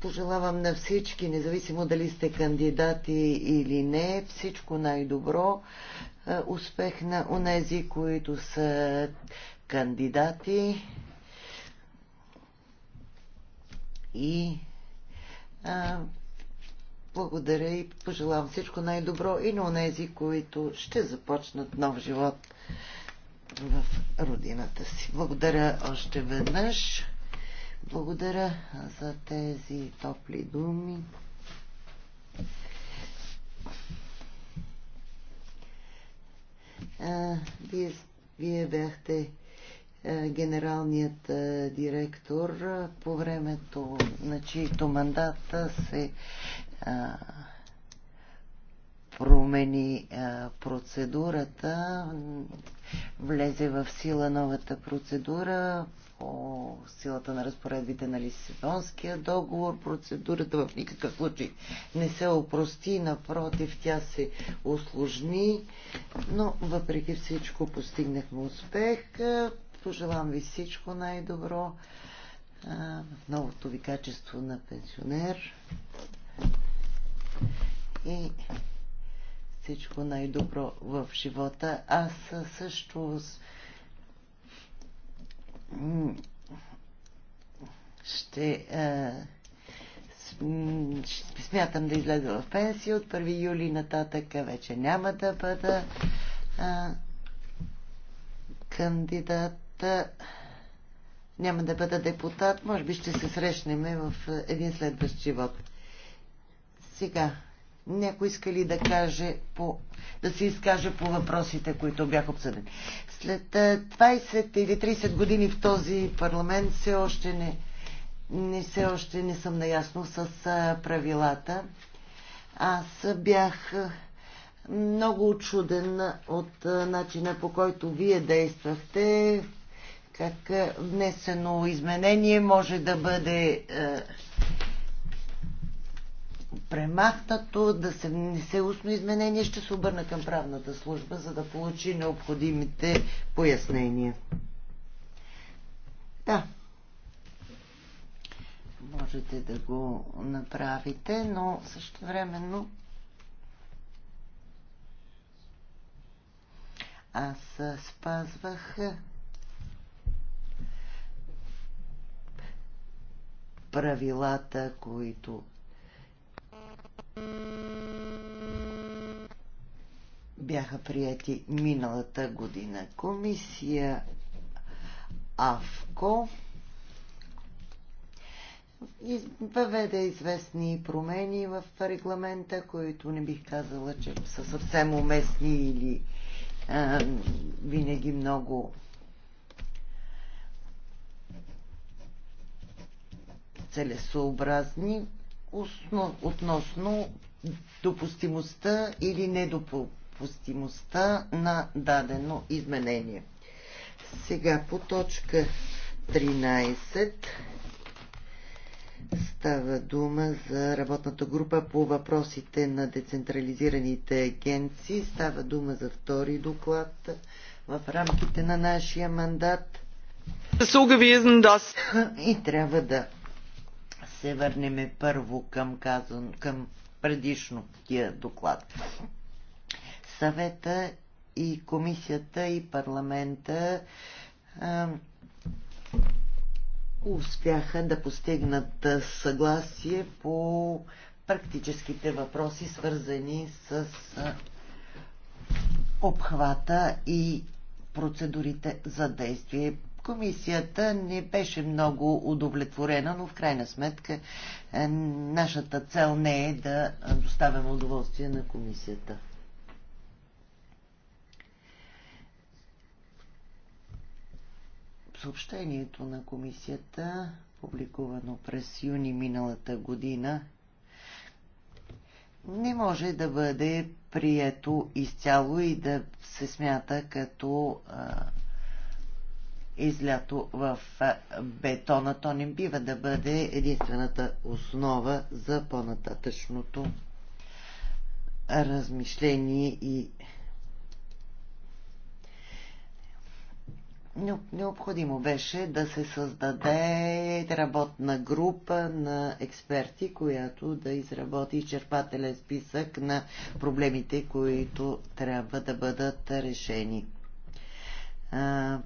Пожелавам на всички, независимо дали сте кандидати или не, всичко най-добро. Е, успех на онези, които са кандидати. И а, благодаря и пожелавам всичко най-добро и на онези, които ще започнат нов живот в родината си. Благодаря още веднъж. Благодаря за тези топли думи. А, вие, вие бяхте генералният директор, по времето на чието мандата се а, промени процедурата. Влезе в сила новата процедура по силата на разпоредбите на Лисабонския договор. Процедурата в никакъв случай не се опрости, напротив, тя се осложни, но въпреки всичко постигнахме успех. Пожелавам ви всичко най-добро в новото ви качество на пенсионер. И всичко най-добро в живота. Аз също е, ще смятам да излезе в пенсия. От 1 юли нататък вече няма да бъда а, е, кандидат. Няма да бъда депутат. Може би ще се срещнем в един следващ живот. Сега някой иска ли да каже по, да се изкаже по въпросите, които бях обсъдени. След 20 или 30 години в този парламент все още не, не, все още не съм наясно с правилата. Аз бях много очуден от начина по който вие действахте, как внесено изменение може да бъде премахнато, да се внесе устно изменение, ще се обърна към правната служба, за да получи необходимите пояснения. Да. Можете да го направите, но също времено аз спазвах правилата, които бяха прияти миналата година. Комисия АВКО въведе известни промени в регламента, които не бих казала, че са съвсем уместни или а, винаги много целесообразни основ, относно допустимостта или недопустимостта на дадено изменение. Сега по точка 13 става дума за работната група по въпросите на децентрализираните агенции. Става дума за втори доклад в рамките на нашия мандат. Е, И трябва да се върнем първо към, казан, към тия доклад. Съвета и комисията и парламента а, успяха да постигнат съгласие по практическите въпроси, свързани с а, обхвата и процедурите за действие Комисията не беше много удовлетворена, но в крайна сметка е, нашата цел не е да доставяме удоволствие на комисията. Съобщението на комисията, публикувано през юни миналата година, не може да бъде прието изцяло и да се смята като излято в бетона. То не бива да бъде единствената основа за по-нататъчното размишление и Необходимо беше да се създаде работна група на експерти, която да изработи изчерпателен списък на проблемите, които трябва да бъдат решени.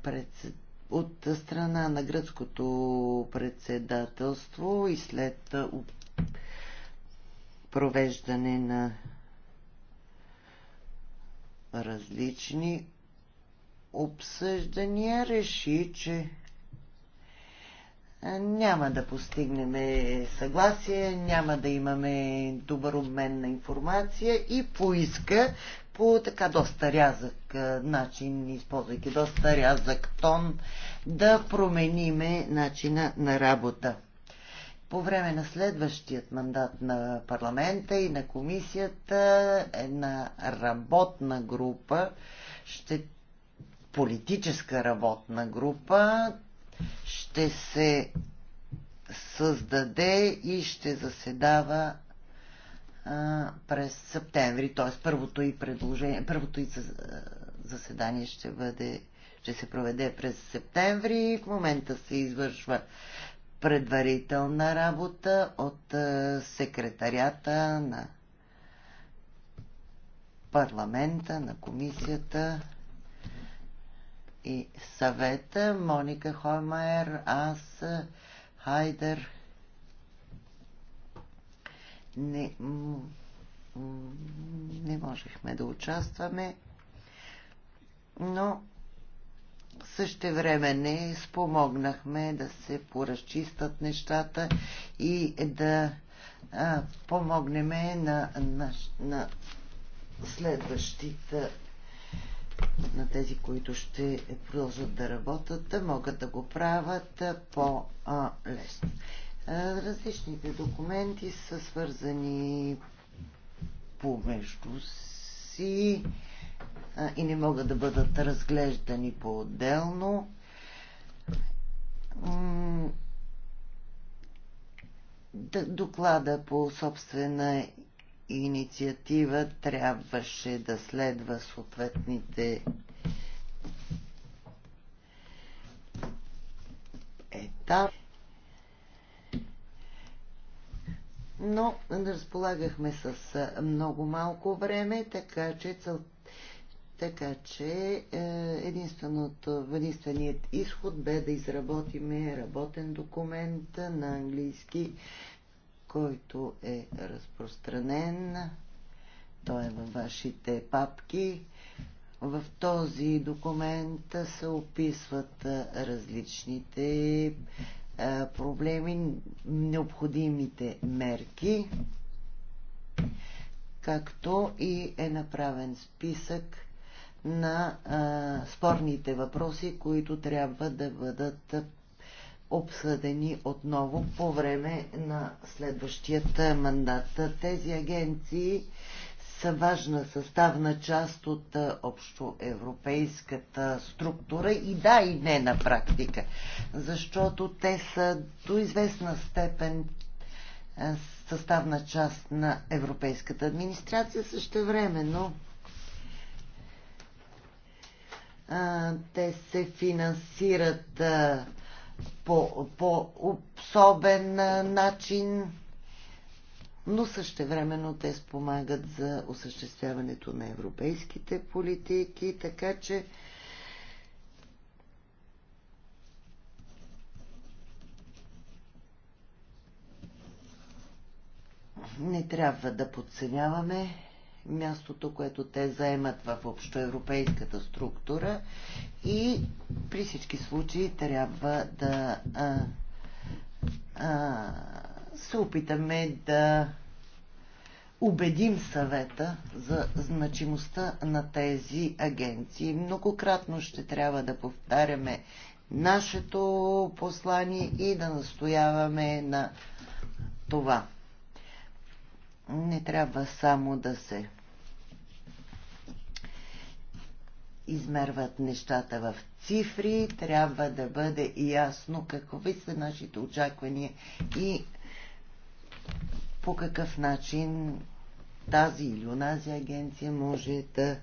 Пред от страна на гръцкото председателство и след провеждане на различни обсъждания реши, че няма да постигнем съгласие, няма да имаме добър обмен на информация и поиска по така доста рязък начин, използвайки доста рязък тон, да промениме начина на работа. По време на следващият мандат на парламента и на комисията една работна група, ще, политическа работна група, ще се създаде и ще заседава през септември, т.е. първото и предложение, първото и заседание ще бъде, ще се проведе през септември. В момента се извършва предварителна работа от секретарята на парламента, на комисията и съвета. Моника Хоймайер, аз, Хайдер, не, не можехме да участваме, но време не спомогнахме да се поразчистат нещата и да а, помогнеме на, на, на следващите на тези, които ще продължат да работят, да могат да го правят по-лесно. Различните документи са свързани помежду си и не могат да бъдат разглеждани по-отделно. Доклада по собствена инициатива трябваше да следва съответните етапи. но разполагахме с много малко време, така че цъл... така че е, единственото, единственият изход бе да изработиме работен документ на английски, който е разпространен. Той е във вашите папки. В този документ се описват различните е, проблеми, необходимите мерки, както и е направен списък на а, е, спорните въпроси, които трябва да бъдат обсъдени отново по време на следващият мандат. Тези агенции са важна съставна част от общоевропейската структура и да и не на практика, защото те са до известна степен съставна част на европейската администрация същевременно. Те се финансират по, по особен начин но същевременно те спомагат за осъществяването на европейските политики, така че не трябва да подценяваме мястото, което те заемат в общоевропейската структура и при всички случаи трябва да а, а, се опитаме да убедим съвета за значимостта на тези агенции. Многократно ще трябва да повтаряме нашето послание и да настояваме на това. Не трябва само да се измерват нещата в цифри, трябва да бъде ясно какви са нашите очаквания и по какъв начин тази или онази агенция може да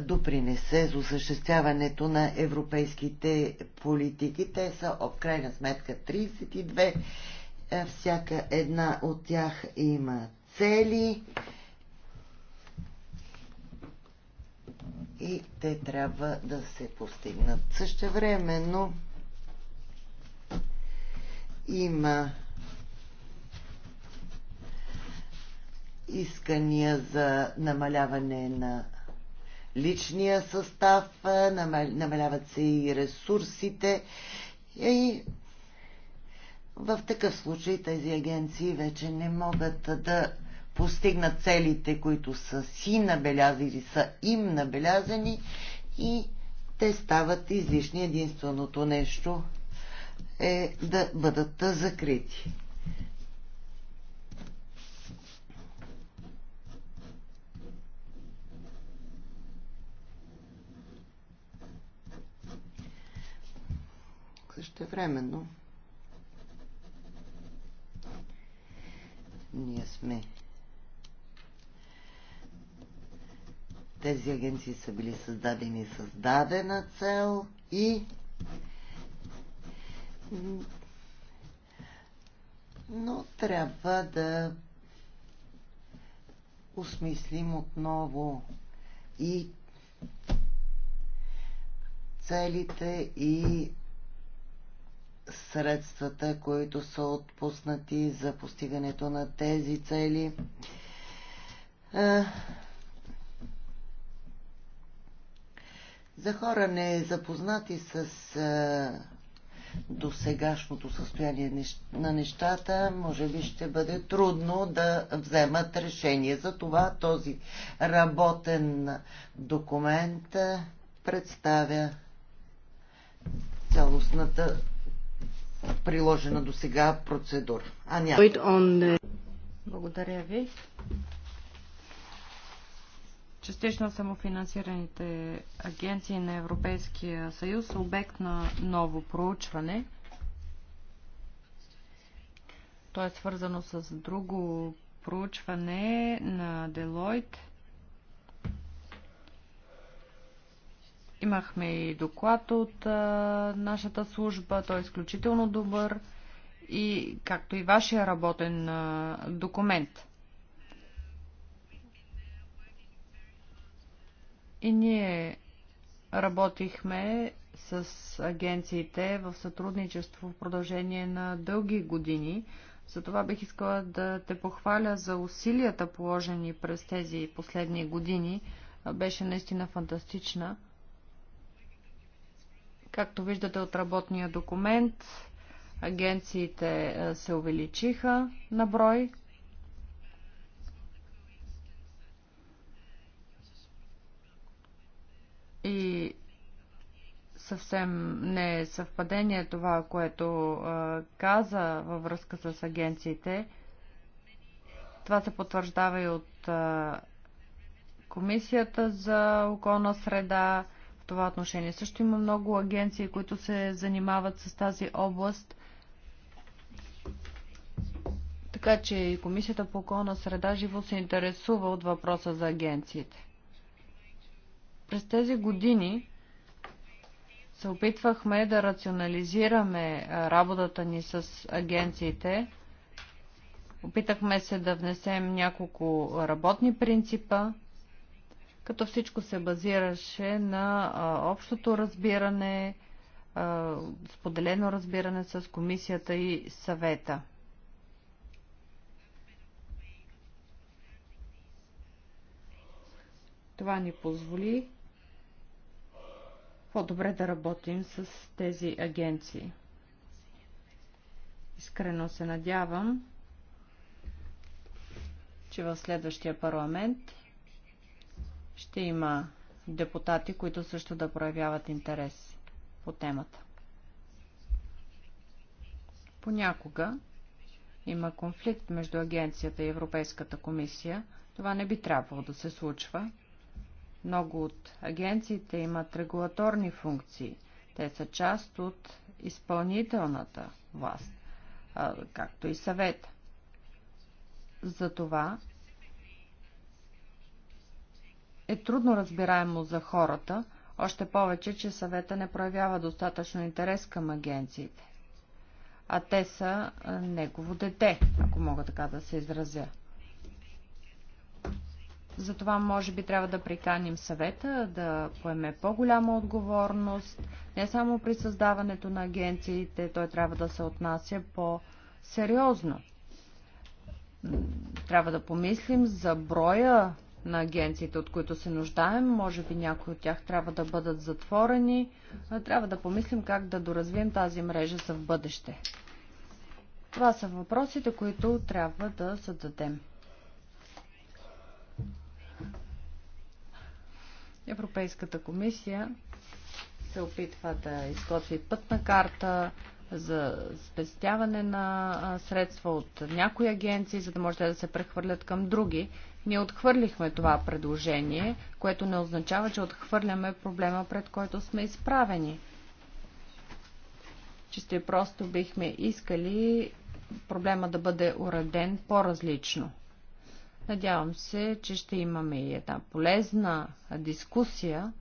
допринесе за осъществяването на европейските политики. Те са в крайна сметка 32. Е, всяка една от тях има цели и те трябва да се постигнат. Същевременно има искания за намаляване на личния състав, намаляват се и ресурсите и в такъв случай тези агенции вече не могат да постигнат целите, които са си набелязали, са им набелязани и те стават излишни. Единственото нещо е да бъдат закрити. същевременно ние сме тези агенции са били създадени с дадена цел и но трябва да осмислим отново и целите и средствата, които са отпуснати за постигането на тези цели. За хора не запознати с досегашното състояние на нещата, може би ще бъде трудно да вземат решение. Затова този работен документ представя цялостната приложена до сега процедура. Аня. Благодаря ви. Частично самофинансираните агенции на Европейския съюз са обект на ново проучване. То е свързано с друго проучване на Делойт – Имахме и доклад от а, нашата служба, той е изключително добър и както и вашия работен а, документ. И ние работихме с агенциите в сътрудничество в продължение на дълги години. Затова бих искала да те похваля за усилията положени през тези последни години. Беше наистина фантастична Както виждате от работния документ, агенциите е, се увеличиха на брой. И съвсем не е съвпадение това, което е, каза във връзка с агенциите. Това се потвърждава и от е, Комисията за околна среда това отношение. Също има много агенции, които се занимават с тази област. Така че и Комисията по околна среда живо се интересува от въпроса за агенциите. През тези години се опитвахме да рационализираме работата ни с агенциите. Опитахме се да внесем няколко работни принципа, като всичко се базираше на а, общото разбиране, а, споделено разбиране с комисията и съвета. Това ни позволи по-добре да работим с тези агенции. Искрено се надявам, че в следващия парламент ще има депутати, които също да проявяват интерес по темата. Понякога има конфликт между агенцията и Европейската комисия. Това не би трябвало да се случва. Много от агенциите имат регулаторни функции. Те са част от изпълнителната власт, както и За Затова е трудно разбираемо за хората, още повече, че съвета не проявява достатъчно интерес към агенциите. А те са негово дете, ако мога така да се изразя. Затова може би трябва да приканим съвета да поеме по-голяма отговорност, не само при създаването на агенциите, той трябва да се отнася по-сериозно. Трябва да помислим за броя на агенциите, от които се нуждаем. Може би някои от тях трябва да бъдат затворени. Трябва да помислим как да доразвием тази мрежа за в бъдеще. Това са въпросите, които трябва да зададем. Европейската комисия се опитва да изготви пътна карта за спестяване на средства от някои агенции, за да може да се прехвърлят към други. Ние отхвърлихме това предложение, което не означава, че отхвърляме проблема, пред който сме изправени. Чисто и просто бихме искали проблема да бъде уреден по-различно. Надявам се, че ще имаме и една полезна дискусия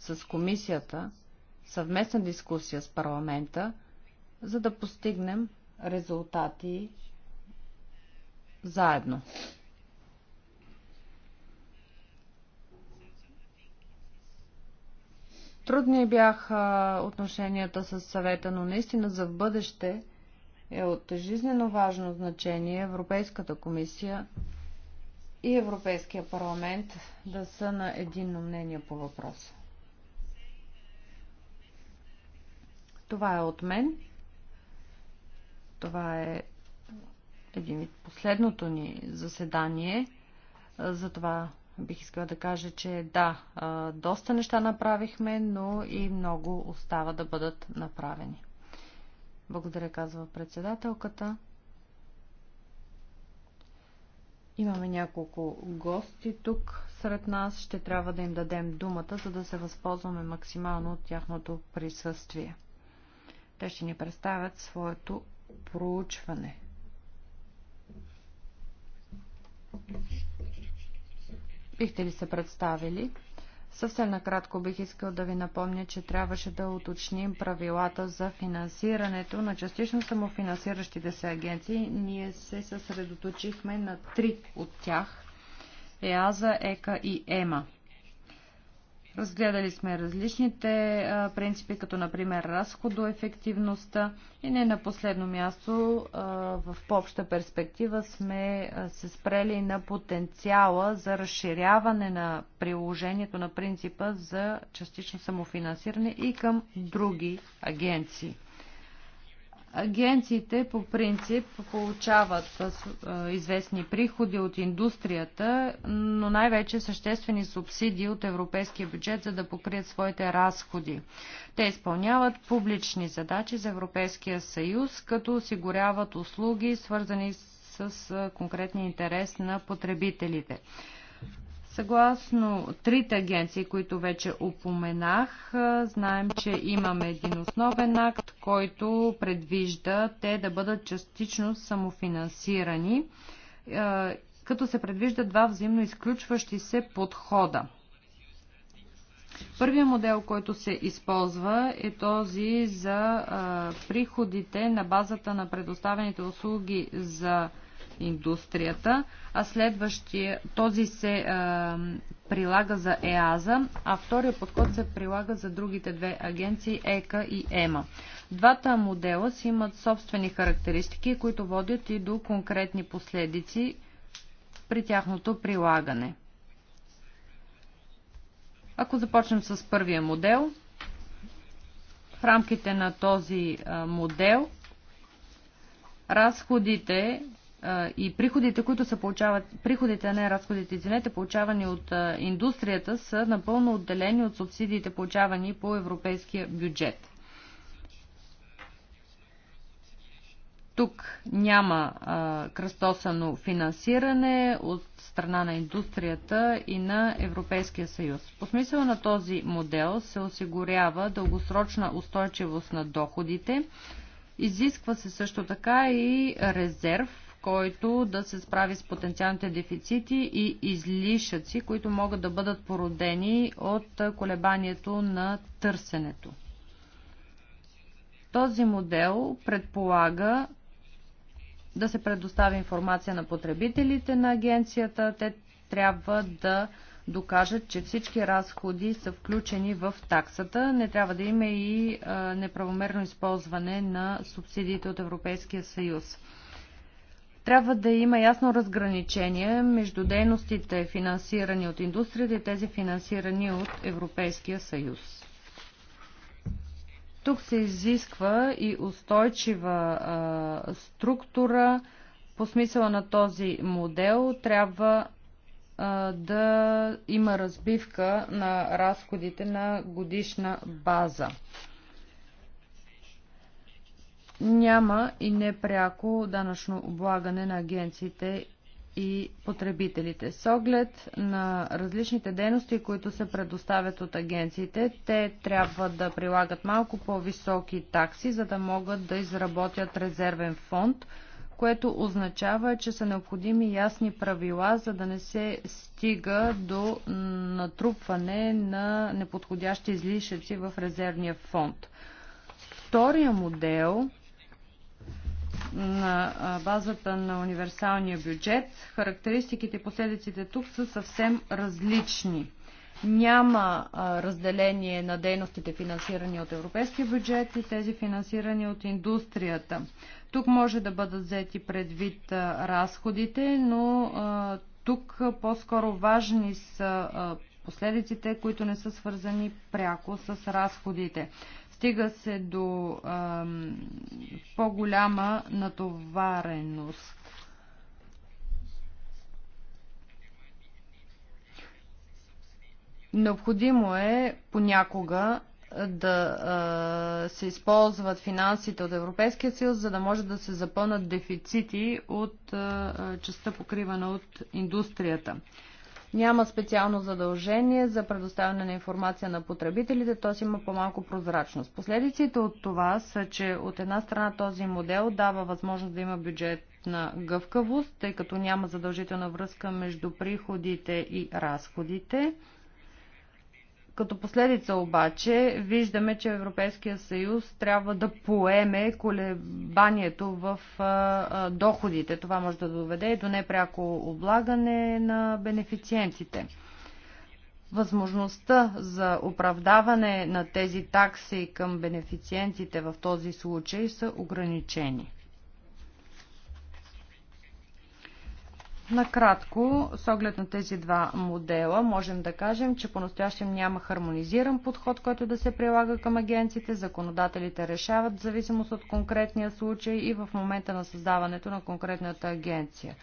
с комисията, съвместна дискусия с парламента, за да постигнем резултати заедно. Трудни бяха отношенията с съвета, но наистина за в бъдеще е от жизнено важно значение Европейската комисия и Европейския парламент да са на единно мнение по въпроса. Това е от мен. Това е един вид последното ни заседание. Затова бих искала да кажа, че да, доста неща направихме, но и много остава да бъдат направени. Благодаря, казва председателката. Имаме няколко гости тук сред нас. Ще трябва да им дадем думата, за да се възползваме максимално от тяхното присъствие. Те ще ни представят своето проучване. Thank you. Бихте ли се представили? Съвсем накратко бих искал да ви напомня, че трябваше да уточним правилата за финансирането на частично самофинансиращите се агенции. Ние се съсредоточихме на три от тях – ЕАЗа, ЕКА и ЕМА. Разгледали сме различните принципи, като например разходоефективността и не на последно място в по-обща перспектива сме се спрели на потенциала за разширяване на приложението на принципа за частично самофинансиране и към други агенции. Агенциите по принцип получават известни приходи от индустрията, но най-вече съществени субсидии от европейския бюджет, за да покрият своите разходи. Те изпълняват публични задачи за Европейския съюз, като осигуряват услуги, свързани с конкретния интерес на потребителите. Съгласно трите агенции, които вече упоменах, знаем, че имаме един основен акт, който предвижда те да бъдат частично самофинансирани, като се предвижда два взаимно изключващи се подхода. Първият модел, който се използва е този за приходите на базата на предоставените услуги за индустрията, а следващия, този се а, прилага за ЕАЗа, а втория подход се прилага за другите две агенции ЕКА и ЕМА. Двата модела си имат собствени характеристики, които водят и до конкретни последици при тяхното прилагане. Ако започнем с първия модел, в рамките на този модел разходите и приходите, които се получават, приходите, а не разходите, извинете, получавани от индустрията, са напълно отделени от субсидиите, получавани по европейския бюджет. Тук няма а, кръстосано финансиране от страна на индустрията и на Европейския съюз. По смисъл на този модел се осигурява дългосрочна устойчивост на доходите. Изисква се също така и резерв който да се справи с потенциалните дефицити и излишъци, които могат да бъдат породени от колебанието на търсенето. Този модел предполага да се предостави информация на потребителите на агенцията. Те трябва да докажат, че всички разходи са включени в таксата. Не трябва да има и неправомерно използване на субсидиите от Европейския съюз. Трябва да има ясно разграничение между дейностите финансирани от индустрията и тези финансирани от Европейския съюз. Тук се изисква и устойчива а, структура. По смисъла на този модел трябва а, да има разбивка на разходите на годишна база няма и непряко данъчно облагане на агенциите и потребителите. С оглед на различните дейности, които се предоставят от агенциите, те трябва да прилагат малко по-високи такси, за да могат да изработят резервен фонд, което означава, че са необходими ясни правила, за да не се стига до натрупване на неподходящи излишъци в резервния фонд. Втория модел – на базата на универсалния бюджет, характеристиките и последиците тук са съвсем различни. Няма разделение на дейностите финансирани от европейския бюджет и тези финансирани от индустрията. Тук може да бъдат взети предвид разходите, но тук по-скоро важни са последиците, които не са свързани пряко с разходите. Стига се до по-голяма натовареност. Необходимо е понякога да а, се използват финансите от Европейския съюз, за да може да се запълнат дефицити от а, частта покривана от индустрията. Няма специално задължение за предоставяне на информация на потребителите, т.е. има по-малко прозрачност. Последиците от това са, че от една страна този модел дава възможност да има бюджетна гъвкавост, тъй като няма задължителна връзка между приходите и разходите. Като последица обаче виждаме, че Европейския съюз трябва да поеме колебанието в доходите. Това може да доведе и до непряко облагане на бенефициентите. Възможността за оправдаване на тези такси към бенефициентите в този случай са ограничени. Накратко, с оглед на тези два модела, можем да кажем, че по-настоящем няма хармонизиран подход, който да се прилага към агенциите. Законодателите решават в зависимост от конкретния случай и в момента на създаването на конкретната агенция.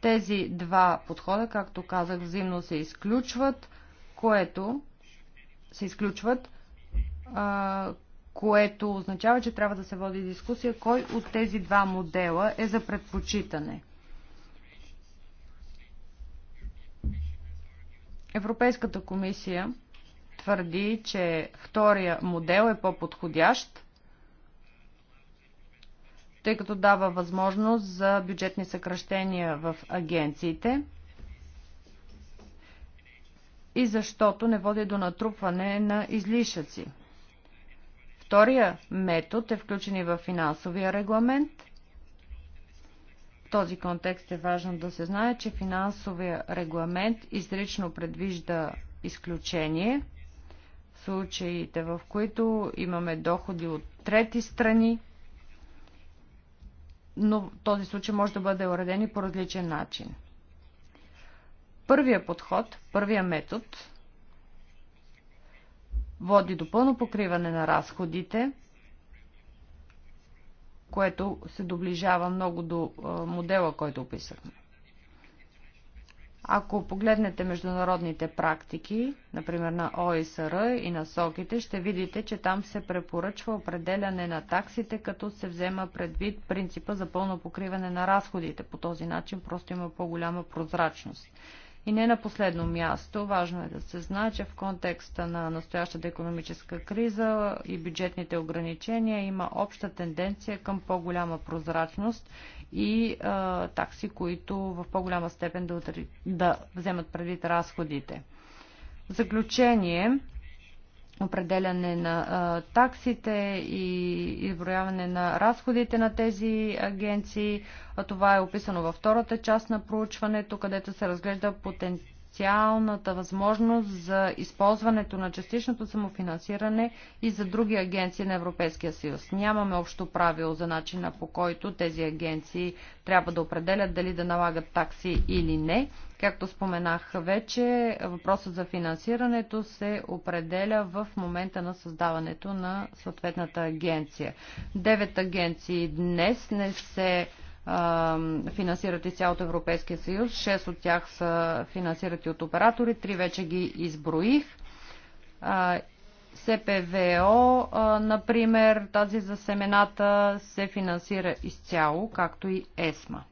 Тези два подхода, както казах, взаимно се изключват, което се изключват, а, което означава, че трябва да се води дискусия кой от тези два модела е за предпочитане. Европейската комисия твърди, че втория модел е по-подходящ, тъй като дава възможност за бюджетни съкръщения в агенциите и защото не води до натрупване на излишъци. Втория метод е включен и в финансовия регламент – този контекст е важно да се знае, че финансовия регламент изрично предвижда изключение в случаите, в които имаме доходи от трети страни, но този случай може да бъде уреден и по различен начин. Първия подход, първия метод води до пълно покриване на разходите – което се доближава много до модела, който описахме. Ако погледнете международните практики, например на ОСР и на соките, ще видите, че там се препоръчва определяне на таксите, като се взема предвид принципа за пълно покриване на разходите. По този начин просто има по-голяма прозрачност. И не на последно място, важно е да се знае, че в контекста на настоящата економическа криза и бюджетните ограничения има обща тенденция към по-голяма прозрачност и а, такси, които в по-голяма степен да, да вземат предвид разходите. В заключение, определяне на а, таксите и изброяване на разходите на тези агенции. А това е описано във втората част на проучването, където се разглежда потенциалната възможност за използването на частичното самофинансиране и за други агенции на Европейския съюз. Нямаме общо правило за начина по който тези агенции трябва да определят дали да налагат такси или не. Както споменах вече, въпросът за финансирането се определя в момента на създаването на съответната агенция. Девет агенции днес не се финансират изцяло от Европейския съюз. Шест от тях са финансирати от оператори. Три вече ги изброих. СПВО, например, тази за семената се финансира изцяло, както и ЕСМА.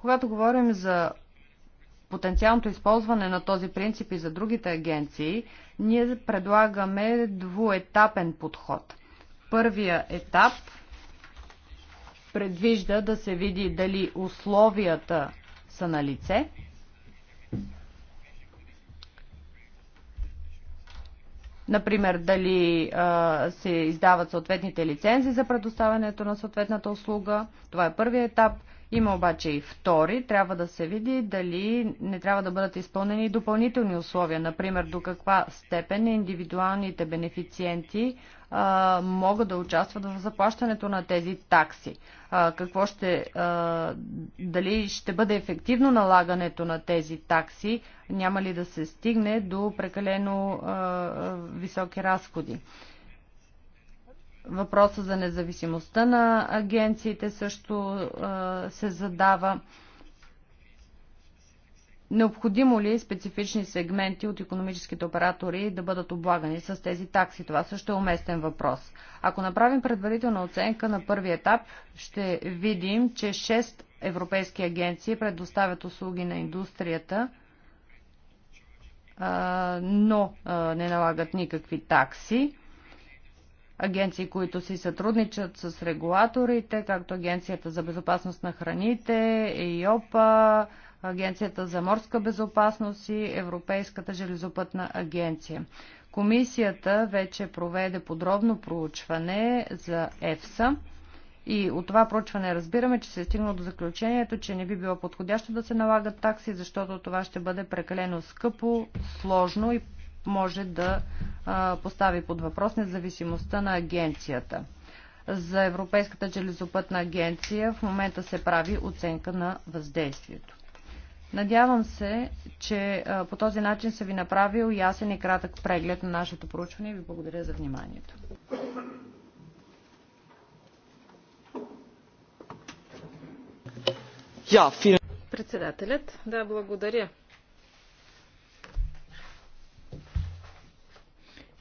Когато говорим за потенциалното използване на този принцип и за другите агенции, ние предлагаме двуетапен подход. Първия етап предвижда да се види дали условията са на лице. Например, дали а, се издават съответните лицензи за предоставянето на съответната услуга. Това е първият етап. Има обаче и втори. Трябва да се види дали не трябва да бъдат изпълнени допълнителни условия. Например, до каква степен индивидуалните бенефициенти а, могат да участват в заплащането на тези такси. А, какво ще, а, дали ще бъде ефективно налагането на тези такси, няма ли да се стигне до прекалено а, високи разходи. Въпроса за независимостта на агенциите също се задава. Необходимо ли специфични сегменти от економическите оператори да бъдат облагани с тези такси? Това също е уместен въпрос. Ако направим предварителна оценка на първи етап, ще видим, че 6 европейски агенции предоставят услуги на индустрията, но не налагат никакви такси агенции, които си сътрудничат с регулаторите, както Агенцията за безопасност на храните, ЕИОПА, Агенцията за морска безопасност и Европейската железопътна агенция. Комисията вече проведе подробно проучване за ЕФСА. И от това проучване разбираме, че се е стигнало до заключението, че не би било подходящо да се налагат такси, защото това ще бъде прекалено скъпо, сложно и може да постави под въпрос независимостта на агенцията. За Европейската железопътна агенция в момента се прави оценка на въздействието. Надявам се, че по този начин са ви направил ясен и кратък преглед на нашето проучване и ви благодаря за вниманието. Председателят, да, благодаря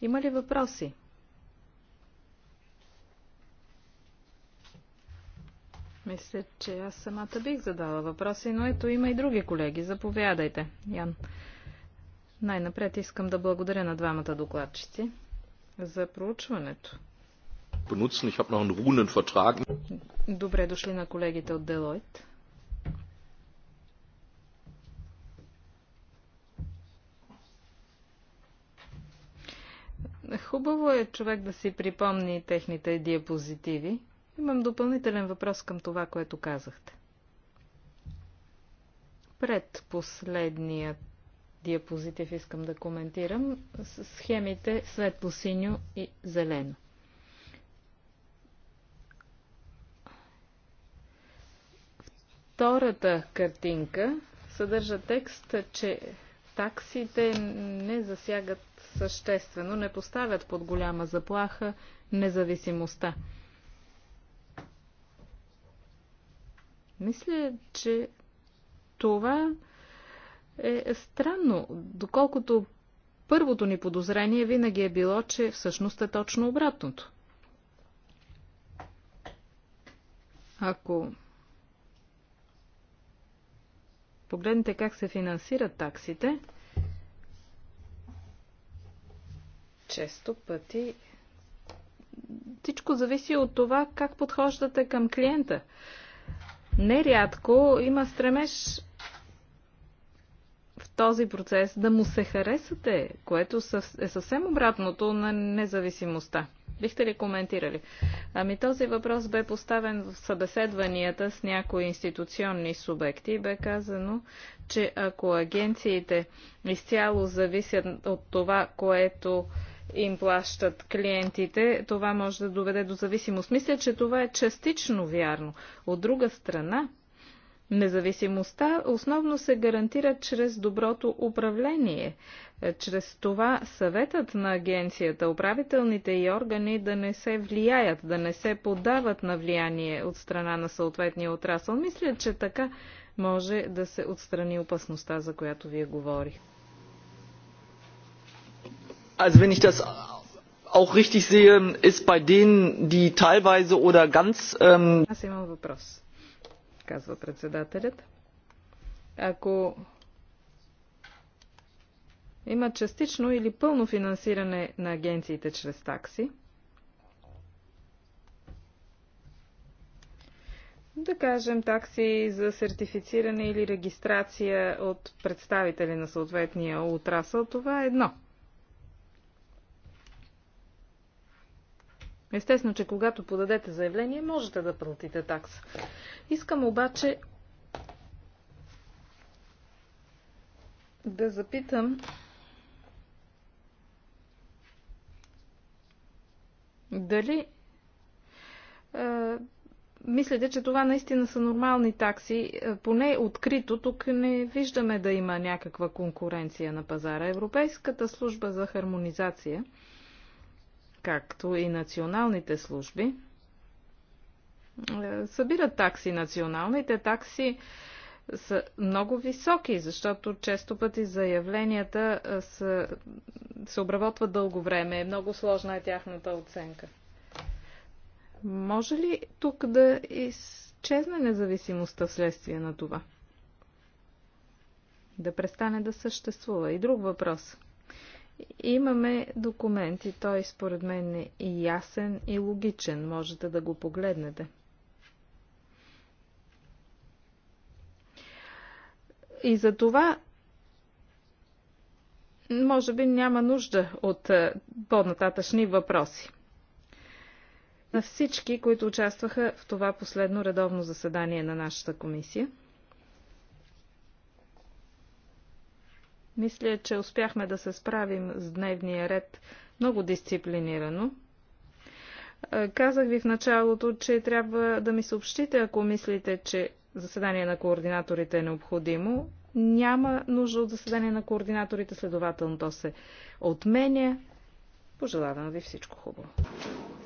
Има ли въпроси? Мисля, че аз самата бих задала въпроси, но ето има и други колеги. Заповядайте, Ян. Най-напред искам да благодаря на двамата докладчици за проучването. Добре дошли на колегите от Делойт. Хубаво е човек да си припомни техните диапозитиви. Имам допълнителен въпрос към това, което казахте. Пред последният диапозитив искам да коментирам с схемите светло синьо и зелено. Втората картинка съдържа текст, че таксите не засягат съществено не поставят под голяма заплаха независимостта. Мисля, че това е странно, доколкото първото ни подозрение винаги е било, че всъщност е точно обратното. Ако погледнете как се финансират таксите, Често пъти всичко зависи от това как подхождате към клиента. Нерядко има стремеж в този процес да му се харесате, което е съвсем обратното на независимостта. Бихте ли коментирали? Ами този въпрос бе поставен в събеседванията с някои институционни субекти. Бе казано, че ако агенциите изцяло зависят от това, което им плащат клиентите, това може да доведе до зависимост. Мисля, че това е частично вярно. От друга страна, Независимостта основно се гарантира чрез доброто управление, е, чрез това съветът на агенцията, управителните и органи да не се влияят, да не се подават на влияние от страна на съответния отрасъл. Мисля, че така може да се отстрани опасността, за която вие говорихте also wenn ich das auch richtig sehe, ist bei denen, die teilweise oder ganz... Ähm Аз имам въпрос, казва председателят. Ако има частично или пълно финансиране на агенциите чрез такси, да кажем, такси за сертифициране или регистрация от представители на съответния отрасъл, това е едно – Естествено, че когато подадете заявление, можете да платите такса. Искам обаче да запитам дали е, мислите, че това наистина са нормални такси. Е, поне открито тук не виждаме да има някаква конкуренция на пазара. Европейската служба за хармонизация – както и националните служби, е, събират такси. Националните такси са много високи, защото често пъти заявленията е, са, се обработват дълго време. Много сложна е тяхната оценка. Може ли тук да изчезне независимостта вследствие на това? Да престане да съществува. И друг въпрос – Имаме документи. Той според мен е и ясен и логичен. Можете да го погледнете. И за това може би няма нужда от е, по-нататъчни въпроси. На всички, които участваха в това последно редовно заседание на нашата комисия. Мисля, че успяхме да се справим с дневния ред много дисциплинирано. Казах ви в началото, че трябва да ми съобщите, ако мислите, че заседание на координаторите е необходимо. Няма нужда от заседание на координаторите, следователно то се отменя. Пожелавам ви всичко хубаво.